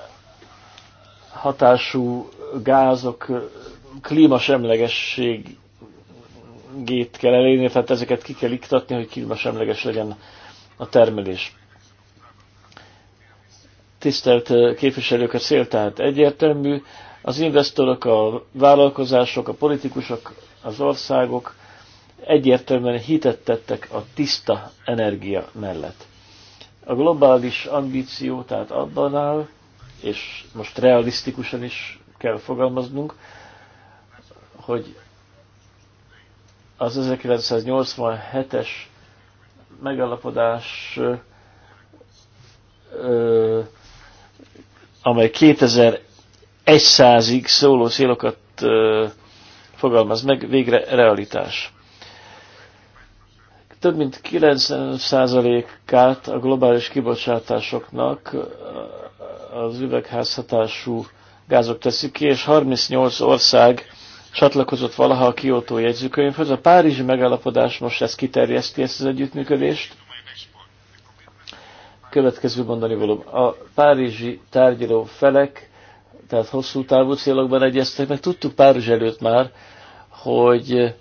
hatású gázok klímasemlegességét kell elérni, tehát ezeket ki kell iktatni, hogy klímasemleges legyen a termelés. Tisztelt képviselők, a cél tehát egyértelmű, az investorok, a vállalkozások, a politikusok, az országok egyértelműen hitet tettek a tiszta energia mellett. A globális ambíció tehát abban áll, és most realisztikusan is kell fogalmaznunk, hogy az 1987-es megalapodás, amely 2000 egy százig szóló célokat fogalmaz meg, végre realitás. Több mint 90%-át a globális kibocsátásoknak az üvegházhatású gázok teszik ki, és 38 ország csatlakozott valaha a Kyoto jegyzőkönyvhöz. A Párizsi megállapodás most ezt kiterjeszti, ezt az együttműködést. Következő mondani való. A párizsi tárgyaló felek tehát hosszú távú célokban egyeztek, meg tudtuk Párizs előtt már, hogy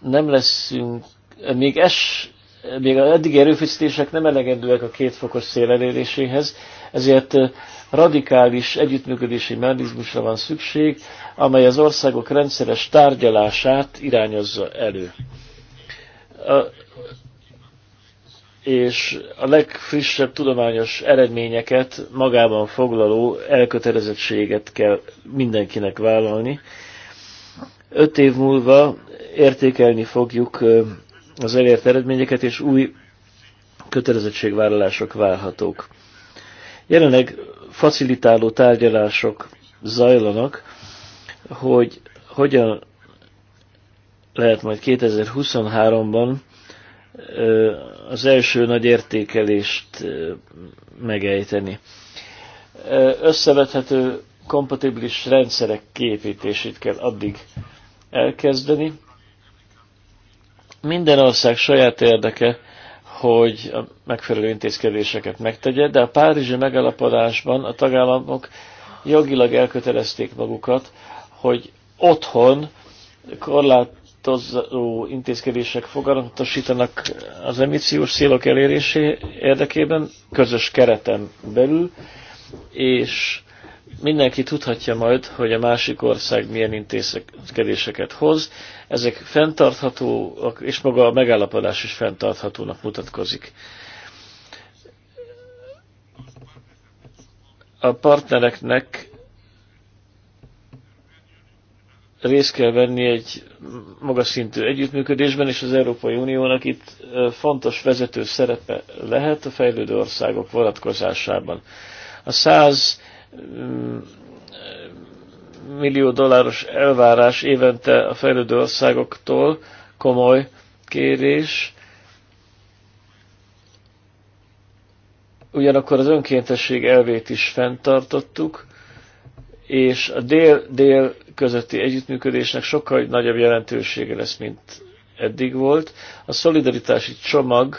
nem leszünk, még es, még az eddigi erőfeszítések nem elegendőek a kétfokos cél eléréséhez, ezért radikális együttműködési mechanizmusra van szükség, amely az országok rendszeres tárgyalását irányozza elő. A és a legfrissebb tudományos eredményeket magában foglaló elkötelezettséget kell mindenkinek vállalni. Öt év múlva értékelni fogjuk az elért eredményeket, és új kötelezettségvállalások válhatók. Jelenleg facilitáló tárgyalások zajlanak, hogy hogyan lehet majd 2023-ban az első nagy értékelést megejteni. Összevethető kompatibilis rendszerek képítését kell addig elkezdeni. Minden ország saját érdeke, hogy a megfelelő intézkedéseket megtegye, de a Párizsi megalapodásban a tagállamok jogilag elkötelezték magukat, hogy otthon korlát korlátozó intézkedések fogalmatosítanak az emissziós célok elérésé érdekében közös kereten belül, és mindenki tudhatja majd, hogy a másik ország milyen intézkedéseket hoz. Ezek fenntarthatóak, és maga a megállapodás is fenntarthatónak mutatkozik. A partnereknek részt kell venni egy magas szintű együttműködésben, és az Európai Uniónak itt fontos vezető szerepe lehet a fejlődő országok vonatkozásában. A 100 mm, millió dolláros elvárás évente a fejlődő országoktól komoly kérés, ugyanakkor az önkéntesség elvét is fenntartottuk, és a dél-dél közötti együttműködésnek sokkal nagyobb jelentősége lesz, mint eddig volt. A szolidaritási csomag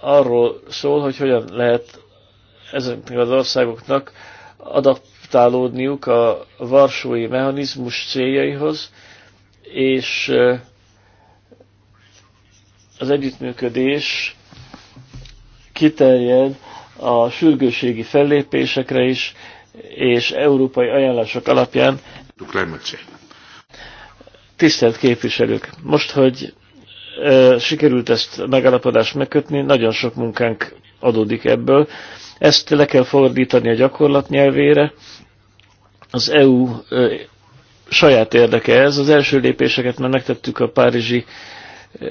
arról szól, hogy hogyan lehet ezeknek az országoknak adaptálódniuk a varsói mechanizmus céljaihoz, és az együttműködés kiterjed a sürgőségi fellépésekre is, és európai ajánlások alapján tisztelt képviselők, most, hogy e, sikerült ezt a megállapodást megkötni, nagyon sok munkánk adódik ebből. Ezt le kell fordítani a gyakorlat nyelvére. Az EU e, saját érdeke ez. Az első lépéseket már megtettük a párizsi e,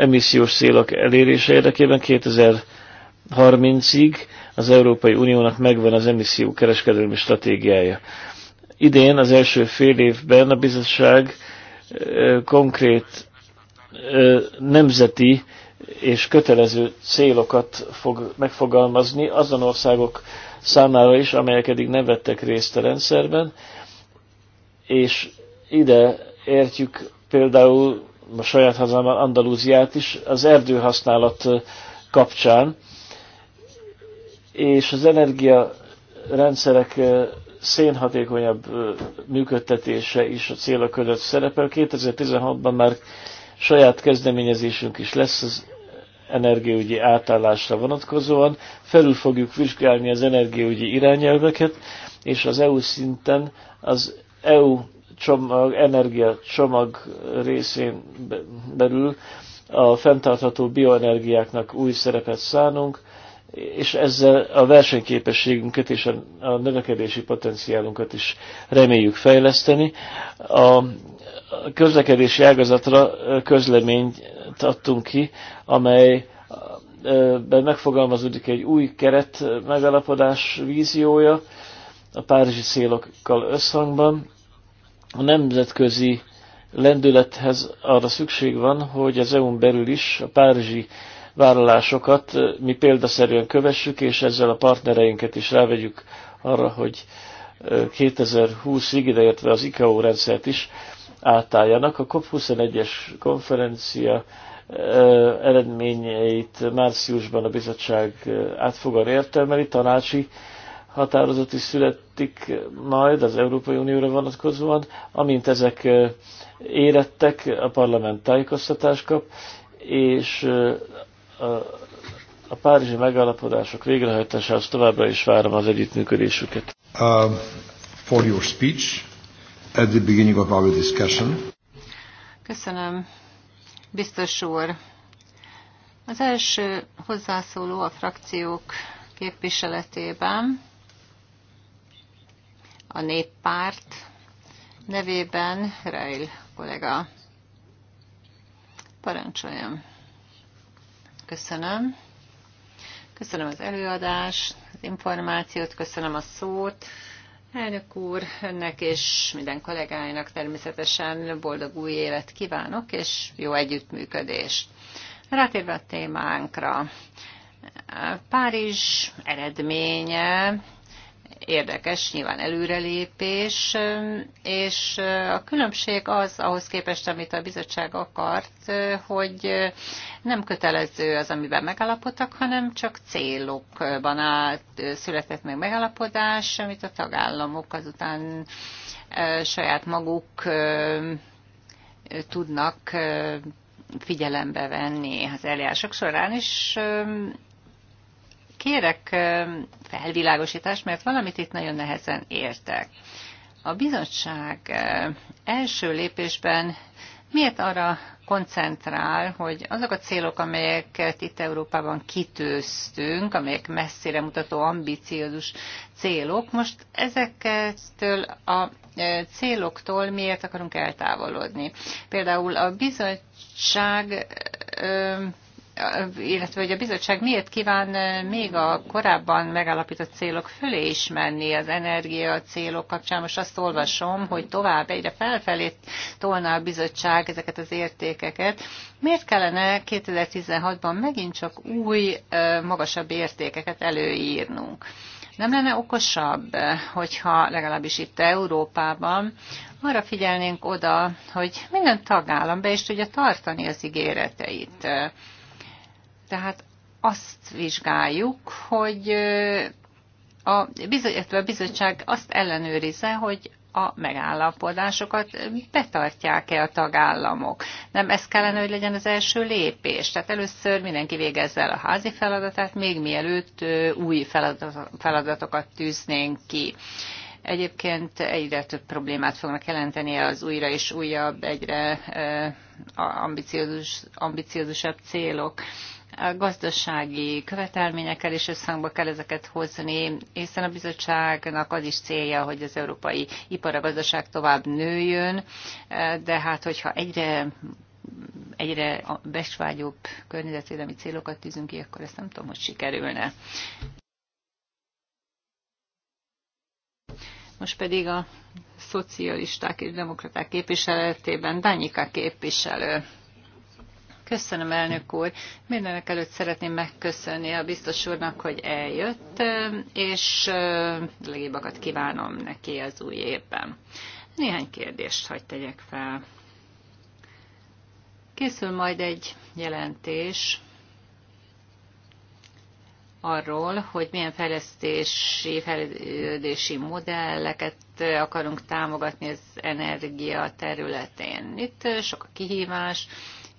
emissziós célok elérése érdekében 2030-ig az Európai Uniónak megvan az emisszió kereskedelmi stratégiája. Idén az első fél évben a bizottság konkrét nemzeti és kötelező célokat fog megfogalmazni azon országok számára is, amelyek eddig nem vettek részt a rendszerben, és ide értjük például a saját hazámmal Andalúziát is az erdőhasználat kapcsán, és az energia rendszerek szénhatékonyabb működtetése is a célok között szerepel. 2016-ban már saját kezdeményezésünk is lesz az energiaügyi átállásra vonatkozóan. Felül fogjuk vizsgálni az energiaügyi irányelveket, és az EU szinten az EU csomag, energia csomag részén belül a fenntartható bioenergiáknak új szerepet szánunk, és ezzel a versenyképességünket és a, a növekedési potenciálunkat is reméljük fejleszteni. A, közlekedési ágazatra közleményt adtunk ki, amely megfogalmazódik egy új keret megalapodás víziója a párizsi célokkal összhangban. A nemzetközi lendülethez arra szükség van, hogy az EU-n belül is a párizsi vállalásokat mi példaszerűen kövessük, és ezzel a partnereinket is rávegyük arra, hogy 2020-ig, ideértve az ICAO rendszert is átálljanak. A COP21-es konferencia eredményeit márciusban a bizottság átfogan értelmeli, tanácsi határozat is születik majd az Európai Unióra vonatkozóan, amint ezek érettek, a parlament tájékoztatást kap, és a párizsi megállapodások végrehajtásához továbbra is várom az együttműködésüket. Uh, for your speech at the beginning of our discussion. Köszönöm, biztos úr. Az első hozzászóló a frakciók képviseletében a néppárt nevében Reil kollega. parancsoljam. Köszönöm. Köszönöm az előadást, az információt, köszönöm a szót. Elnök úr, önnek és minden kollégáinak természetesen boldog új élet kívánok, és jó együttműködést. Rátérve a témánkra, Párizs eredménye érdekes, nyilván előrelépés, és a különbség az ahhoz képest, amit a bizottság akart, hogy nem kötelező az, amiben megállapodtak, hanem csak célokban állt, született meg megállapodás, amit a tagállamok azután e, saját maguk e, tudnak e, figyelembe venni az eljárások során, és kérek felvilágosítást, mert valamit itt nagyon nehezen értek. A bizottság első lépésben miért arra koncentrál, hogy azok a célok, amelyeket itt Európában kitőztünk, amelyek messzire mutató ambiciózus célok, most ezektől a céloktól miért akarunk eltávolodni? Például a bizottság illetve hogy a bizottság miért kíván eh, még a korábban megállapított célok fölé is menni az energia célok kapcsán. Most azt olvasom, hogy tovább egyre felfelé tolna a bizottság ezeket az értékeket. Miért kellene 2016-ban megint csak új, eh, magasabb értékeket előírnunk? Nem lenne okosabb, eh, hogyha legalábbis itt Európában arra figyelnénk oda, hogy minden tagállam be is tudja tartani az ígéreteit. Tehát azt vizsgáljuk, hogy a, a bizottság azt ellenőrizze, hogy a megállapodásokat betartják-e a tagállamok. Nem ez kellene, hogy legyen az első lépés. Tehát először mindenki végezze el a házi feladatát, még mielőtt új feladatokat tűznénk ki. Egyébként egyre több problémát fognak jelenteni az újra és újabb, egyre ambiciózus, ambiciózusabb célok a gazdasági követelményekkel is összhangba kell ezeket hozni, hiszen a bizottságnak az is célja, hogy az európai ipar a gazdaság tovább nőjön, de hát hogyha egyre egyre besvágyóbb környezetvédelmi célokat tűzünk ki, akkor ezt nem tudom, hogy sikerülne. Most pedig a szocialisták és demokraták képviseletében Danika képviselő. Köszönöm, elnök úr. Mindenek előtt szeretném megköszönni a biztos úrnak, hogy eljött, és legébbakat kívánom neki az új évben. Néhány kérdést hagy tegyek fel. Készül majd egy jelentés arról, hogy milyen fejlesztési, fejlődési modelleket akarunk támogatni az energia területén. Itt sok a kihívás,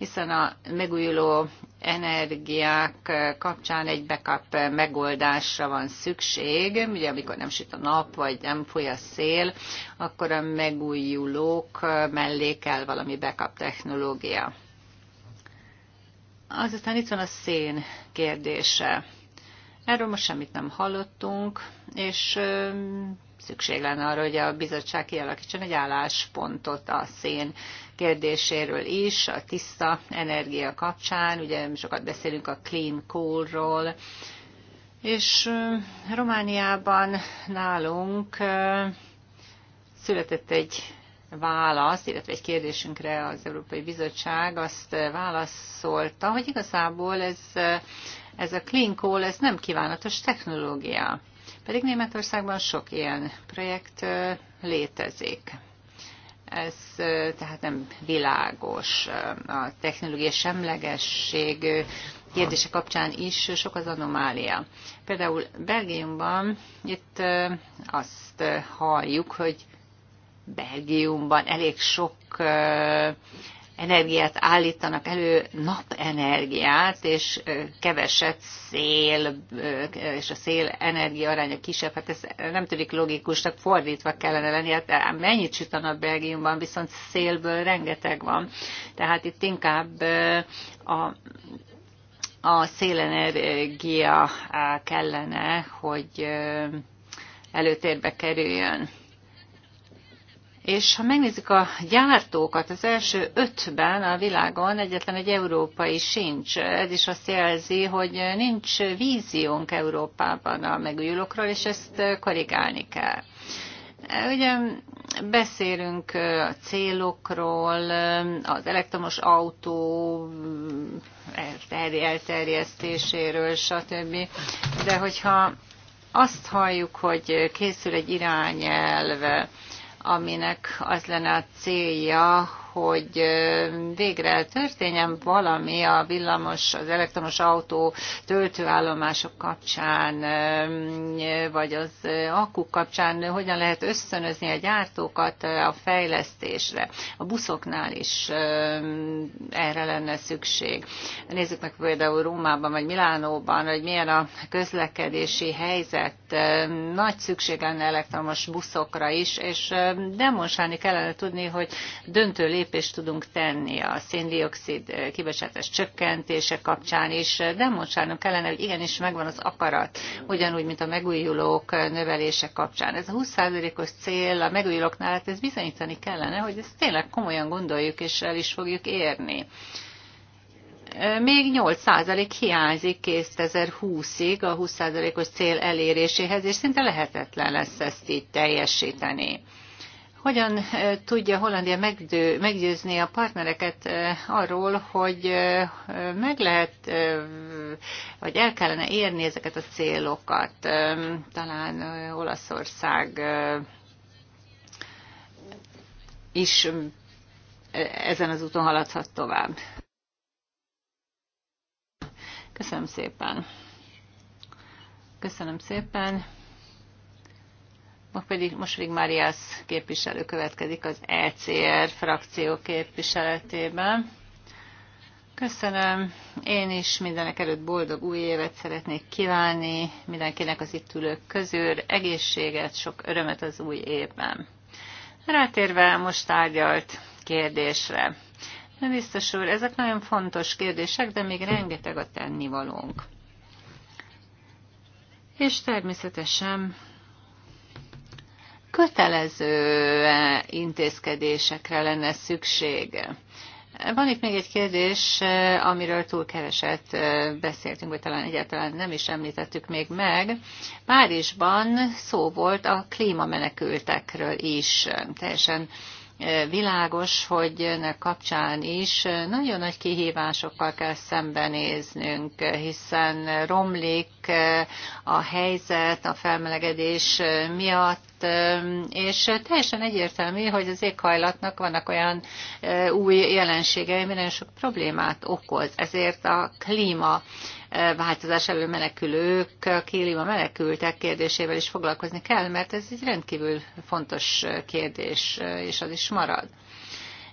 hiszen a megújuló energiák kapcsán egy backup megoldásra van szükség. Ugye amikor nem süt a nap, vagy nem foly a szél, akkor a megújulók mellé kell valami backup technológia. Azután itt van a szén kérdése. Erről most semmit nem hallottunk, és szükség lenne arra, hogy a bizottság kialakítson egy álláspontot a szén kérdéséről is, a tiszta energia kapcsán. Ugye sokat beszélünk a clean coal-ról, és Romániában nálunk született egy válasz, illetve egy kérdésünkre az Európai Bizottság azt válaszolta, hogy igazából ez, ez a clean coal, ez nem kívánatos technológia. Pedig Németországban sok ilyen projekt létezik. Ez tehát nem világos. A technológiai semlegesség kérdése kapcsán is sok az anomália. Például Belgiumban itt azt halljuk, hogy Belgiumban elég sok energiát állítanak elő, napenergiát, és keveset szél, és a szél energia aránya kisebb, hát ez nem tűnik logikusnak, fordítva kellene lenni, hát mennyit süt a nap Belgiumban, viszont szélből rengeteg van, tehát itt inkább a a szélenergia kellene, hogy előtérbe kerüljön. És ha megnézzük a gyártókat, az első ötben a világon egyetlen egy európai sincs. Ez is azt jelzi, hogy nincs víziónk Európában a megújulókról, és ezt korrigálni kell. Ugye beszélünk a célokról, az elektromos autó elterjesztéséről, stb. De hogyha azt halljuk, hogy készül egy irányelve aminek az lenne a célja, hogy végre történjen valami a villamos, az elektromos autó töltőállomások kapcsán, vagy az akkuk kapcsán, hogyan lehet összönözni a gyártókat a fejlesztésre. A buszoknál is erre lenne szükség. Nézzük meg például Rómában vagy Milánóban, hogy milyen a közlekedési helyzet. Nagy szükség lenne elektromos buszokra is, és demonstrálni kellene tudni, hogy döntő lépést tudunk tenni a széndiokszid eh, kibocsátás csökkentése kapcsán is, eh, demonstrálnunk kellene, hogy igenis megvan az akarat, ugyanúgy, mint a megújulók eh, növelése kapcsán. Ez a 20%-os cél a megújulóknál, hát ez bizonyítani kellene, hogy ezt tényleg komolyan gondoljuk, és el is fogjuk érni még 8% hiányzik 2020-ig a 20%-os cél eléréséhez, és szinte lehetetlen lesz ezt így teljesíteni. Hogyan tudja Hollandia meggyőzni a partnereket arról, hogy meg lehet, vagy el kellene érni ezeket a célokat? Talán Olaszország is ezen az úton haladhat tovább. Köszönöm szépen. Köszönöm szépen. Most pedig, most pedig Marias képviselő következik az ECR frakció képviseletében. Köszönöm. Én is mindenek előtt boldog új évet szeretnék kívánni mindenkinek az itt ülők közül, egészséget, sok örömet az új évben. Rátérve most tárgyalt kérdésre. Nem biztos úr, ezek nagyon fontos kérdések, de még rengeteg a tennivalónk. És természetesen kötelező intézkedésekre lenne szükség. Van itt még egy kérdés, amiről túl keveset beszéltünk, vagy talán egyáltalán nem is említettük még meg. Párizsban szó volt a klímamenekültekről is. Teljesen világos, hogy ennek kapcsán is nagyon nagy kihívásokkal kell szembenéznünk, hiszen romlik a helyzet a felmelegedés miatt, és teljesen egyértelmű, hogy az éghajlatnak vannak olyan új jelenségei, ami nagyon sok problémát okoz. Ezért a klíma változás elő menekülők, a klíma menekültek kérdésével is foglalkozni kell, mert ez egy rendkívül fontos kérdés, és az is marad.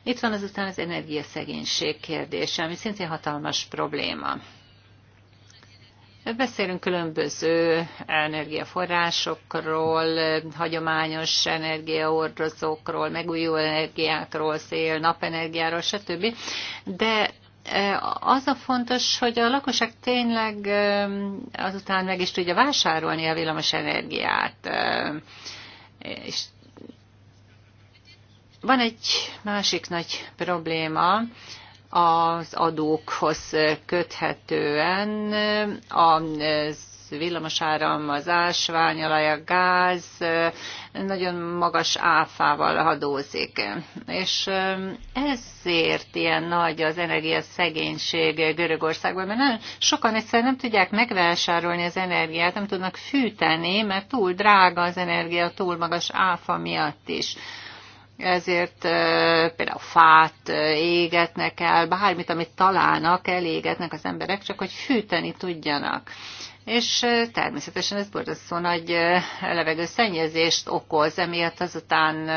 Itt van azután az energiaszegénység kérdése, ami szintén hatalmas probléma. Beszélünk különböző energiaforrásokról, hagyományos energiaordozókról, megújuló energiákról, szél, napenergiáról, stb. De e, az a fontos, hogy a lakosság tényleg e, azután meg is tudja vásárolni a villamos energiát. E, és van egy másik nagy probléma, az adókhoz köthetően az villamosáram, az ásványalaj, a gáz nagyon magas áfával adózik. És um, ezért ilyen nagy az energiaszegénység Görögországban, mert nem, sokan egyszerűen nem tudják megvásárolni az energiát, nem tudnak fűteni, mert túl drága az energia, túl magas áfa miatt is ezért például fát égetnek el, bármit, amit találnak, elégetnek az emberek, csak hogy fűteni tudjanak és természetesen ez borzasztó nagy levegőszennyezést okoz, emiatt azután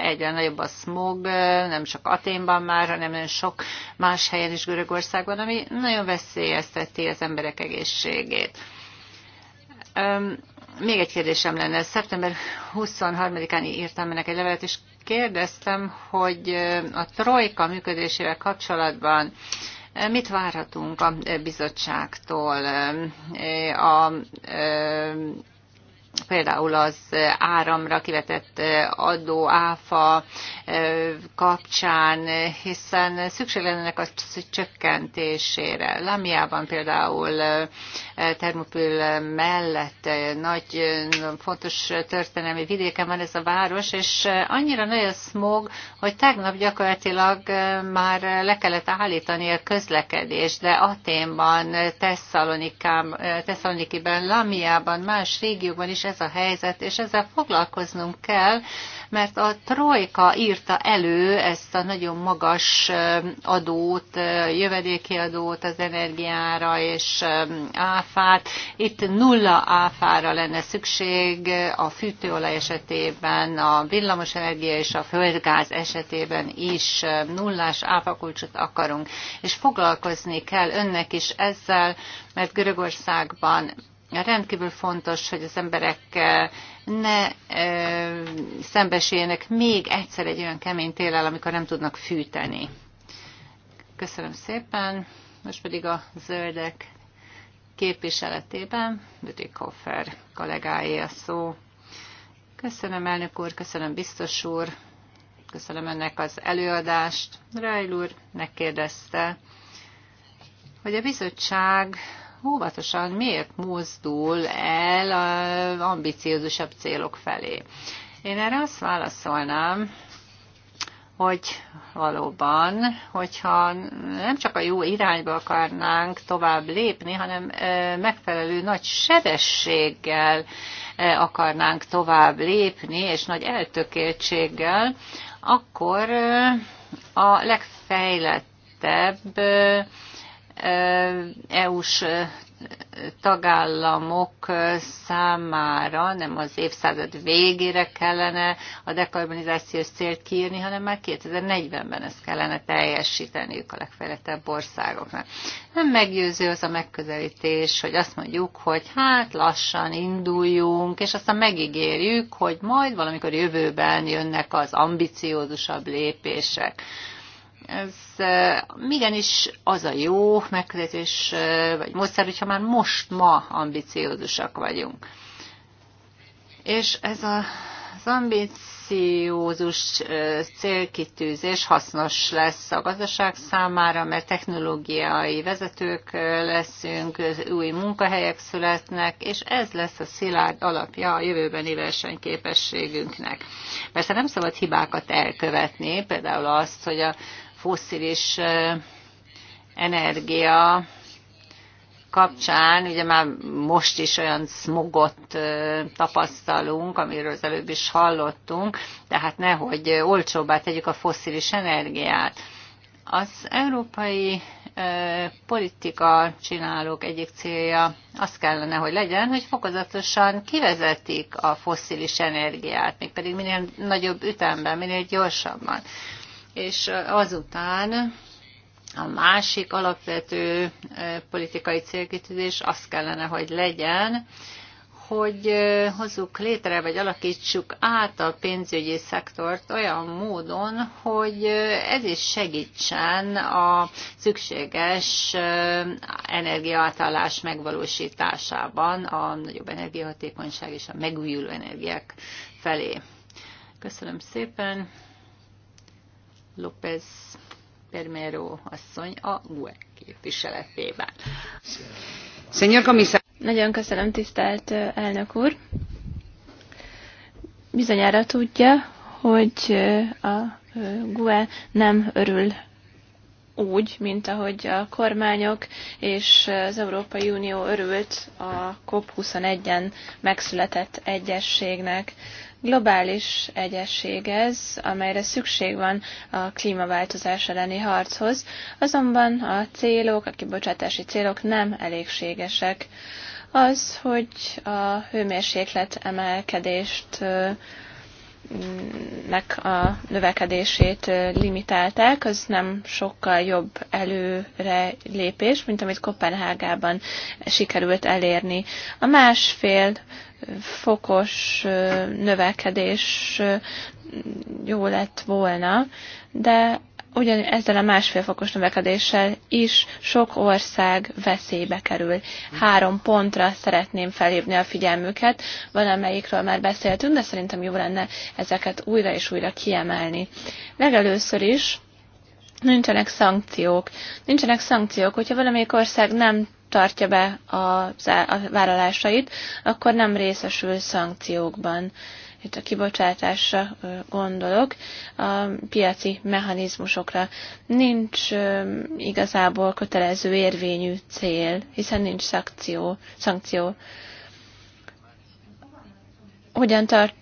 egyre nagyobb a smog, nem csak Aténban már, hanem nagyon sok más helyen is Görögországban, ami nagyon veszélyezteti az emberek egészségét. Még egy kérdésem lenne. Szeptember 23-án írtam ennek egy levelet, és kérdeztem, hogy a trojka működésével kapcsolatban mit várhatunk a bizottságtól? A például az áramra kivetett adó áfa kapcsán, hiszen szükség lenne a csökkentésére. Lamiában például Termopül mellett nagy fontos történelmi vidéken van ez a város, és annyira nagy a smog, hogy tegnap gyakorlatilag már le kellett állítani a közlekedést, de Aténban, Tesszalonikiben, Lamiában, más régióban is és ez a helyzet, és ezzel foglalkoznunk kell, mert a trojka írta elő ezt a nagyon magas adót, jövedéki adót az energiára és áfát. Itt nulla áfára lenne szükség a fűtőolaj esetében, a villamosenergia és a földgáz esetében is nullás áfakulcsot akarunk. És foglalkozni kell önnek is ezzel, mert Görögországban rendkívül fontos, hogy az emberek ne szembesüljenek még egyszer egy olyan kemény télel, amikor nem tudnak fűteni. Köszönöm szépen. Most pedig a zöldek képviseletében Bütikoffer kollégáé a szó. Köszönöm, elnök úr, köszönöm, biztos úr, köszönöm ennek az előadást. Rajl úr megkérdezte, hogy a bizottság óvatosan miért mozdul el a ambiciózusabb célok felé. Én erre azt válaszolnám, hogy valóban, hogyha nem csak a jó irányba akarnánk tovább lépni, hanem megfelelő nagy sebességgel akarnánk tovább lépni, és nagy eltökéltséggel, akkor a legfejlettebb EU-s tagállamok számára nem az évszázad végére kellene a dekarbonizációs célt kiírni, hanem már 2040-ben ezt kellene teljesíteniük a legfejlettebb országoknak. Nem meggyőző az a megközelítés, hogy azt mondjuk, hogy hát lassan induljunk, és aztán megígérjük, hogy majd valamikor jövőben jönnek az ambiciózusabb lépések ez igenis az a jó megközelítés vagy módszer, hogyha már most ma ambiciózusak vagyunk. És ez a, az ambiciózus célkitűzés hasznos lesz a gazdaság számára, mert technológiai vezetők leszünk, új munkahelyek születnek, és ez lesz a szilárd alapja a jövőbeni versenyképességünknek. Persze nem szabad hibákat elkövetni, például azt, hogy a fosszilis energia kapcsán, ugye már most is olyan smogot tapasztalunk, amiről az előbb is hallottunk, tehát nehogy olcsóbbá tegyük a fosszilis energiát. Az európai politika csinálók egyik célja az kellene, hogy legyen, hogy fokozatosan kivezetik a fosszilis energiát, mégpedig minél nagyobb ütemben, minél gyorsabban és azután a másik alapvető politikai célkitűzés az kellene, hogy legyen, hogy hozzuk létre, vagy alakítsuk át a pénzügyi szektort olyan módon, hogy ez is segítsen a szükséges energiaátállás megvalósításában a nagyobb energiahatékonyság és a megújuló energiák felé. Köszönöm szépen! López Permero asszony a GUE képviseletében. Señor komisár. Nagyon köszönöm, tisztelt elnök úr. Bizonyára tudja, hogy a GUE nem örül úgy, mint ahogy a kormányok és az Európai Unió örült a COP21-en megszületett egyességnek. Globális egyesség ez, amelyre szükség van a klímaváltozás elleni harchoz, azonban a célok, a kibocsátási célok nem elégségesek. Az, hogy a hőmérséklet emelkedést nek a növekedését limitálták, az nem sokkal jobb előre lépés, mint amit Kopenhágában sikerült elérni. A másfél fokos növekedés jó lett volna, de ugyan ezzel a másfél fokos növekedéssel is sok ország veszélybe kerül. Három pontra szeretném felhívni a figyelmüket, valamelyikről már beszéltünk, de szerintem jó lenne ezeket újra és újra kiemelni. Legelőször is nincsenek szankciók. Nincsenek szankciók, hogyha valamelyik ország nem tartja be a vállalásait, akkor nem részesül szankciókban itt a kibocsátásra gondolok, a piaci mechanizmusokra. Nincs igazából kötelező érvényű cél, hiszen nincs szakció, szankció. Hogyan tart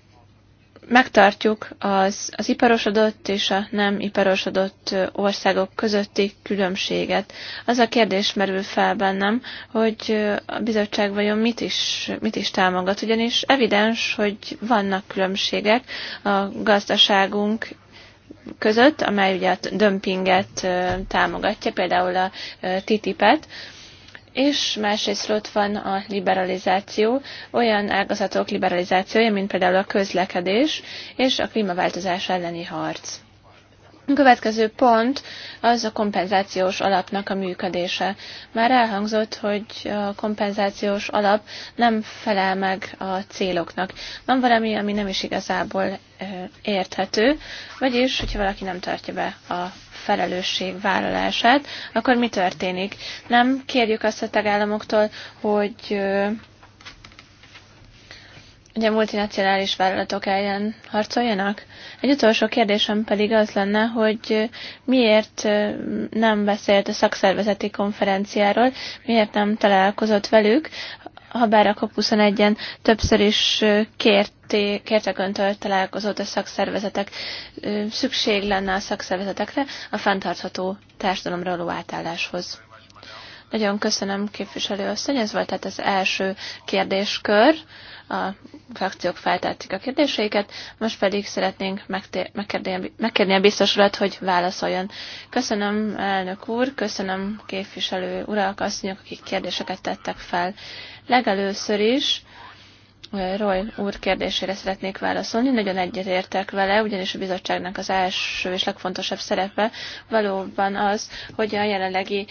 megtartjuk az, az iparosodott és a nem iparosodott országok közötti különbséget. Az a kérdés merül fel bennem, hogy a bizottság vajon mit is, mit is támogat, ugyanis evidens, hogy vannak különbségek a gazdaságunk között, amely ugye a dömpinget támogatja, például a TTIP-et, és másrészt ott van a liberalizáció, olyan ágazatok liberalizációja, mint például a közlekedés és a klímaváltozás elleni harc. A következő pont az a kompenzációs alapnak a működése. Már elhangzott, hogy a kompenzációs alap nem felel meg a céloknak. Van valami, ami nem is igazából érthető, vagyis, hogyha valaki nem tartja be a felelősség vállalását, akkor mi történik? Nem kérjük azt a tagállamoktól, hogy ugye multinacionális vállalatok ellen harcoljanak? Egy utolsó kérdésem pedig az lenne, hogy miért nem beszélt a szakszervezeti konferenciáról, miért nem találkozott velük, ha bár a COP21-en többször is kérté, kértek öntől találkozott a szakszervezetek, szükség lenne a szakszervezetekre a fenntartható társadalomra való átálláshoz. Nagyon köszönöm, képviselő asszony, ez volt tehát az első kérdéskör a frakciók feltették a kérdéseiket, most pedig szeretnénk megkérni a biztos urat, hogy válaszoljon. Köszönöm, elnök úr, köszönöm képviselő urak, asszonyok, akik kérdéseket tettek fel. Legelőször is Roy úr kérdésére szeretnék válaszolni. Nagyon egyetértek vele, ugyanis a bizottságnak az első és legfontosabb szerepe valóban az, hogy a jelenlegi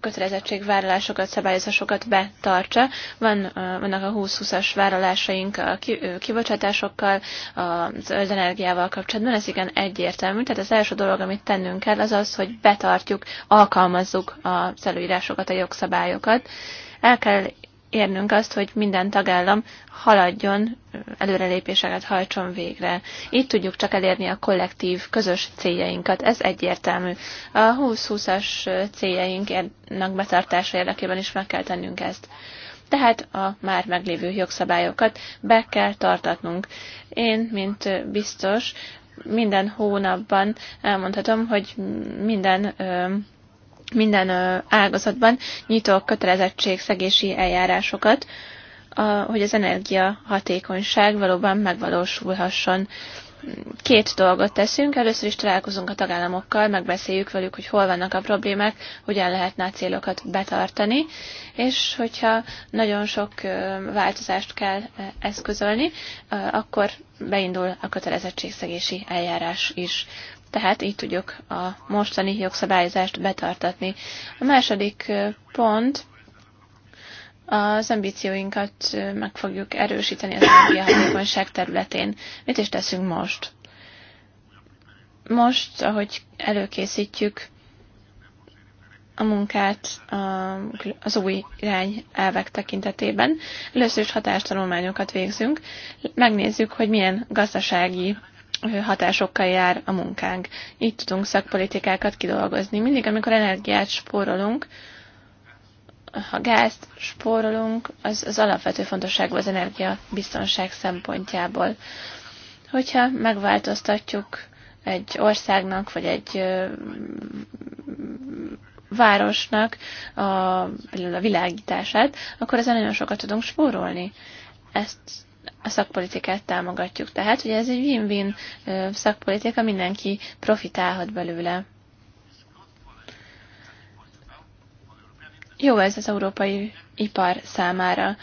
kötelezettségvállalásokat, szabályozásokat betartsa. Van, vannak a 20-20-as vállalásaink a kibocsátásokkal, az energiával kapcsolatban. Ez igen egyértelmű. Tehát az első dolog, amit tennünk kell, az az, hogy betartjuk, alkalmazzuk az előírásokat, a jogszabályokat el kell érnünk azt, hogy minden tagállam haladjon, előrelépéseket hajtson végre. Így tudjuk csak elérni a kollektív, közös céljainkat. Ez egyértelmű. A 20-20-as céljainknak betartása érdekében is meg kell tennünk ezt tehát a már meglévő jogszabályokat be kell tartatnunk. Én, mint biztos, minden hónapban elmondhatom, hogy minden minden ágazatban nyitok kötelezettségszegési eljárásokat, hogy az energia hatékonyság valóban megvalósulhasson két dolgot teszünk. Először is találkozunk a tagállamokkal, megbeszéljük velük, hogy hol vannak a problémák, hogyan lehetne a célokat betartani, és hogyha nagyon sok változást kell eszközölni, akkor beindul a kötelezettségszegési eljárás is tehát így tudjuk a mostani jogszabályozást betartatni. A második pont az ambícióinkat meg fogjuk erősíteni az energiahatékonyság területén. Mit is teszünk most? Most, ahogy előkészítjük a munkát az új irány elvek tekintetében. Először is hatástanulmányokat végzünk, megnézzük, hogy milyen gazdasági hatásokkal jár a munkánk. Így tudunk szakpolitikákat kidolgozni. Mindig, amikor energiát spórolunk, ha gázt spórolunk, az, az alapvető fontosságú az energia biztonság szempontjából. Hogyha megváltoztatjuk egy országnak, vagy egy városnak a, a világítását, akkor ezen nagyon sokat tudunk spórolni. Ezt a szakpolitikát támogatjuk. Tehát, hogy ez egy win-win szakpolitika, mindenki profitálhat belőle. Jó ez az európai ipar számára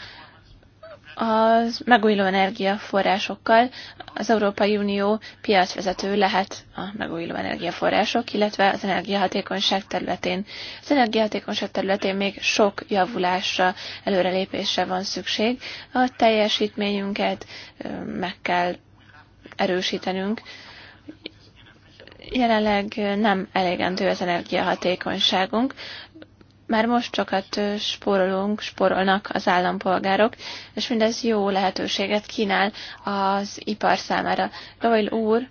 az megújuló energiaforrásokkal az Európai Unió piacvezető lehet a megújuló energiaforrások, illetve az energiahatékonyság területén. Az energiahatékonyság területén még sok javulásra, előrelépésre van szükség. A teljesítményünket meg kell erősítenünk. Jelenleg nem elegendő az energiahatékonyságunk már most sokat spórolunk, spórolnak az állampolgárok, és mindez jó lehetőséget kínál az ipar számára. Doyle úr,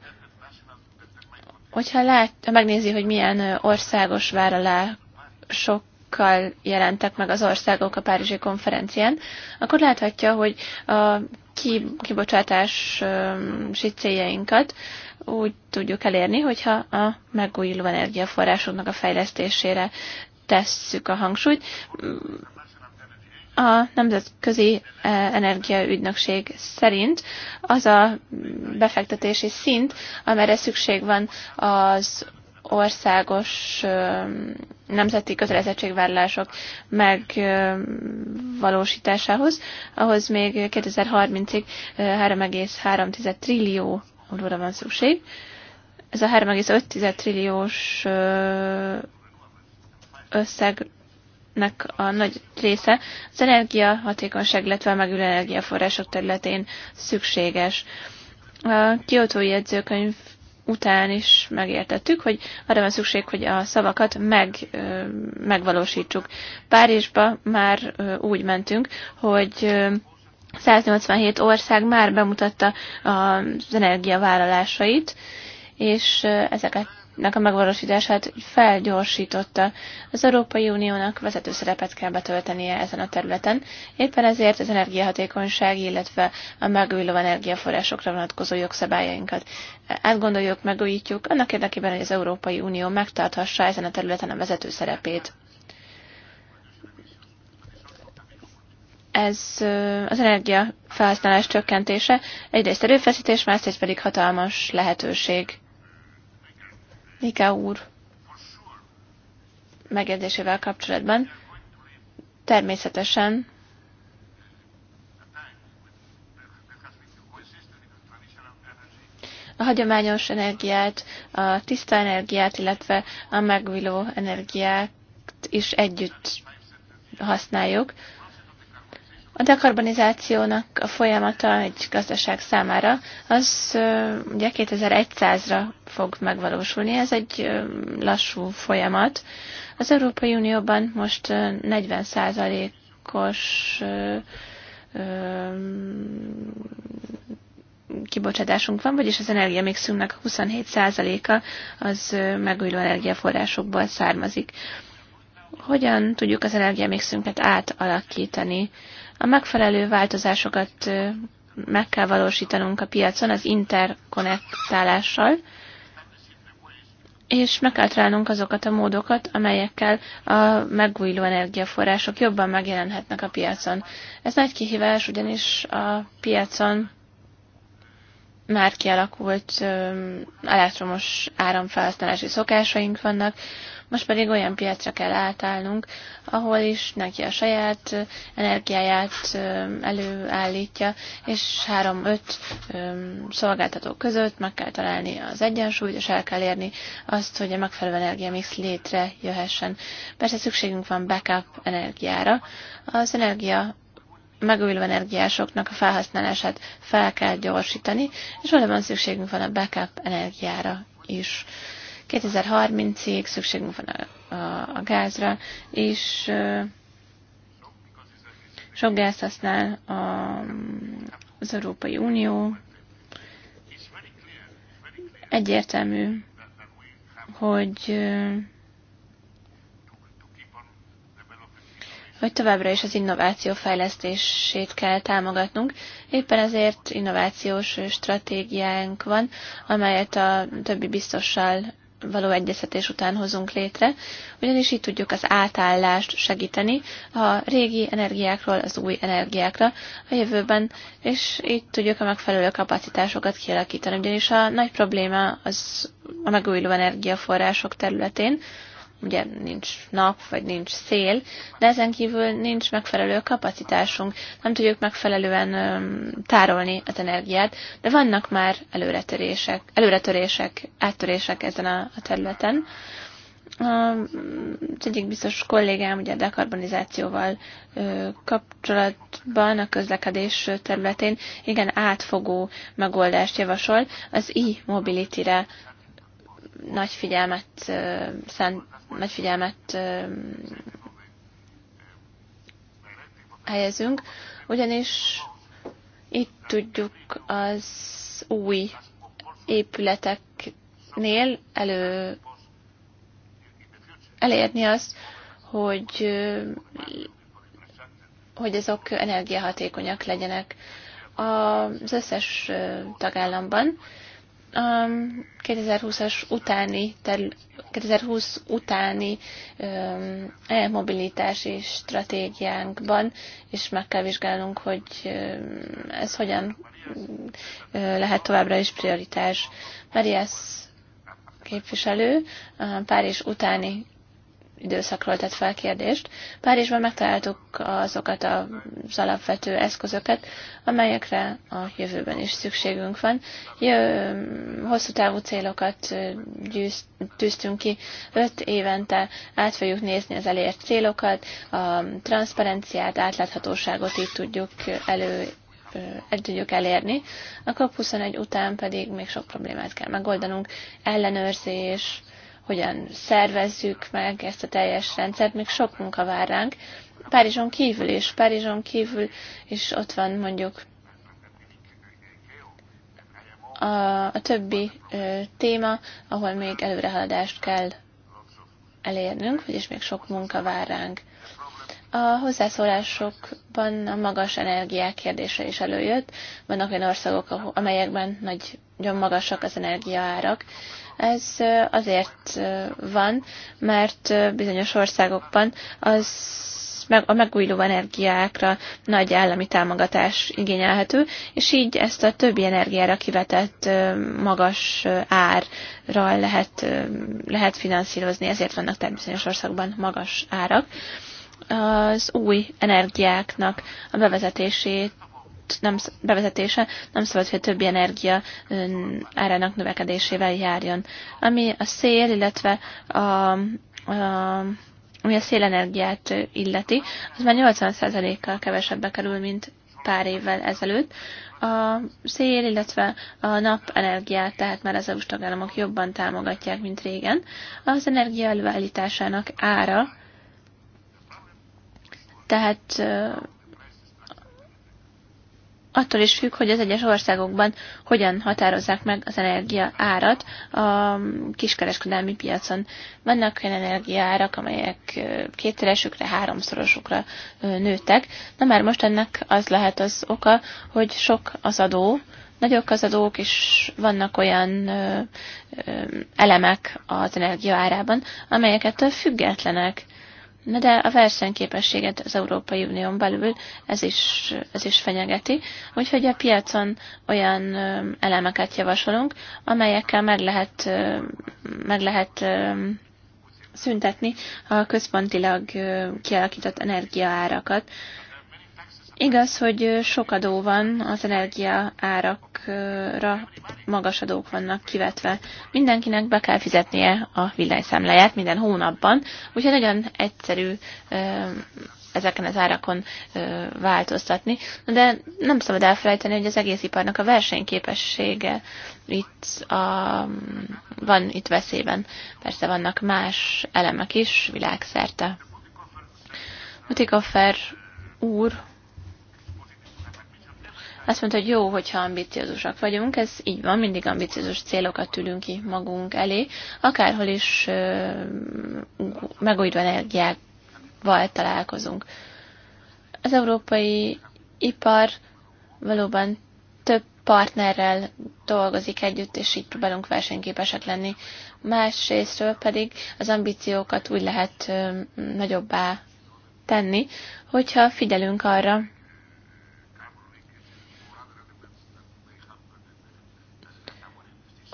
hogyha lát, megnézi, hogy milyen országos vállalások kal jelentek meg az országok a Párizsi konferencián, akkor láthatja, hogy a kibocsátási céljainkat úgy tudjuk elérni, hogyha a megújuló energiaforrásoknak a fejlesztésére tesszük a hangsúlyt. A Nemzetközi eh, Energiaügynökség szerint az a befektetési szint, amelyre szükség van az országos eh, nemzeti kötelezettségvállások megvalósításához, ahhoz még 2030-ig 3,3 eh, trillió euróra van szükség. Ez a 3,5 trilliós összegnek a nagy része az hatékonyság, illetve a megülő energiaforrások területén szükséges. A kiotói jegyzőkönyv után is megértettük, hogy arra van szükség, hogy a szavakat meg, megvalósítsuk. Párizsba már úgy mentünk, hogy 187 ország már bemutatta az energiavállalásait, és ezeket a megvalósítását felgyorsította. Az Európai Uniónak vezető szerepet kell betöltenie ezen a területen, éppen ezért az energiahatékonyság, illetve a megújuló energiaforrásokra vonatkozó jogszabályainkat átgondoljuk, megújítjuk, annak érdekében, hogy az Európai Unió megtarthassa ezen a területen a vezető szerepét. ez az energiafelhasználás csökkentése egyrészt erőfeszítés, másrészt pedig hatalmas lehetőség. Mika úr megjegyzésével kapcsolatban természetesen a hagyományos energiát, a tiszta energiát, illetve a megújuló energiát is együtt használjuk. A dekarbonizációnak a folyamata egy gazdaság számára az ugye 2100-ra fog megvalósulni. Ez egy lassú folyamat. Az Európai Unióban most 40%-os kibocsátásunk van, vagyis az energiamixünknek 27%-a az megújuló energiaforrásokból származik. Hogyan tudjuk az energiamixünket átalakítani? A megfelelő változásokat meg kell valósítanunk a piacon az interkonnektálással, és meg kell találnunk azokat a módokat, amelyekkel a megújuló energiaforrások jobban megjelenhetnek a piacon. Ez nagy kihívás, ugyanis a piacon már kialakult elektromos áramfelhasználási szokásaink vannak, most pedig olyan piacra kell átállnunk, ahol is neki a saját energiáját előállítja, és három-öt szolgáltató között meg kell találni az egyensúlyt, és el kell érni azt, hogy a megfelelő energiamix jöhessen. Persze szükségünk van backup energiára. Az energia megújuló energiásoknak a felhasználását fel kell gyorsítani, és valóban szükségünk van a backup energiára is. 2030-ig szükségünk van a, a, a gázra, és sok gáz használ a, az Európai Unió. Egyértelmű, hogy hogy továbbra is az innováció fejlesztését kell támogatnunk. Éppen ezért innovációs stratégiánk van, amelyet a többi biztossal való egyeztetés után hozunk létre, ugyanis így tudjuk az átállást segíteni a régi energiákról az új energiákra a jövőben, és így tudjuk a megfelelő kapacitásokat kialakítani, ugyanis a nagy probléma az a megújuló energiaforrások területén, ugye nincs nap, vagy nincs szél, de ezen kívül nincs megfelelő kapacitásunk, nem tudjuk megfelelően tárolni az energiát, de vannak már előretörések, előretörések áttörések ezen a, a területen. Az egyik biztos kollégám ugye a dekarbonizációval kapcsolatban a közlekedés területén igen átfogó megoldást javasol az e-mobility-re nagy figyelmet, szent, nagy figyelmet helyezünk, ugyanis itt tudjuk az új épületeknél elő elérni azt, hogy, hogy azok energiahatékonyak legyenek az összes tagállamban, 2020-as um, utáni, 2020 utáni um, mobilitási stratégiánkban, és meg kell vizsgálnunk, hogy um, ez hogyan lehet továbbra is prioritás. Marias képviselő, Párizs utáni időszakról tett fel kérdést. Párizsban megtaláltuk azokat az alapvető eszközöket, amelyekre a jövőben is szükségünk van. Jö, hosszú távú célokat gyűz, tűztünk ki, öt évente át fogjuk nézni az elért célokat, a transzparenciát, átláthatóságot itt tudjuk elő egy tudjuk elérni, a 21 után pedig még sok problémát kell megoldanunk, ellenőrzés, hogyan szervezzük meg ezt a teljes rendszert, még sok munka vár ránk. Párizson kívül is, Párizson kívül is ott van mondjuk a, a többi ö, téma, ahol még előrehaladást kell elérnünk, vagyis még sok munka vár ránk. A hozzászólásokban a magas energiák kérdése is előjött. Vannak olyan országok, amelyekben nagyon magasak az energiaárak, ez azért van, mert bizonyos országokban az meg, a megújuló energiákra nagy állami támogatás igényelhető, és így ezt a többi energiára kivetett magas árra lehet, lehet finanszírozni, ezért vannak természetes országban magas árak. Az új energiáknak a bevezetését nem, bevezetése nem szabad, hogy többi energia árának növekedésével járjon. Ami a szél, illetve a, a ami a szélenergiát illeti, az már 80%-kal kevesebbe kerül, mint pár évvel ezelőtt. A szél, illetve a napenergiát, tehát már az EU-s tagállamok jobban támogatják, mint régen. Az energia előállításának ára, tehát attól is függ, hogy az egyes országokban hogyan határozzák meg az energia árat a kiskereskedelmi piacon. Vannak olyan energiaárak, amelyek kétszeresükre, háromszorosukra nőttek. Na már most ennek az lehet az oka, hogy sok az adó, nagyok az adók, és vannak olyan elemek az energia árában, amelyeket függetlenek Na de a versenyképességet az Európai Unión belül ez is, ez is fenyegeti, úgyhogy a piacon olyan elemeket javasolunk, amelyekkel meg lehet, meg lehet szüntetni a központilag kialakított energiaárakat, Igaz, hogy sok adó van, az energia árakra magas adók vannak kivetve. Mindenkinek be kell fizetnie a villanyszámláját minden hónapban, úgyhogy nagyon egyszerű ezeken az árakon változtatni, de nem szabad elfelejteni, hogy az egész iparnak a versenyképessége itt a, van itt veszélyben. Persze vannak más elemek is világszerte. Mutikoffer úr azt mondta, hogy jó, hogyha ambiciózusak vagyunk, ez így van, mindig ambiciózus célokat tűlünk ki magunk elé, akárhol is megújtva energiával találkozunk. Az európai ipar valóban több partnerrel dolgozik együtt, és így próbálunk versenyképesek lenni. Másrésztről pedig az ambíciókat úgy lehet nagyobbá tenni, hogyha figyelünk arra,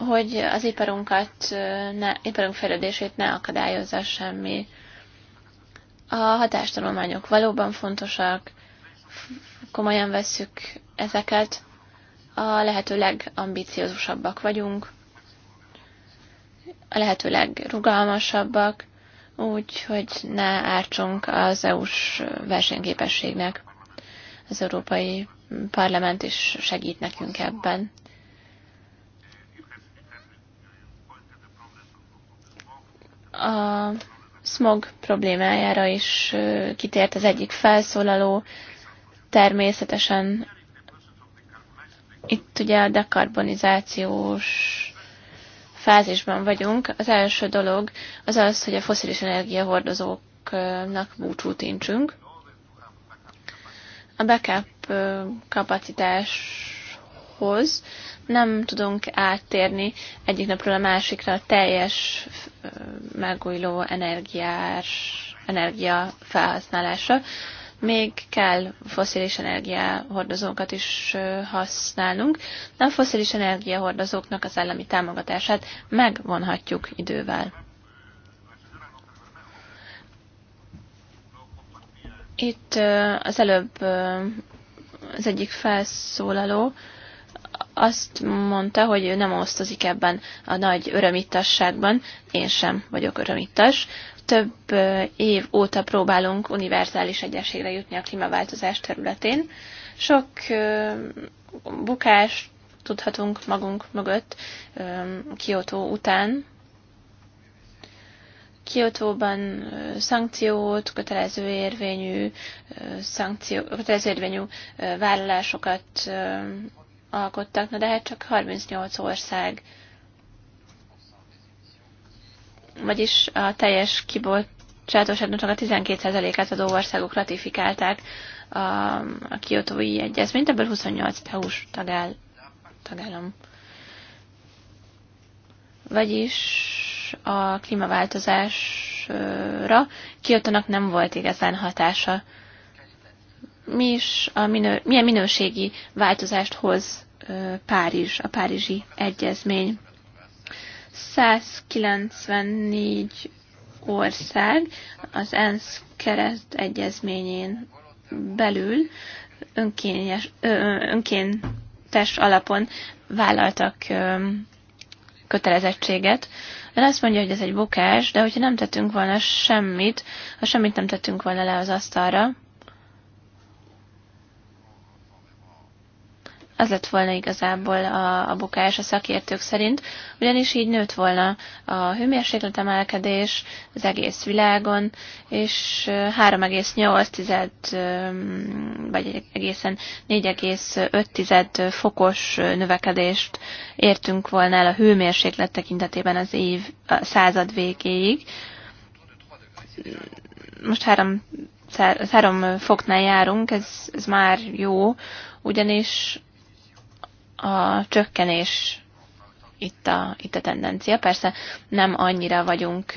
hogy az iparunkat, ne, iparunk fejlődését ne akadályozza semmi. A hatástanulmányok valóban fontosak, komolyan vesszük ezeket, a lehető legambiciózusabbak vagyunk, a lehető legrugalmasabbak, úgy, hogy ne ártsunk az EU-s versenyképességnek. Az Európai Parlament is segít nekünk ebben. A smog problémájára is kitért az egyik felszólaló. Természetesen itt ugye a dekarbonizációs fázisban vagyunk. Az első dolog az az, hogy a foszilis energiahordozóknak búcsút intsünk. A backup kapacitás hoz, nem tudunk áttérni egyik napról a másikra a teljes megújuló energiás, energia felhasználása, Még kell foszilis energiahordozókat is használnunk, de a foszilis energiahordozóknak az állami támogatását megvonhatjuk idővel. Itt az előbb az egyik felszólaló azt mondta, hogy ő nem osztozik ebben a nagy örömittasságban, én sem vagyok örömittas. Több év óta próbálunk univerzális egyességre jutni a klímaváltozás területén. Sok bukást tudhatunk magunk mögött Kyoto után. Kiotóban szankciót, kötelező érvényű, szankció, kötelező érvényű vállalásokat alkottak, na de hát csak 38 ország. Vagyis a teljes kibocsátóságnak csak a 12%-át adó országok ratifikálták a, a kiotói egyezményt, ebből 28 EU-s tagáll, tagállam. Vagyis a klímaváltozásra kiotónak nem volt igazán hatása mi is a minő, milyen minőségi változást hoz Párizs, a Párizsi Egyezmény. 194 ország az ENSZ kereszt egyezményén belül önkényes, önkéntes alapon vállaltak kötelezettséget. Ön azt mondja, hogy ez egy bukás, de hogyha nem tettünk volna semmit, ha semmit nem tettünk volna le az asztalra, az lett volna igazából a, a bukás a szakértők szerint, ugyanis így nőtt volna a hőmérsékletemelkedés az egész világon, és 3,8 vagy egészen 4,5 fokos növekedést értünk volna el a hőmérséklet tekintetében az év a század végéig. Most három, három foknál járunk, ez, ez már jó, ugyanis a csökkenés itt a, itt a tendencia. Persze nem annyira vagyunk,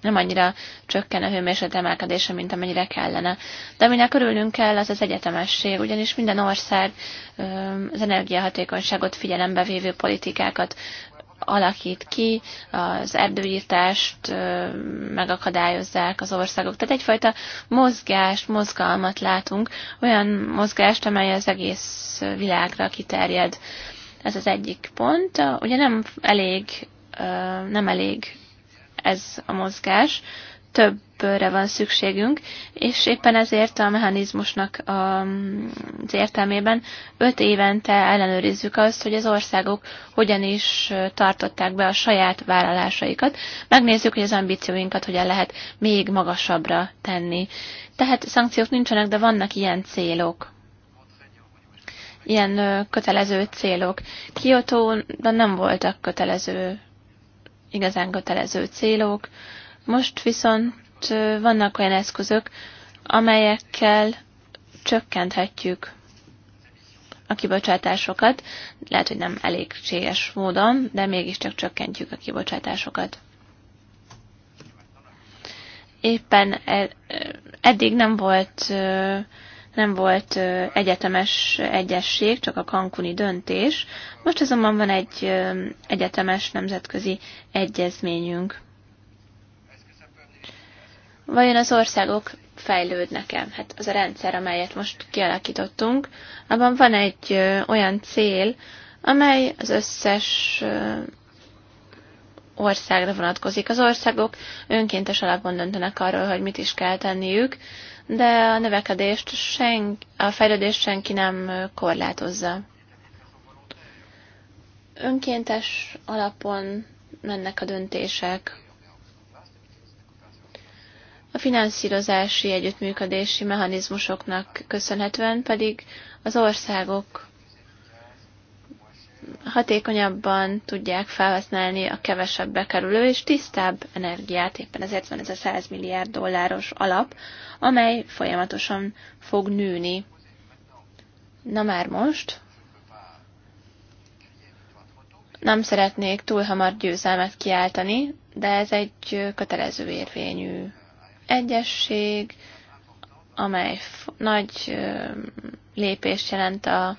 nem annyira csökken a hőmérséklet emelkedése, mint amennyire kellene. De aminek örülnünk kell, az az egyetemesség, ugyanis minden ország az energiahatékonyságot figyelembe vévő politikákat alakít ki, az erdőírtást megakadályozzák az országok. Tehát egyfajta mozgást, mozgalmat látunk, olyan mozgást, amely az egész világra kiterjed. Ez az egyik pont. Ugye nem elég, nem elég ez a mozgás, többre van szükségünk, és éppen ezért a mechanizmusnak az értelmében öt évente ellenőrizzük azt, hogy az országok hogyan is tartották be a saját vállalásaikat. Megnézzük, hogy az ambícióinkat hogyan lehet még magasabbra tenni. Tehát szankciók nincsenek, de vannak ilyen célok ilyen kötelező célok. Kiotóban nem voltak kötelező, igazán kötelező célok, most viszont vannak olyan eszközök, amelyekkel csökkenthetjük a kibocsátásokat. Lehet, hogy nem elégséges módon, de mégiscsak csökkentjük a kibocsátásokat. Éppen e, eddig nem volt, nem volt egyetemes egyesség, csak a kankuni döntés. Most azonban van egy egyetemes nemzetközi egyezményünk vajon az országok fejlődnek-e? Hát az a rendszer, amelyet most kialakítottunk, abban van egy ö, olyan cél, amely az összes ö, országra vonatkozik. Az országok önkéntes alapon döntenek arról, hogy mit is kell tenniük, de a növekedést, senk, a fejlődést senki nem korlátozza. Önkéntes alapon mennek a döntések, a finanszírozási együttműködési mechanizmusoknak köszönhetően pedig az országok hatékonyabban tudják felhasználni a kevesebb bekerülő és tisztább energiát, éppen ezért van ez a 100 milliárd dolláros alap, amely folyamatosan fog nőni. Na már most, nem szeretnék túl hamar győzelmet kiáltani, de ez egy kötelező érvényű egyesség, amely nagy lépést jelent a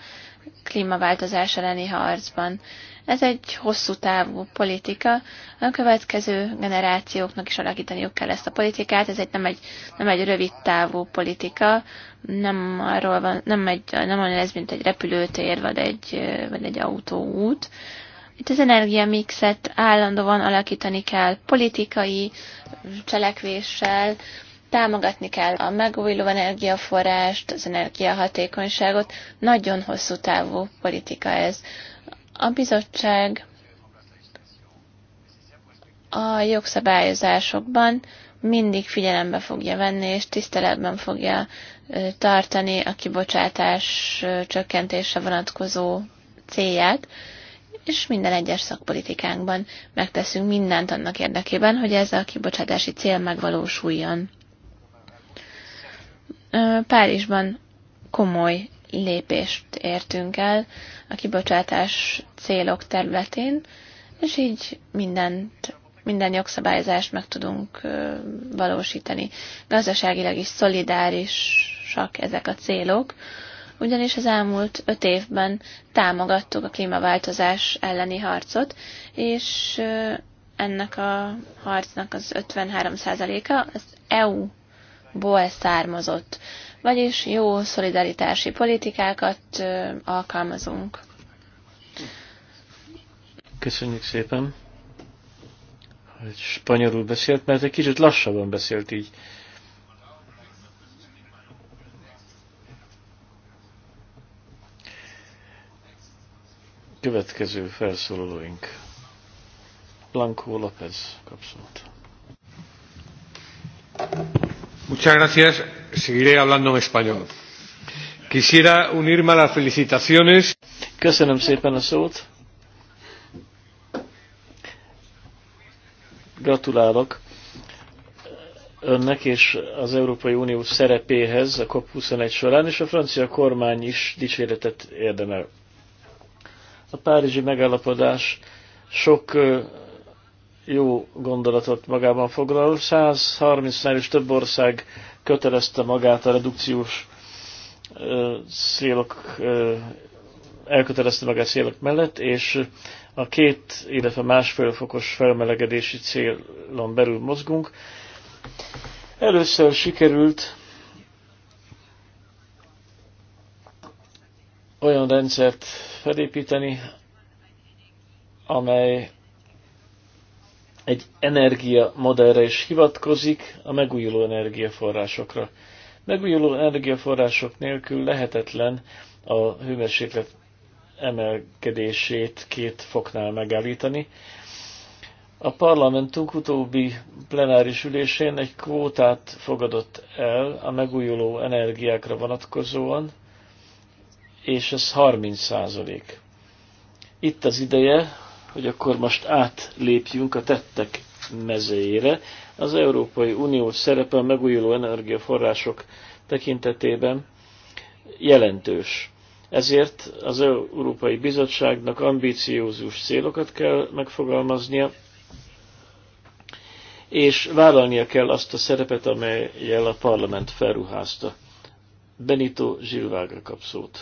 klímaváltozás elleni harcban. Ez egy hosszú távú politika, a következő generációknak is alakítaniuk kell ezt a politikát, ez egy, nem, egy, nem egy rövid távú politika, nem arról van, nem, egy, nem olyan ez, mint egy repülőtér, vagy egy, vagy egy autóút, itt az energiamixet állandóan alakítani kell politikai cselekvéssel, támogatni kell a megújuló energiaforrást, az energiahatékonyságot. Nagyon hosszú távú politika ez. A bizottság a jogszabályozásokban mindig figyelembe fogja venni, és tiszteletben fogja tartani a kibocsátás csökkentése vonatkozó célját, és minden egyes szakpolitikánkban megteszünk mindent annak érdekében, hogy ez a kibocsátási cél megvalósuljon. Párizsban komoly lépést értünk el a kibocsátás célok területén, és így mindent, minden jogszabályzást meg tudunk valósítani. Gazdaságilag is szolidárisak ezek a célok, ugyanis az elmúlt öt évben támogattuk a klímaváltozás elleni harcot, és ennek a harcnak az 53%-a az EU-ból származott, vagyis jó szolidaritási politikákat alkalmazunk. Köszönjük szépen, hogy spanyolul beszélt, mert egy kicsit lassabban beszélt így. Következő felszólalóink. Blanco López kapszót. Muchas gracias. Seguiré hablando en español. Quisiera unirme a las felicitaciones. Köszönöm szépen a szót. Gratulálok önnek és az Európai Unió szerepéhez a COP21 során, és a francia kormány is dicséretet érdemel a párizsi megállapodás sok jó gondolatot magában foglal. 130-nál is több ország kötelezte magát a redukciós célok, elkötelezte magát célok mellett, és a két, illetve másfél fokos felmelegedési célon belül mozgunk. Először sikerült olyan rendszert felépíteni, amely egy energia modellre is hivatkozik, a megújuló energiaforrásokra. Megújuló energiaforrások nélkül lehetetlen a hőmérséklet emelkedését két foknál megállítani. A parlamentunk utóbbi plenáris ülésén egy kvótát fogadott el a megújuló energiákra vonatkozóan, és ez 30 százalék. Itt az ideje, hogy akkor most átlépjünk a tettek mezejére. Az Európai Unió szerepe a megújuló energiaforrások tekintetében jelentős. Ezért az Európai Bizottságnak ambíciózus célokat kell megfogalmaznia, és vállalnia kell azt a szerepet, amelyel a parlament felruházta. Benito Zsilvágra kap szót.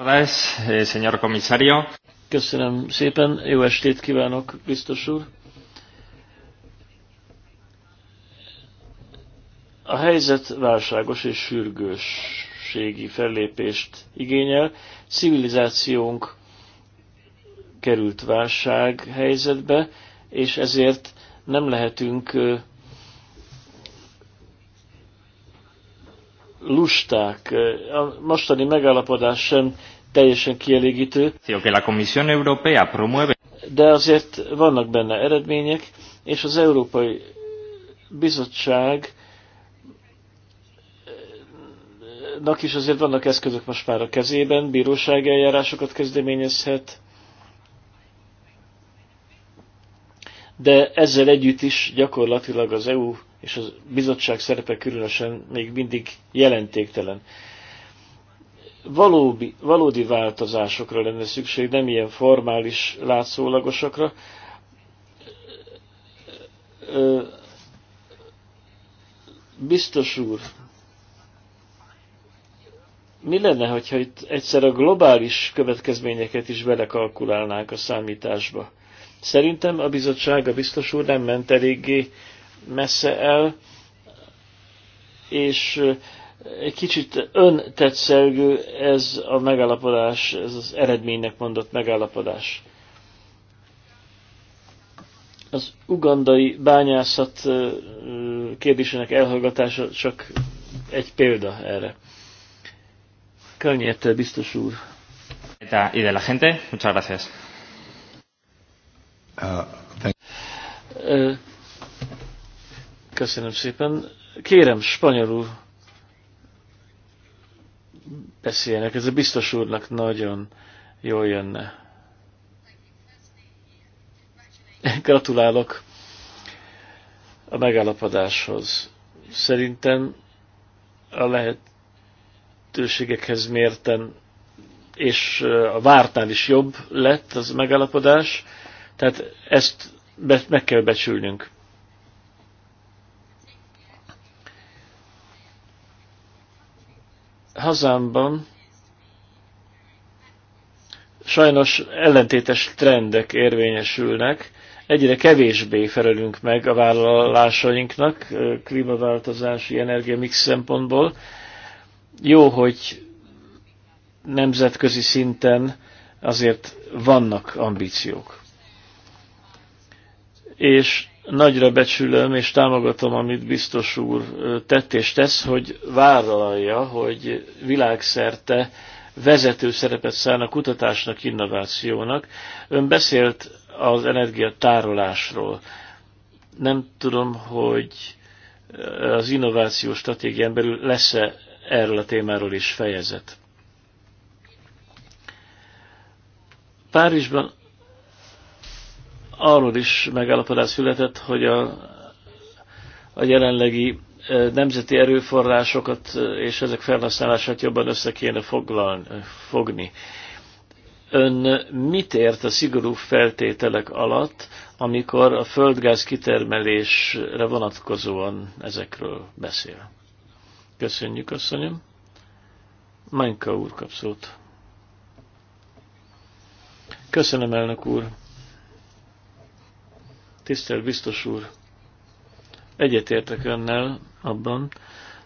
Eh, señor comisario. Köszönöm szépen, jó estét kívánok, biztos úr. A helyzet válságos és sürgősségi fellépést igényel. Civilizációnk került válság helyzetbe, és ezért nem lehetünk eh, lusták. A mostani megállapodás sem teljesen kielégítő. De azért vannak benne eredmények, és az Európai Bizottság eh, nak is azért vannak eszközök most már a kezében, bírósági eljárásokat kezdeményezhet, de ezzel együtt is gyakorlatilag az EU és a bizottság szerepe különösen még mindig jelentéktelen. Valóbi, valódi változásokra lenne szükség, nem ilyen formális látszólagosakra. Biztos úr, mi lenne, hogyha itt egyszer a globális következményeket is belekalkulálnánk a számításba? Szerintem a bizottság, a biztos úr nem ment eléggé messze el, és egy kicsit öntetszelgő ez a megállapodás, ez az eredménynek mondott megállapodás. Az ugandai bányászat kérdésének elhallgatása csak egy példa erre. Könnyedtel, biztos úr. Ide la gente, muchas gracias. Uh, Köszönöm szépen. Kérem, spanyolul beszéljenek. Ez a biztos úrnak nagyon jól jönne. Gratulálok a megállapodáshoz. Szerintem a lehetőségekhez mérten és a vártnál is jobb lett az megállapodás, tehát ezt meg kell becsülnünk. Hazámban sajnos ellentétes trendek érvényesülnek. Egyre kevésbé felelünk meg a vállalásainknak klímaváltozási energiamix szempontból. Jó, hogy nemzetközi szinten azért vannak ambíciók. És nagyra becsülöm és támogatom, amit biztos úr tett és tesz, hogy vállalja, hogy világszerte vezető szerepet szán a kutatásnak, innovációnak. Ön beszélt az energiatárolásról. Nem tudom, hogy az innováció stratégián belül lesz-e erről a témáról is fejezet. Párizsban arról is megállapodás született, hogy a, a jelenlegi nemzeti erőforrásokat és ezek felhasználását jobban össze kéne foglalni, fogni. Ön mit ért a szigorú feltételek alatt, amikor a földgáz kitermelésre vonatkozóan ezekről beszél? Köszönjük, asszonyom. Manka úr kap szót. Köszönöm, elnök úr. Tisztelt biztos úr, egyetértek önnel abban,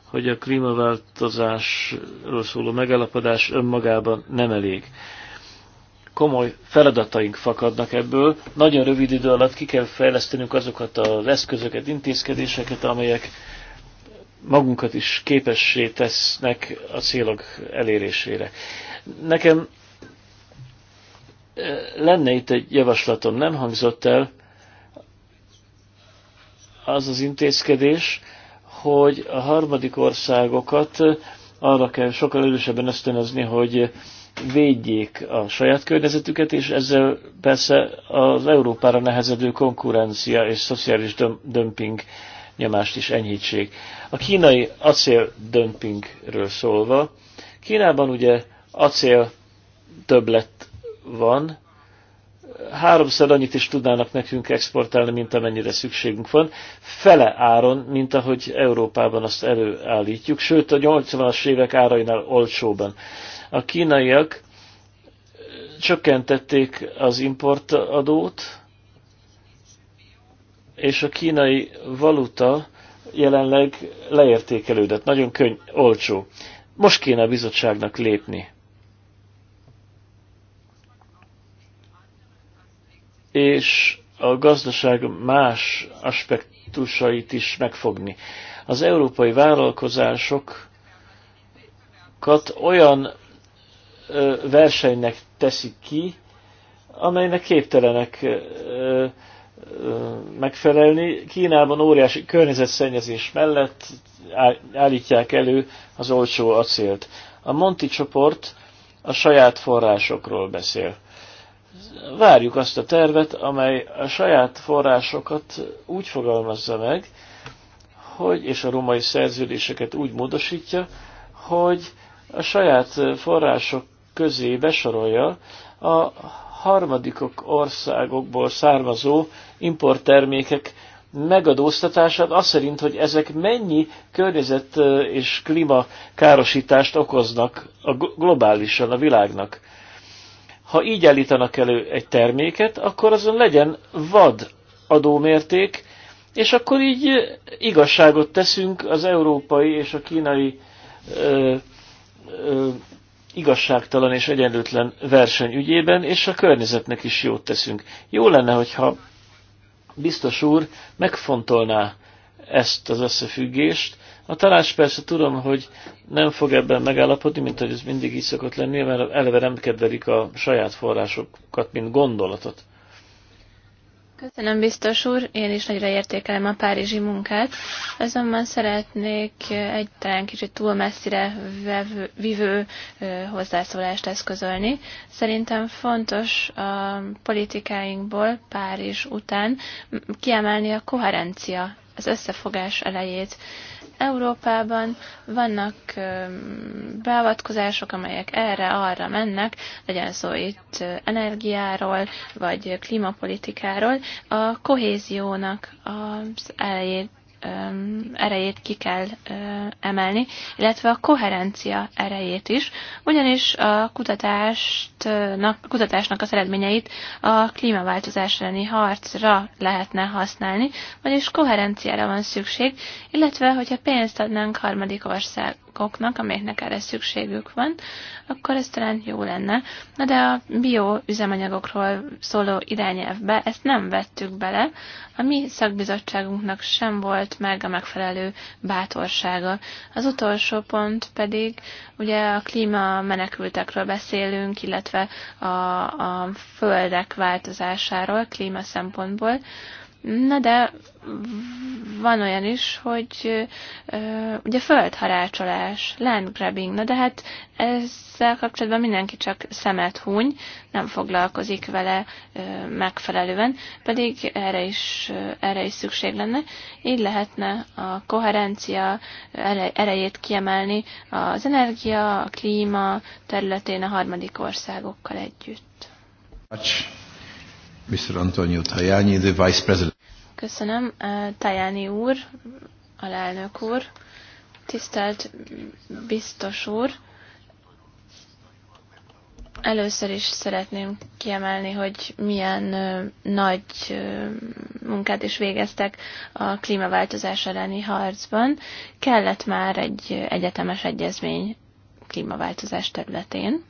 hogy a klímaváltozásról szóló megállapodás önmagában nem elég. Komoly feladataink fakadnak ebből. Nagyon rövid idő alatt ki kell fejlesztenünk azokat az eszközöket, intézkedéseket, amelyek magunkat is képessé tesznek a célok elérésére. Nekem eh, lenne itt egy javaslatom, nem hangzott el, az az intézkedés, hogy a harmadik országokat arra kell sokkal erősebben ösztönözni, hogy védjék a saját környezetüket, és ezzel persze az Európára nehezedő konkurencia és szociális dömping nyomást is enyhítsék. A kínai acél dömpingről szólva, Kínában ugye acél többlet van, háromszor annyit is tudnának nekünk exportálni, mint amennyire szükségünk van, fele áron, mint ahogy Európában azt előállítjuk, sőt a 80-as évek árainál olcsóban. A kínaiak csökkentették az importadót, és a kínai valuta jelenleg leértékelődött, nagyon könny, olcsó. Most kéne a bizottságnak lépni. és a gazdaság más aspektusait is megfogni. Az európai vállalkozásokat olyan versenynek teszik ki, amelynek képtelenek megfelelni. Kínában óriási környezetszennyezés mellett állítják elő az olcsó acélt. A Monti csoport a saját forrásokról beszél várjuk azt a tervet, amely a saját forrásokat úgy fogalmazza meg, hogy, és a római szerződéseket úgy módosítja, hogy a saját források közé besorolja a harmadikok országokból származó importtermékek megadóztatását, az szerint, hogy ezek mennyi környezet és klímakárosítást okoznak a globálisan a világnak ha így állítanak elő egy terméket, akkor azon legyen vad adómérték, és akkor így igazságot teszünk az európai és a kínai ö, ö, igazságtalan és egyenlőtlen verseny ügyében, és a környezetnek is jót teszünk. Jó lenne, hogyha biztos úr megfontolná ezt az összefüggést. A tanács persze tudom, hogy nem fog ebben megállapodni, mint hogy ez mindig így szokott lenni, mert eleve nem kedvelik a saját forrásokat, mint gondolatot. Köszönöm, biztos úr. Én is nagyra értékelem a párizsi munkát. Azonban szeretnék egy talán kicsit túl messzire vevő, vívő hozzászólást eszközölni. Szerintem fontos a politikáinkból Párizs után kiemelni a koherencia az összefogás elejét. Európában vannak beavatkozások, amelyek erre-arra mennek, legyen szó itt energiáról, vagy klímapolitikáról, a kohéziónak az elejét erejét ki kell emelni, illetve a koherencia erejét is, ugyanis a kutatásnak, kutatásnak az eredményeit a klímaváltozás elleni harcra lehetne használni, vagyis koherenciára van szükség, illetve hogyha pénzt adnánk harmadik ország, anyagoknak, amelyeknek erre szükségük van, akkor ez talán jó lenne. Na de a bio üzemanyagokról szóló irányelvbe ezt nem vettük bele. A mi szakbizottságunknak sem volt meg a megfelelő bátorsága. Az utolsó pont pedig, ugye a klíma menekültekről beszélünk, illetve a, a földek változásáról klíma szempontból, Na de van olyan is, hogy ö, ugye földharácsolás, grabbing, na de hát ezzel kapcsolatban mindenki csak szemet húny, nem foglalkozik vele ö, megfelelően, pedig erre is, ö, erre is szükség lenne. Így lehetne a koherencia erejét kiemelni az energia, a klíma területén a harmadik országokkal együtt. Mr. Antonio Tajani, the Vice President. Köszönöm. Tajáni úr, alelnök úr, tisztelt biztos úr, először is szeretném kiemelni, hogy milyen nagy munkát is végeztek a klímaváltozás elleni harcban. Kellett már egy egyetemes egyezmény klímaváltozás területén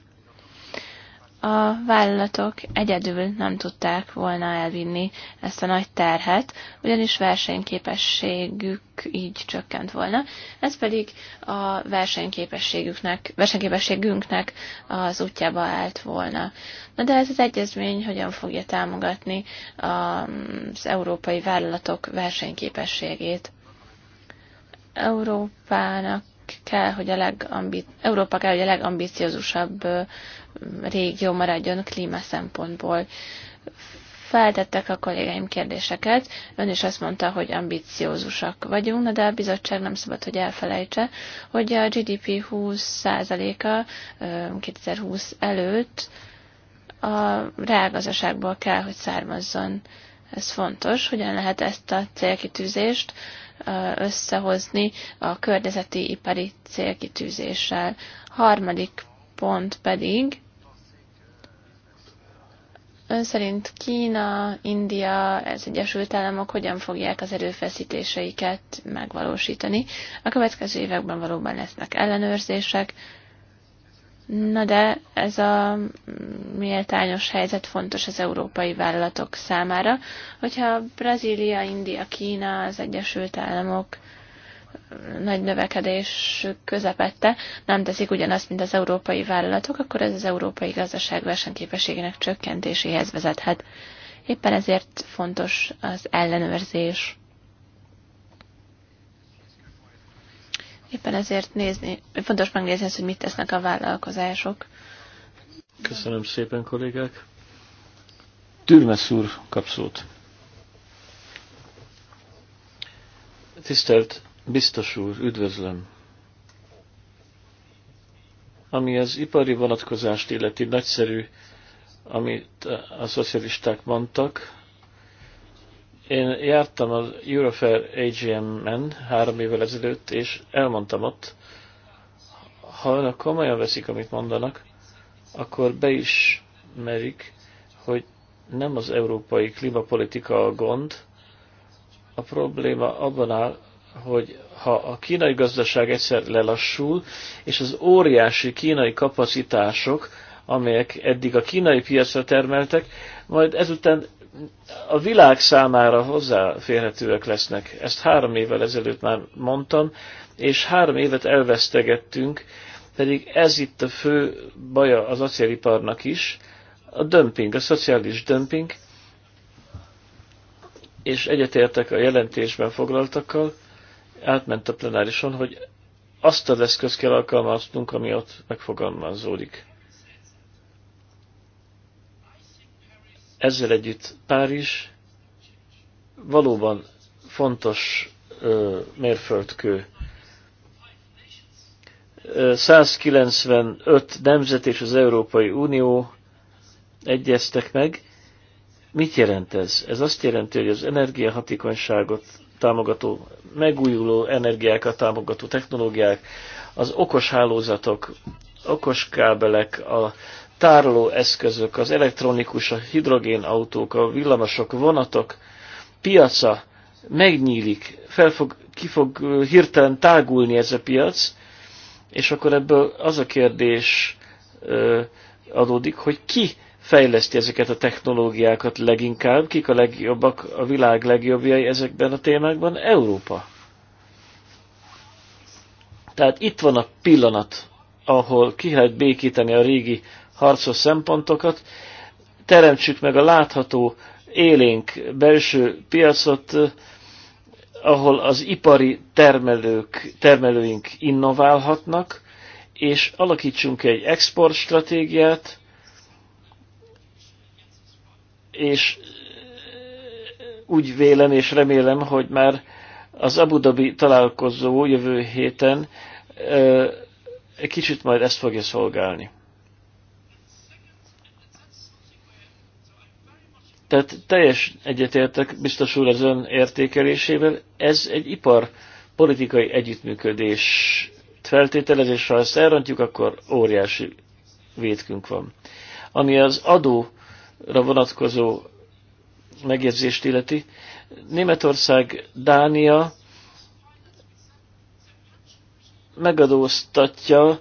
a vállalatok egyedül nem tudták volna elvinni ezt a nagy terhet, ugyanis versenyképességük így csökkent volna. Ez pedig a versenyképességüknek, versenyképességünknek az útjába állt volna. Na de ez az egyezmény hogyan fogja támogatni az európai vállalatok versenyképességét? Európának kell, hogy a legambi- Európa kell, hogy a legambiciózusabb régió maradjon klíma szempontból. Feltettek a kollégáim kérdéseket, ön is azt mondta, hogy ambiciózusak vagyunk, de a bizottság nem szabad, hogy elfelejtse, hogy a GDP 20%-a 2020 előtt a reálgazdaságból kell, hogy származzon. Ez fontos, hogyan lehet ezt a célkitűzést összehozni a környezeti ipari célkitűzéssel. Harmadik pont pedig, ön szerint Kína, India, az Egyesült Államok hogyan fogják az erőfeszítéseiket megvalósítani? A következő években valóban lesznek ellenőrzések, Na de ez a méltányos helyzet fontos az európai vállalatok számára, hogyha Brazília, India, Kína, az Egyesült Államok nagy növekedés közepette nem teszik ugyanazt, mint az európai vállalatok, akkor ez az európai gazdaság versenyképességének csökkentéséhez vezethet. Éppen ezért fontos az ellenőrzés. Éppen ezért nézni, fontos megnézni hogy mit tesznek a vállalkozások. Köszönöm szépen, kollégák. Türmes úr kap szót. Tisztelt biztos úr, üdvözlöm! Ami az ipari vonatkozást illeti nagyszerű, amit a szocialisták mondtak, én jártam az Eurofair AGM-en három évvel ezelőtt, és elmondtam ott, ha önök komolyan veszik, amit mondanak, akkor be is merik, hogy nem az európai klímapolitika a gond, a probléma abban áll, hogy ha a kínai gazdaság egyszer lelassul, és az óriási kínai kapacitások, amelyek eddig a kínai piacra termeltek, majd ezután a világ számára hozzáférhetőek lesznek. Ezt három évvel ezelőtt már mondtam, és három évet elvesztegettünk, pedig ez itt a fő baja az acéliparnak is, a dömping, a szociális dömping, és egyetértek a jelentésben foglaltakkal, átment a plenárison, hogy azt az eszközt kell alkalmaznunk, ami ott megfogalmazódik. Ezzel együtt Párizs valóban fontos ö, mérföldkő. 195 nemzet és az Európai Unió egyeztek meg. Mit jelent ez? Ez azt jelenti, hogy az energiahatékonyságot támogató, megújuló energiákat támogató technológiák, az okos hálózatok, okos kábelek, a eszközök, az elektronikus, a hidrogénautók, a villamosok, vonatok piaca megnyílik, fel fog, ki fog hirtelen tágulni ez a piac, és akkor ebből az a kérdés adódik, hogy ki fejleszti ezeket a technológiákat leginkább, kik a legjobbak, a világ legjobbjai ezekben a témákban? Európa. Tehát itt van a pillanat, ahol ki lehet békíteni a régi harcos szempontokat, teremtsük meg a látható élénk belső piacot, eh, ahol az ipari termelők, termelőink innoválhatnak, és alakítsunk egy exportstratégiát, és eh, úgy vélem és remélem, hogy már az Abu Dhabi találkozó jövő héten eh, egy kicsit majd ezt fogja szolgálni. Tehát teljes egyetértek biztos úr az ön értékelésével. Ez egy ipar politikai együttműködés feltételez, és ha ezt elrontjuk, akkor óriási vétkünk van. Ami az adóra vonatkozó megjegyzést illeti, Németország, Dánia megadóztatja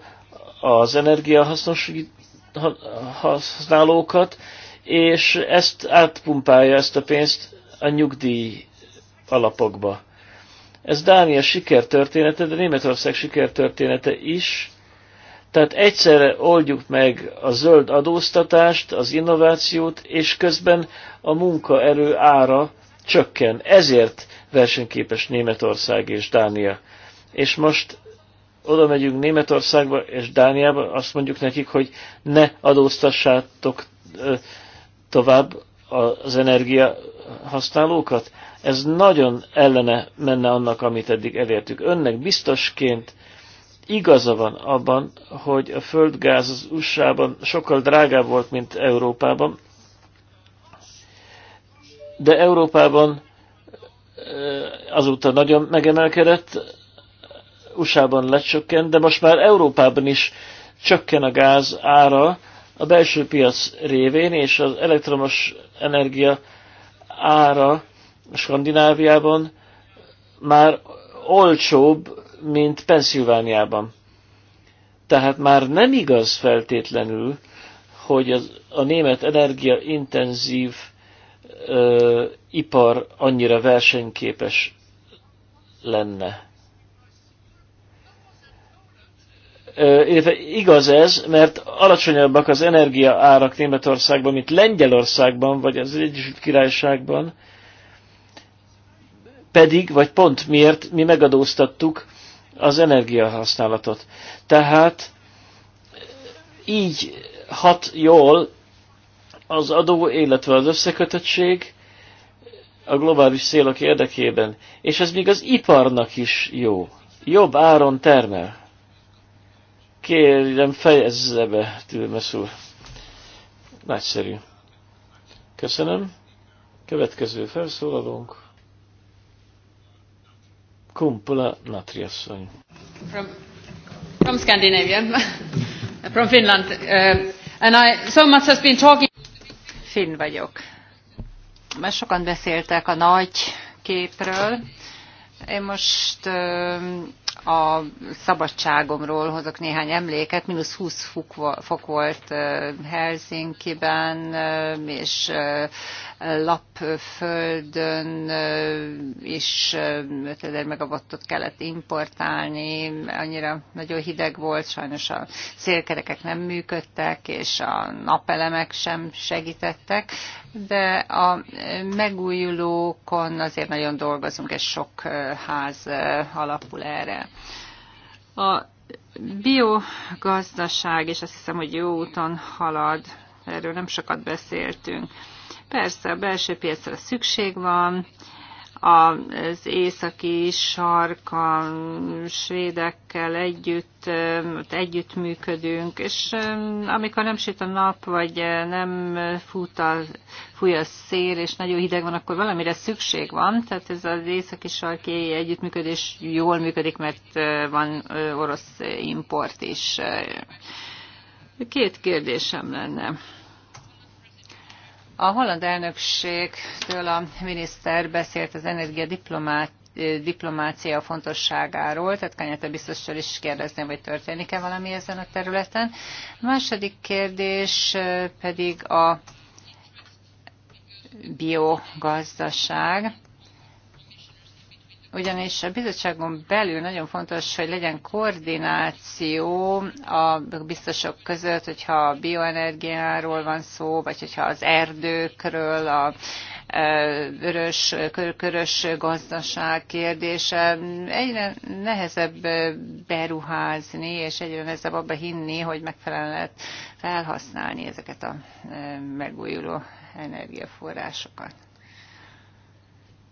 az energiahasználókat, és ezt átpumpálja ezt a pénzt a nyugdíj alapokba. Ez Dánia sikertörténete, de Németország sikertörténete is. Tehát egyszerre oldjuk meg a zöld adóztatást, az innovációt, és közben a munkaerő ára csökken. Ezért versenyképes Németország és Dánia. És most oda megyünk Németországba és Dániába, azt mondjuk nekik, hogy ne adóztassátok tovább az energia használókat. Ez nagyon ellene menne annak, amit eddig elértük. Önnek biztosként igaza van abban, hogy a földgáz az USA-ban sokkal drágább volt, mint Európában, de Európában eh, azóta nagyon megemelkedett, USA-ban lecsökkent, de most már Európában is csökken a gáz ára, a belső piac révén és az elektromos energia ára Skandináviában már olcsóbb, mint Pennsylvániában. Tehát már nem igaz feltétlenül, hogy az, a német energiaintenzív ö, ipar annyira versenyképes lenne. illetve igaz ez, mert alacsonyabbak az energiaárak Németországban, mint Lengyelországban, vagy az Egyesült Királyságban, pedig, vagy pont miért mi megadóztattuk az energiahasználatot. Tehát így hat jól az adó, illetve az összekötöttség a globális célok érdekében. És ez még az iparnak is jó. Jobb áron termel. Kérem, fejezze be, Tülmes úr. Nagyszerű. Köszönöm. Következő felszólalónk. Kumpula Natriasszony. From, from Scandinavia, from Finland. Uh, and I, so much has been talking... Finn vagyok. Mert sokan beszéltek a nagy képről. Én most uh, a szabadságomról hozok néhány emléket. Minusz 20 fok volt Helsinki-ben, és lapföldön is 5000 megawattot kellett importálni, annyira nagyon hideg volt, sajnos a szélkerekek nem működtek, és a napelemek sem segítettek, de a megújulókon azért nagyon dolgozunk, és sok ház alapul erre. A biogazdaság, és azt hiszem, hogy jó úton halad, erről nem sokat beszéltünk. Persze, a belső piacra szükség van, az északi sarka svédekkel együtt, ott együttműködünk, és amikor nem süt a nap, vagy nem fut a, fúj a szél, és nagyon hideg van, akkor valamire szükség van, tehát ez az északi sarki együttműködés jól működik, mert van orosz import is. Két kérdésem lenne. A holland elnökségtől a miniszter beszélt az energiadiplomácia diplomácia fontosságáról, tehát Kanyata biztosról is kérdezném, hogy történik-e valami ezen a területen. A második kérdés pedig a biogazdaság ugyanis a bizottságon belül nagyon fontos, hogy legyen koordináció a biztosok között, hogyha a bioenergiáról van szó, vagy hogyha az erdőkről, a e, vörös, körös gazdaság kérdése. Egyre nehezebb beruházni, és egyre nehezebb abba hinni, hogy megfelelően lehet felhasználni ezeket a e, megújuló energiaforrásokat.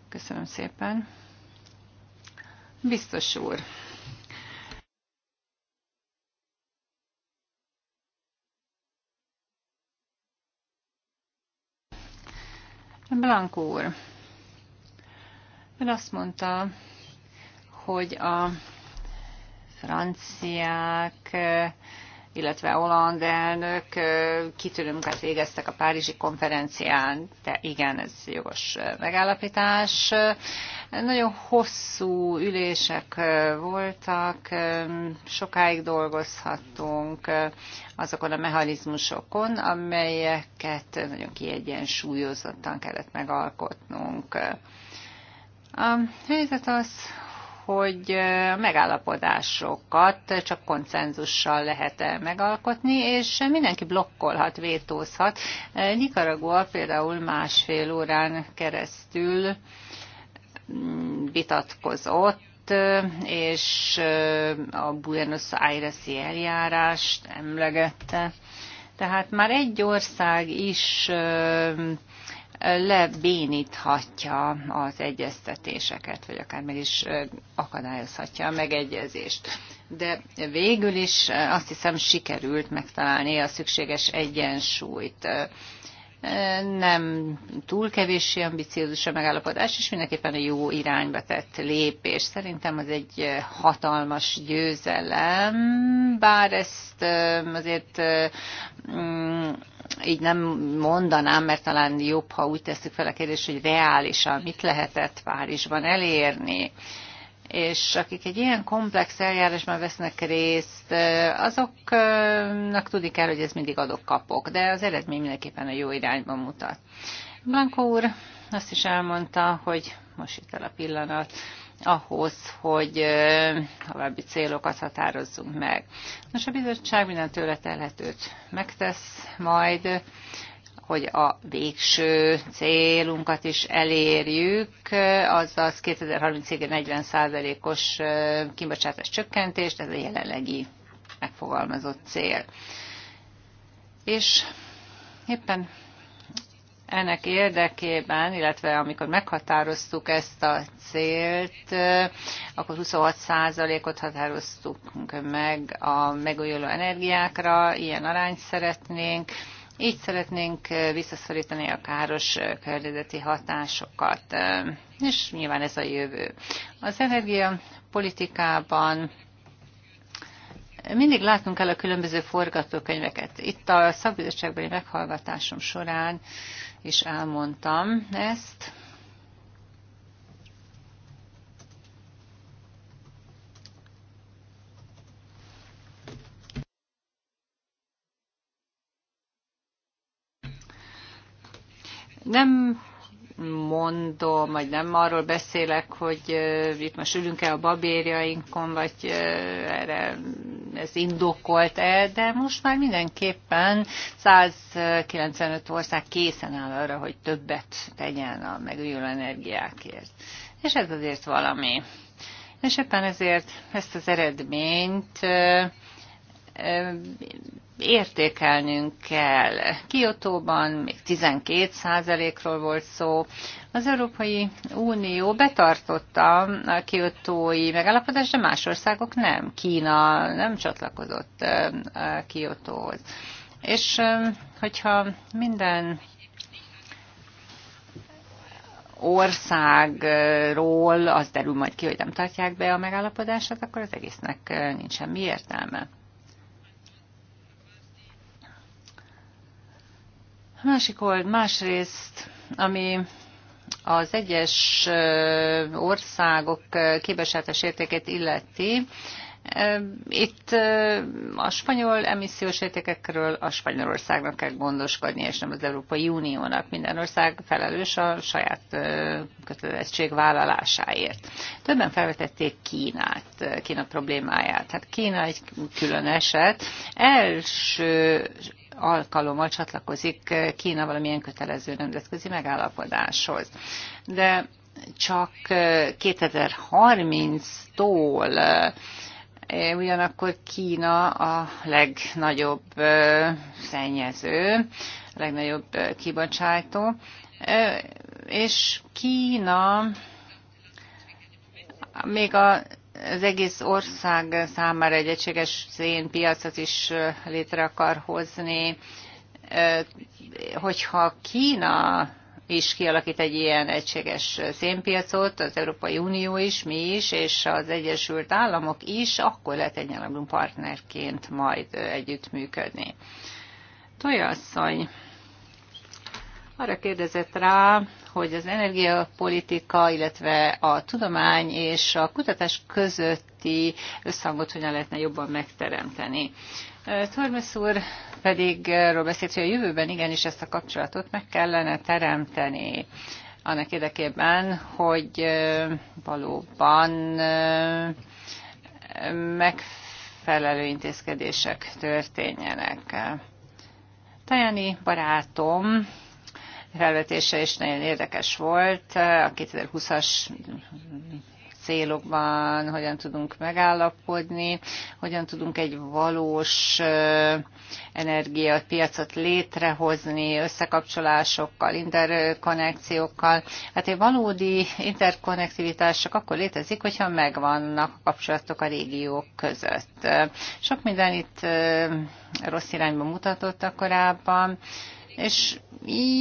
Köszönöm szépen. Biztos úr. Blanco úr, Mert azt mondta, hogy a franciák illetve Holland elnök kitűnő munkát végeztek a Párizsi konferencián, de igen, ez jogos megállapítás. Nagyon hosszú ülések voltak, sokáig dolgozhattunk azokon a mechanizmusokon, amelyeket nagyon kiegyensúlyozottan kellett megalkotnunk. A helyzet az, hogy megállapodásokat csak konszenzussal lehet megalkotni, és mindenki blokkolhat, vétózhat. Nicaragua például másfél órán keresztül mm, vitatkozott, és a Buenos Aires-i eljárást emlegette. Tehát már egy ország is lebéníthatja az egyeztetéseket, vagy akár meg is akadályozhatja a megegyezést. De végül is azt hiszem sikerült megtalálni a szükséges egyensúlyt nem túl kevéssé ambiciózus a megállapodás, és mindenképpen a jó irányba tett lépés. Szerintem az egy hatalmas győzelem, bár ezt um, azért um, így nem mondanám, mert talán jobb, ha úgy tesszük fel a kérdést, hogy reálisan mit lehetett Párizsban elérni és akik egy ilyen komplex eljárásban vesznek részt, azoknak tudni kell, hogy ez mindig adok-kapok, de az eredmény mindenképpen a jó irányba mutat. Blanco úr azt is elmondta, hogy most itt el a pillanat, ahhoz, hogy további célokat határozzunk meg. Nos, a bizottság minden tőle telhetőt megtesz majd, hogy a végső célunkat is elérjük, azaz 2030-ig 40%-os kibocsátás csökkentést, ez a jelenlegi megfogalmazott cél. És éppen ennek érdekében, illetve amikor meghatároztuk ezt a célt, akkor 26%-ot határoztuk meg a megújuló energiákra, ilyen arányt szeretnénk, így szeretnénk visszaszorítani a káros környezeti hatásokat, és nyilván ez a jövő. Az energia politikában mindig látnunk kell a különböző forgatókönyveket. Itt a szakbizottságban meghallgatásom során is elmondtam ezt, Nem mondom, vagy nem arról beszélek, hogy itt most ülünk-e a babérjainkon, vagy erre ez indokolt-e, de most már mindenképpen 195 ország készen áll arra, hogy többet tegyen a megújuló energiákért. És ez azért valami. És éppen ezért ezt az eredményt értékelnünk kell. Kiotóban még 12%-ról volt szó. Az Európai Unió betartotta a kiotói megállapodást, de más országok nem. Kína nem csatlakozott kiotóhoz. És hogyha minden országról az derül majd ki, hogy nem tartják be a megállapodását, akkor az egésznek nincs semmi értelme. Másik old, másrészt, ami az egyes országok képesítés értékét illeti, itt a spanyol emissziós értékekről a Spanyolországnak kell gondoskodni, és nem az Európai Uniónak. Minden ország felelős a saját kötelezettség vállalásáért. Többen felvetették Kínát, Kína problémáját. Hát Kína egy külön eset. Első alkalommal csatlakozik Kína valamilyen kötelező nemzetközi megállapodáshoz. De csak 2030-tól e, ugyanakkor Kína a legnagyobb e, szennyező, a legnagyobb e, kibocsátó, és Kína még a az egész ország számára egy egységes szénpiacot is létre akar hozni. Hogyha Kína is kialakít egy ilyen egységes szénpiacot, az Európai Unió is, mi is, és az Egyesült Államok is, akkor lehet egy partnerként majd együttműködni. Tojasszony, arra kérdezett rá, hogy az energiapolitika, illetve a tudomány és a kutatás közötti összhangot hogyan lehetne jobban megteremteni. Tormes úr pedig arról beszélt, hogy a jövőben igenis ezt a kapcsolatot meg kellene teremteni annak érdekében, hogy valóban megfelelő intézkedések történjenek. Tajani barátom felvetése is nagyon érdekes volt. A 2020-as célokban hogyan tudunk megállapodni, hogyan tudunk egy valós energiapiacot létrehozni összekapcsolásokkal, interkonnekciókkal. Hát egy valódi interkonnektivitás csak akkor létezik, hogyha megvannak a kapcsolatok a régiók között. Sok minden itt rossz irányba mutatott a korábban, és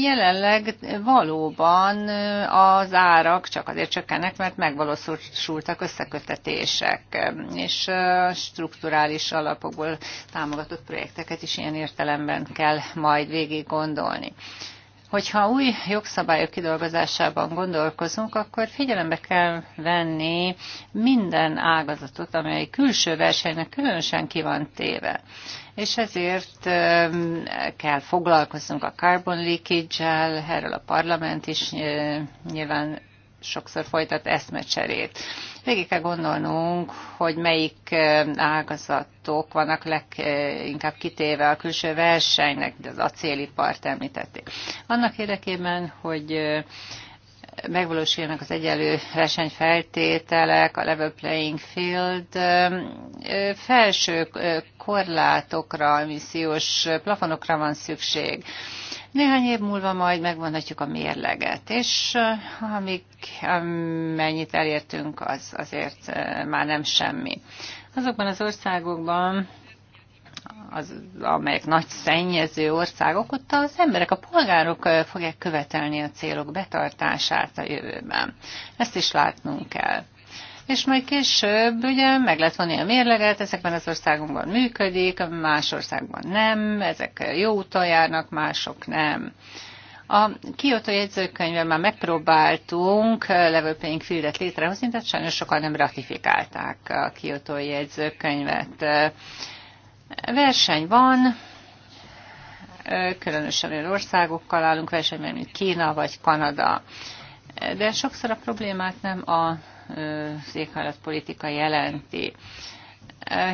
jelenleg valóban az árak csak azért csökkennek, mert megvalósultak összekötetések, és strukturális alapokból támogatott projekteket is ilyen értelemben kell majd végig gondolni. Hogyha új jogszabályok kidolgozásában gondolkozunk, akkor figyelembe kell venni minden ágazatot, amely külső versenynek különösen ki van téve és ezért kell foglalkoznunk a carbon leakage-el, erről a parlament is nyilván sokszor folytat eszmecserét. Végig kell gondolnunk, hogy melyik ágazatok vannak leginkább kitéve a külső versenynek, de az acélipart említették. Annak érdekében, hogy megvalósuljanak az egyenlő versenyfeltételek, a level playing field, felső korlátokra, emissziós plafonokra van szükség. Néhány év múlva majd megmondhatjuk a mérleget, és amíg mennyit elértünk, az azért már nem semmi. Azokban az országokban, az, amelyek nagy szennyező országok, ott az emberek, a polgárok fogják követelni a célok betartását a jövőben. Ezt is látnunk kell és majd később ugye meg lehet vonni a mérleget, ezekben az országokban működik, más országban nem, ezek jó úton járnak, mások nem. A Kyoto jegyzőkönyvben már megpróbáltunk level playing fieldet létrehozni, de sajnos sokan nem ratifikálták a Kyoto jegyzőkönyvet. Verseny van, különösen olyan országokkal állunk versenyben, mint Kína vagy Kanada. De sokszor a problémát nem az politika jelenti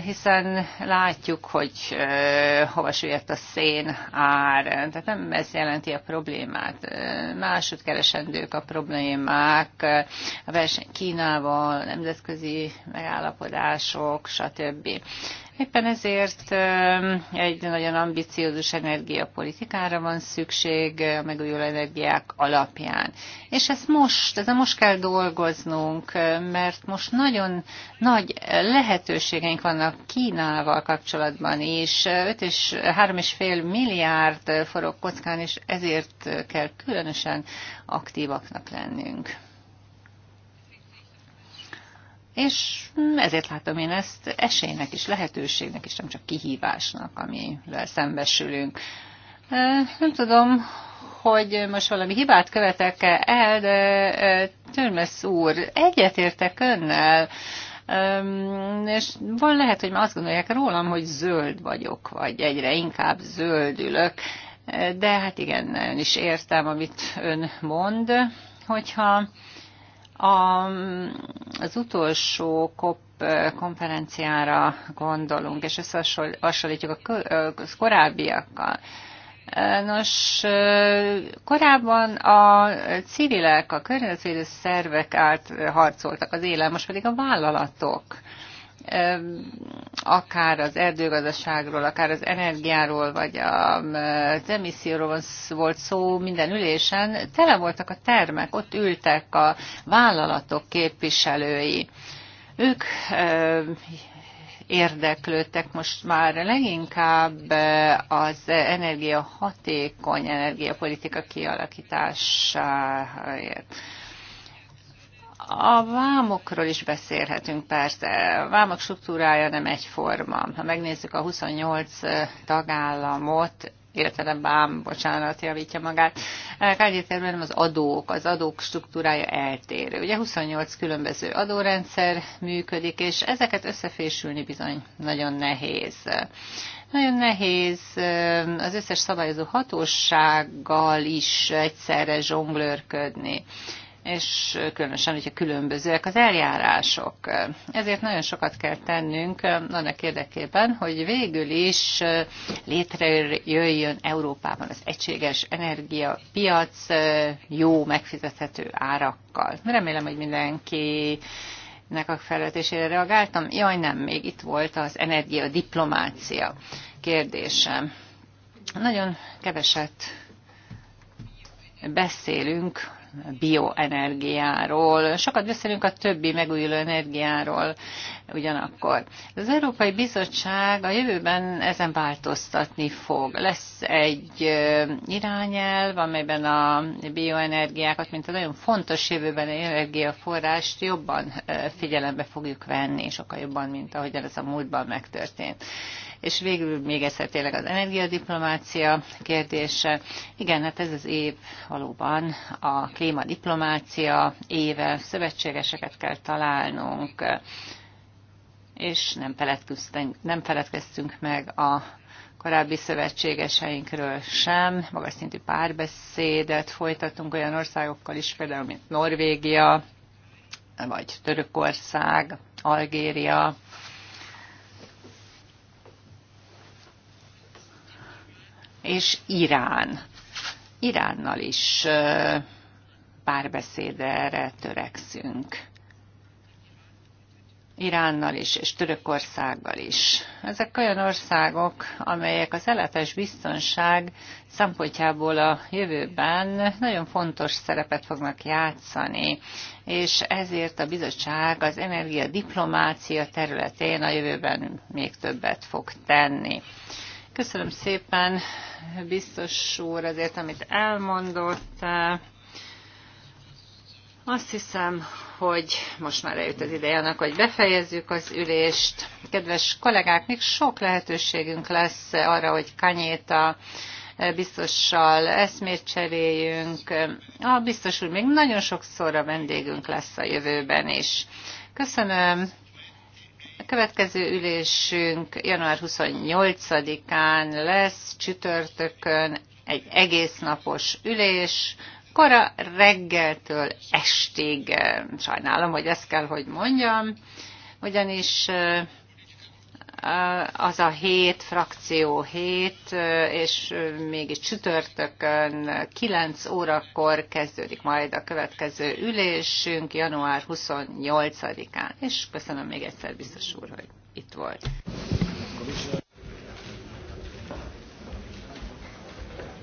hiszen látjuk, hogy hova süllyedt a szén ár, tehát nem ez jelenti a problémát. Másodkeresendők a problémák, a verseny Kínával, nemzetközi megállapodások, stb. Éppen ezért egy nagyon ambiciózus energiapolitikára van szükség a megújuló energiák alapján. És ezt most, ezen most kell dolgoznunk, mert most nagyon nagy lehetőségeink vannak Kínával kapcsolatban is. 5 és 3,5 milliárd forog kockán, és ezért kell különösen aktívaknak lennünk. És ezért látom én ezt esélynek is, lehetőségnek is, nem csak kihívásnak, amivel szembesülünk. Nem tudom, hogy most valami hibát követek el, de Törmesz úr, egyetértek önnel, és van lehet, hogy már azt gondolják rólam, hogy zöld vagyok, vagy egyre inkább zöldülök, de hát igen, ön is értem, amit ön mond, hogyha a, az utolsó COP konferenciára gondolunk, és összehasonlítjuk a korábbiakkal. Nos, korábban a civilek, a környezetvédő szervek át harcoltak az élel, most pedig a vállalatok akár az erdőgazdaságról, akár az energiáról, vagy az emisszióról volt szó minden ülésen, tele voltak a termek, ott ültek a vállalatok képviselői. Ők érdeklődtek most már leginkább eh, az energiahatékony energiapolitika kialakításáért. A vámokról is beszélhetünk persze. A vámok struktúrája nem egyforma. Ha megnézzük a 28 tagállamot, illetve nem vám, bocsánat, javítja magát. Kárgyéterben nem az adók, az adók struktúrája eltérő. Ugye 28 különböző adórendszer működik, és ezeket összefésülni bizony nagyon nehéz. Nagyon nehéz eh, az összes szabályozó hatósággal is egyszerre zsonglőrködni és különösen, hogyha különbözőek az eljárások. Ezért nagyon sokat kell tennünk annak érdekében, hogy végül is létrejöjjön Európában az egységes energiapiac jó, megfizethető árakkal. Remélem, hogy mindenki nek a felvetésére reagáltam. Jaj, nem, még itt volt az energiadiplomácia kérdésem. Nagyon keveset beszélünk bioenergiáról, sokat beszélünk a többi megújuló energiáról, ugyanakkor. Az Európai Bizottság a jövőben ezen változtatni fog. Lesz egy irányelv, amelyben a bioenergiákat, mint a nagyon fontos jövőben energiaforrást jobban figyelembe fogjuk venni, sokkal jobban, mint ahogy ez a múltban megtörtént. És végül még egyszer tényleg az energiadiplomácia kérdése. Igen, hát ez az év valóban a klímadiplomácia éve. Szövetségeseket kell találnunk és nem nem feledkeztünk meg a korábbi szövetségeseinkről sem. Magas szintű párbeszédet folytatunk olyan országokkal is, például mint Norvégia, vagy Törökország, Algéria. És Irán. Iránnal is párbeszédre törekszünk Iránnal is, és Törökországgal is. Ezek olyan országok, amelyek az eletes biztonság szempontjából a jövőben nagyon fontos szerepet fognak játszani, és ezért a bizottság az energiadiplomácia területén a jövőben még többet fog tenni. Köszönöm szépen, biztos úr, azért, amit elmondott. Azt hiszem, hogy most már eljött az ideje annak, hogy befejezzük az ülést. Kedves kollégák, még sok lehetőségünk lesz arra, hogy Kanyéta biztossal eszmét cseréljünk. A biztos úr még nagyon sokszor a vendégünk lesz a jövőben is. Köszönöm. A következő ülésünk január 28-án lesz, csütörtökön, egy egész napos ülés kora reggeltől estig, eh, sajnálom, hogy ezt kell, hogy mondjam, ugyanis eh, az a hét, frakció hét, eh, és mégis csütörtökön 9 órakor kezdődik majd a következő ülésünk, január 28-án. És köszönöm még egyszer biztos úr, hogy itt volt.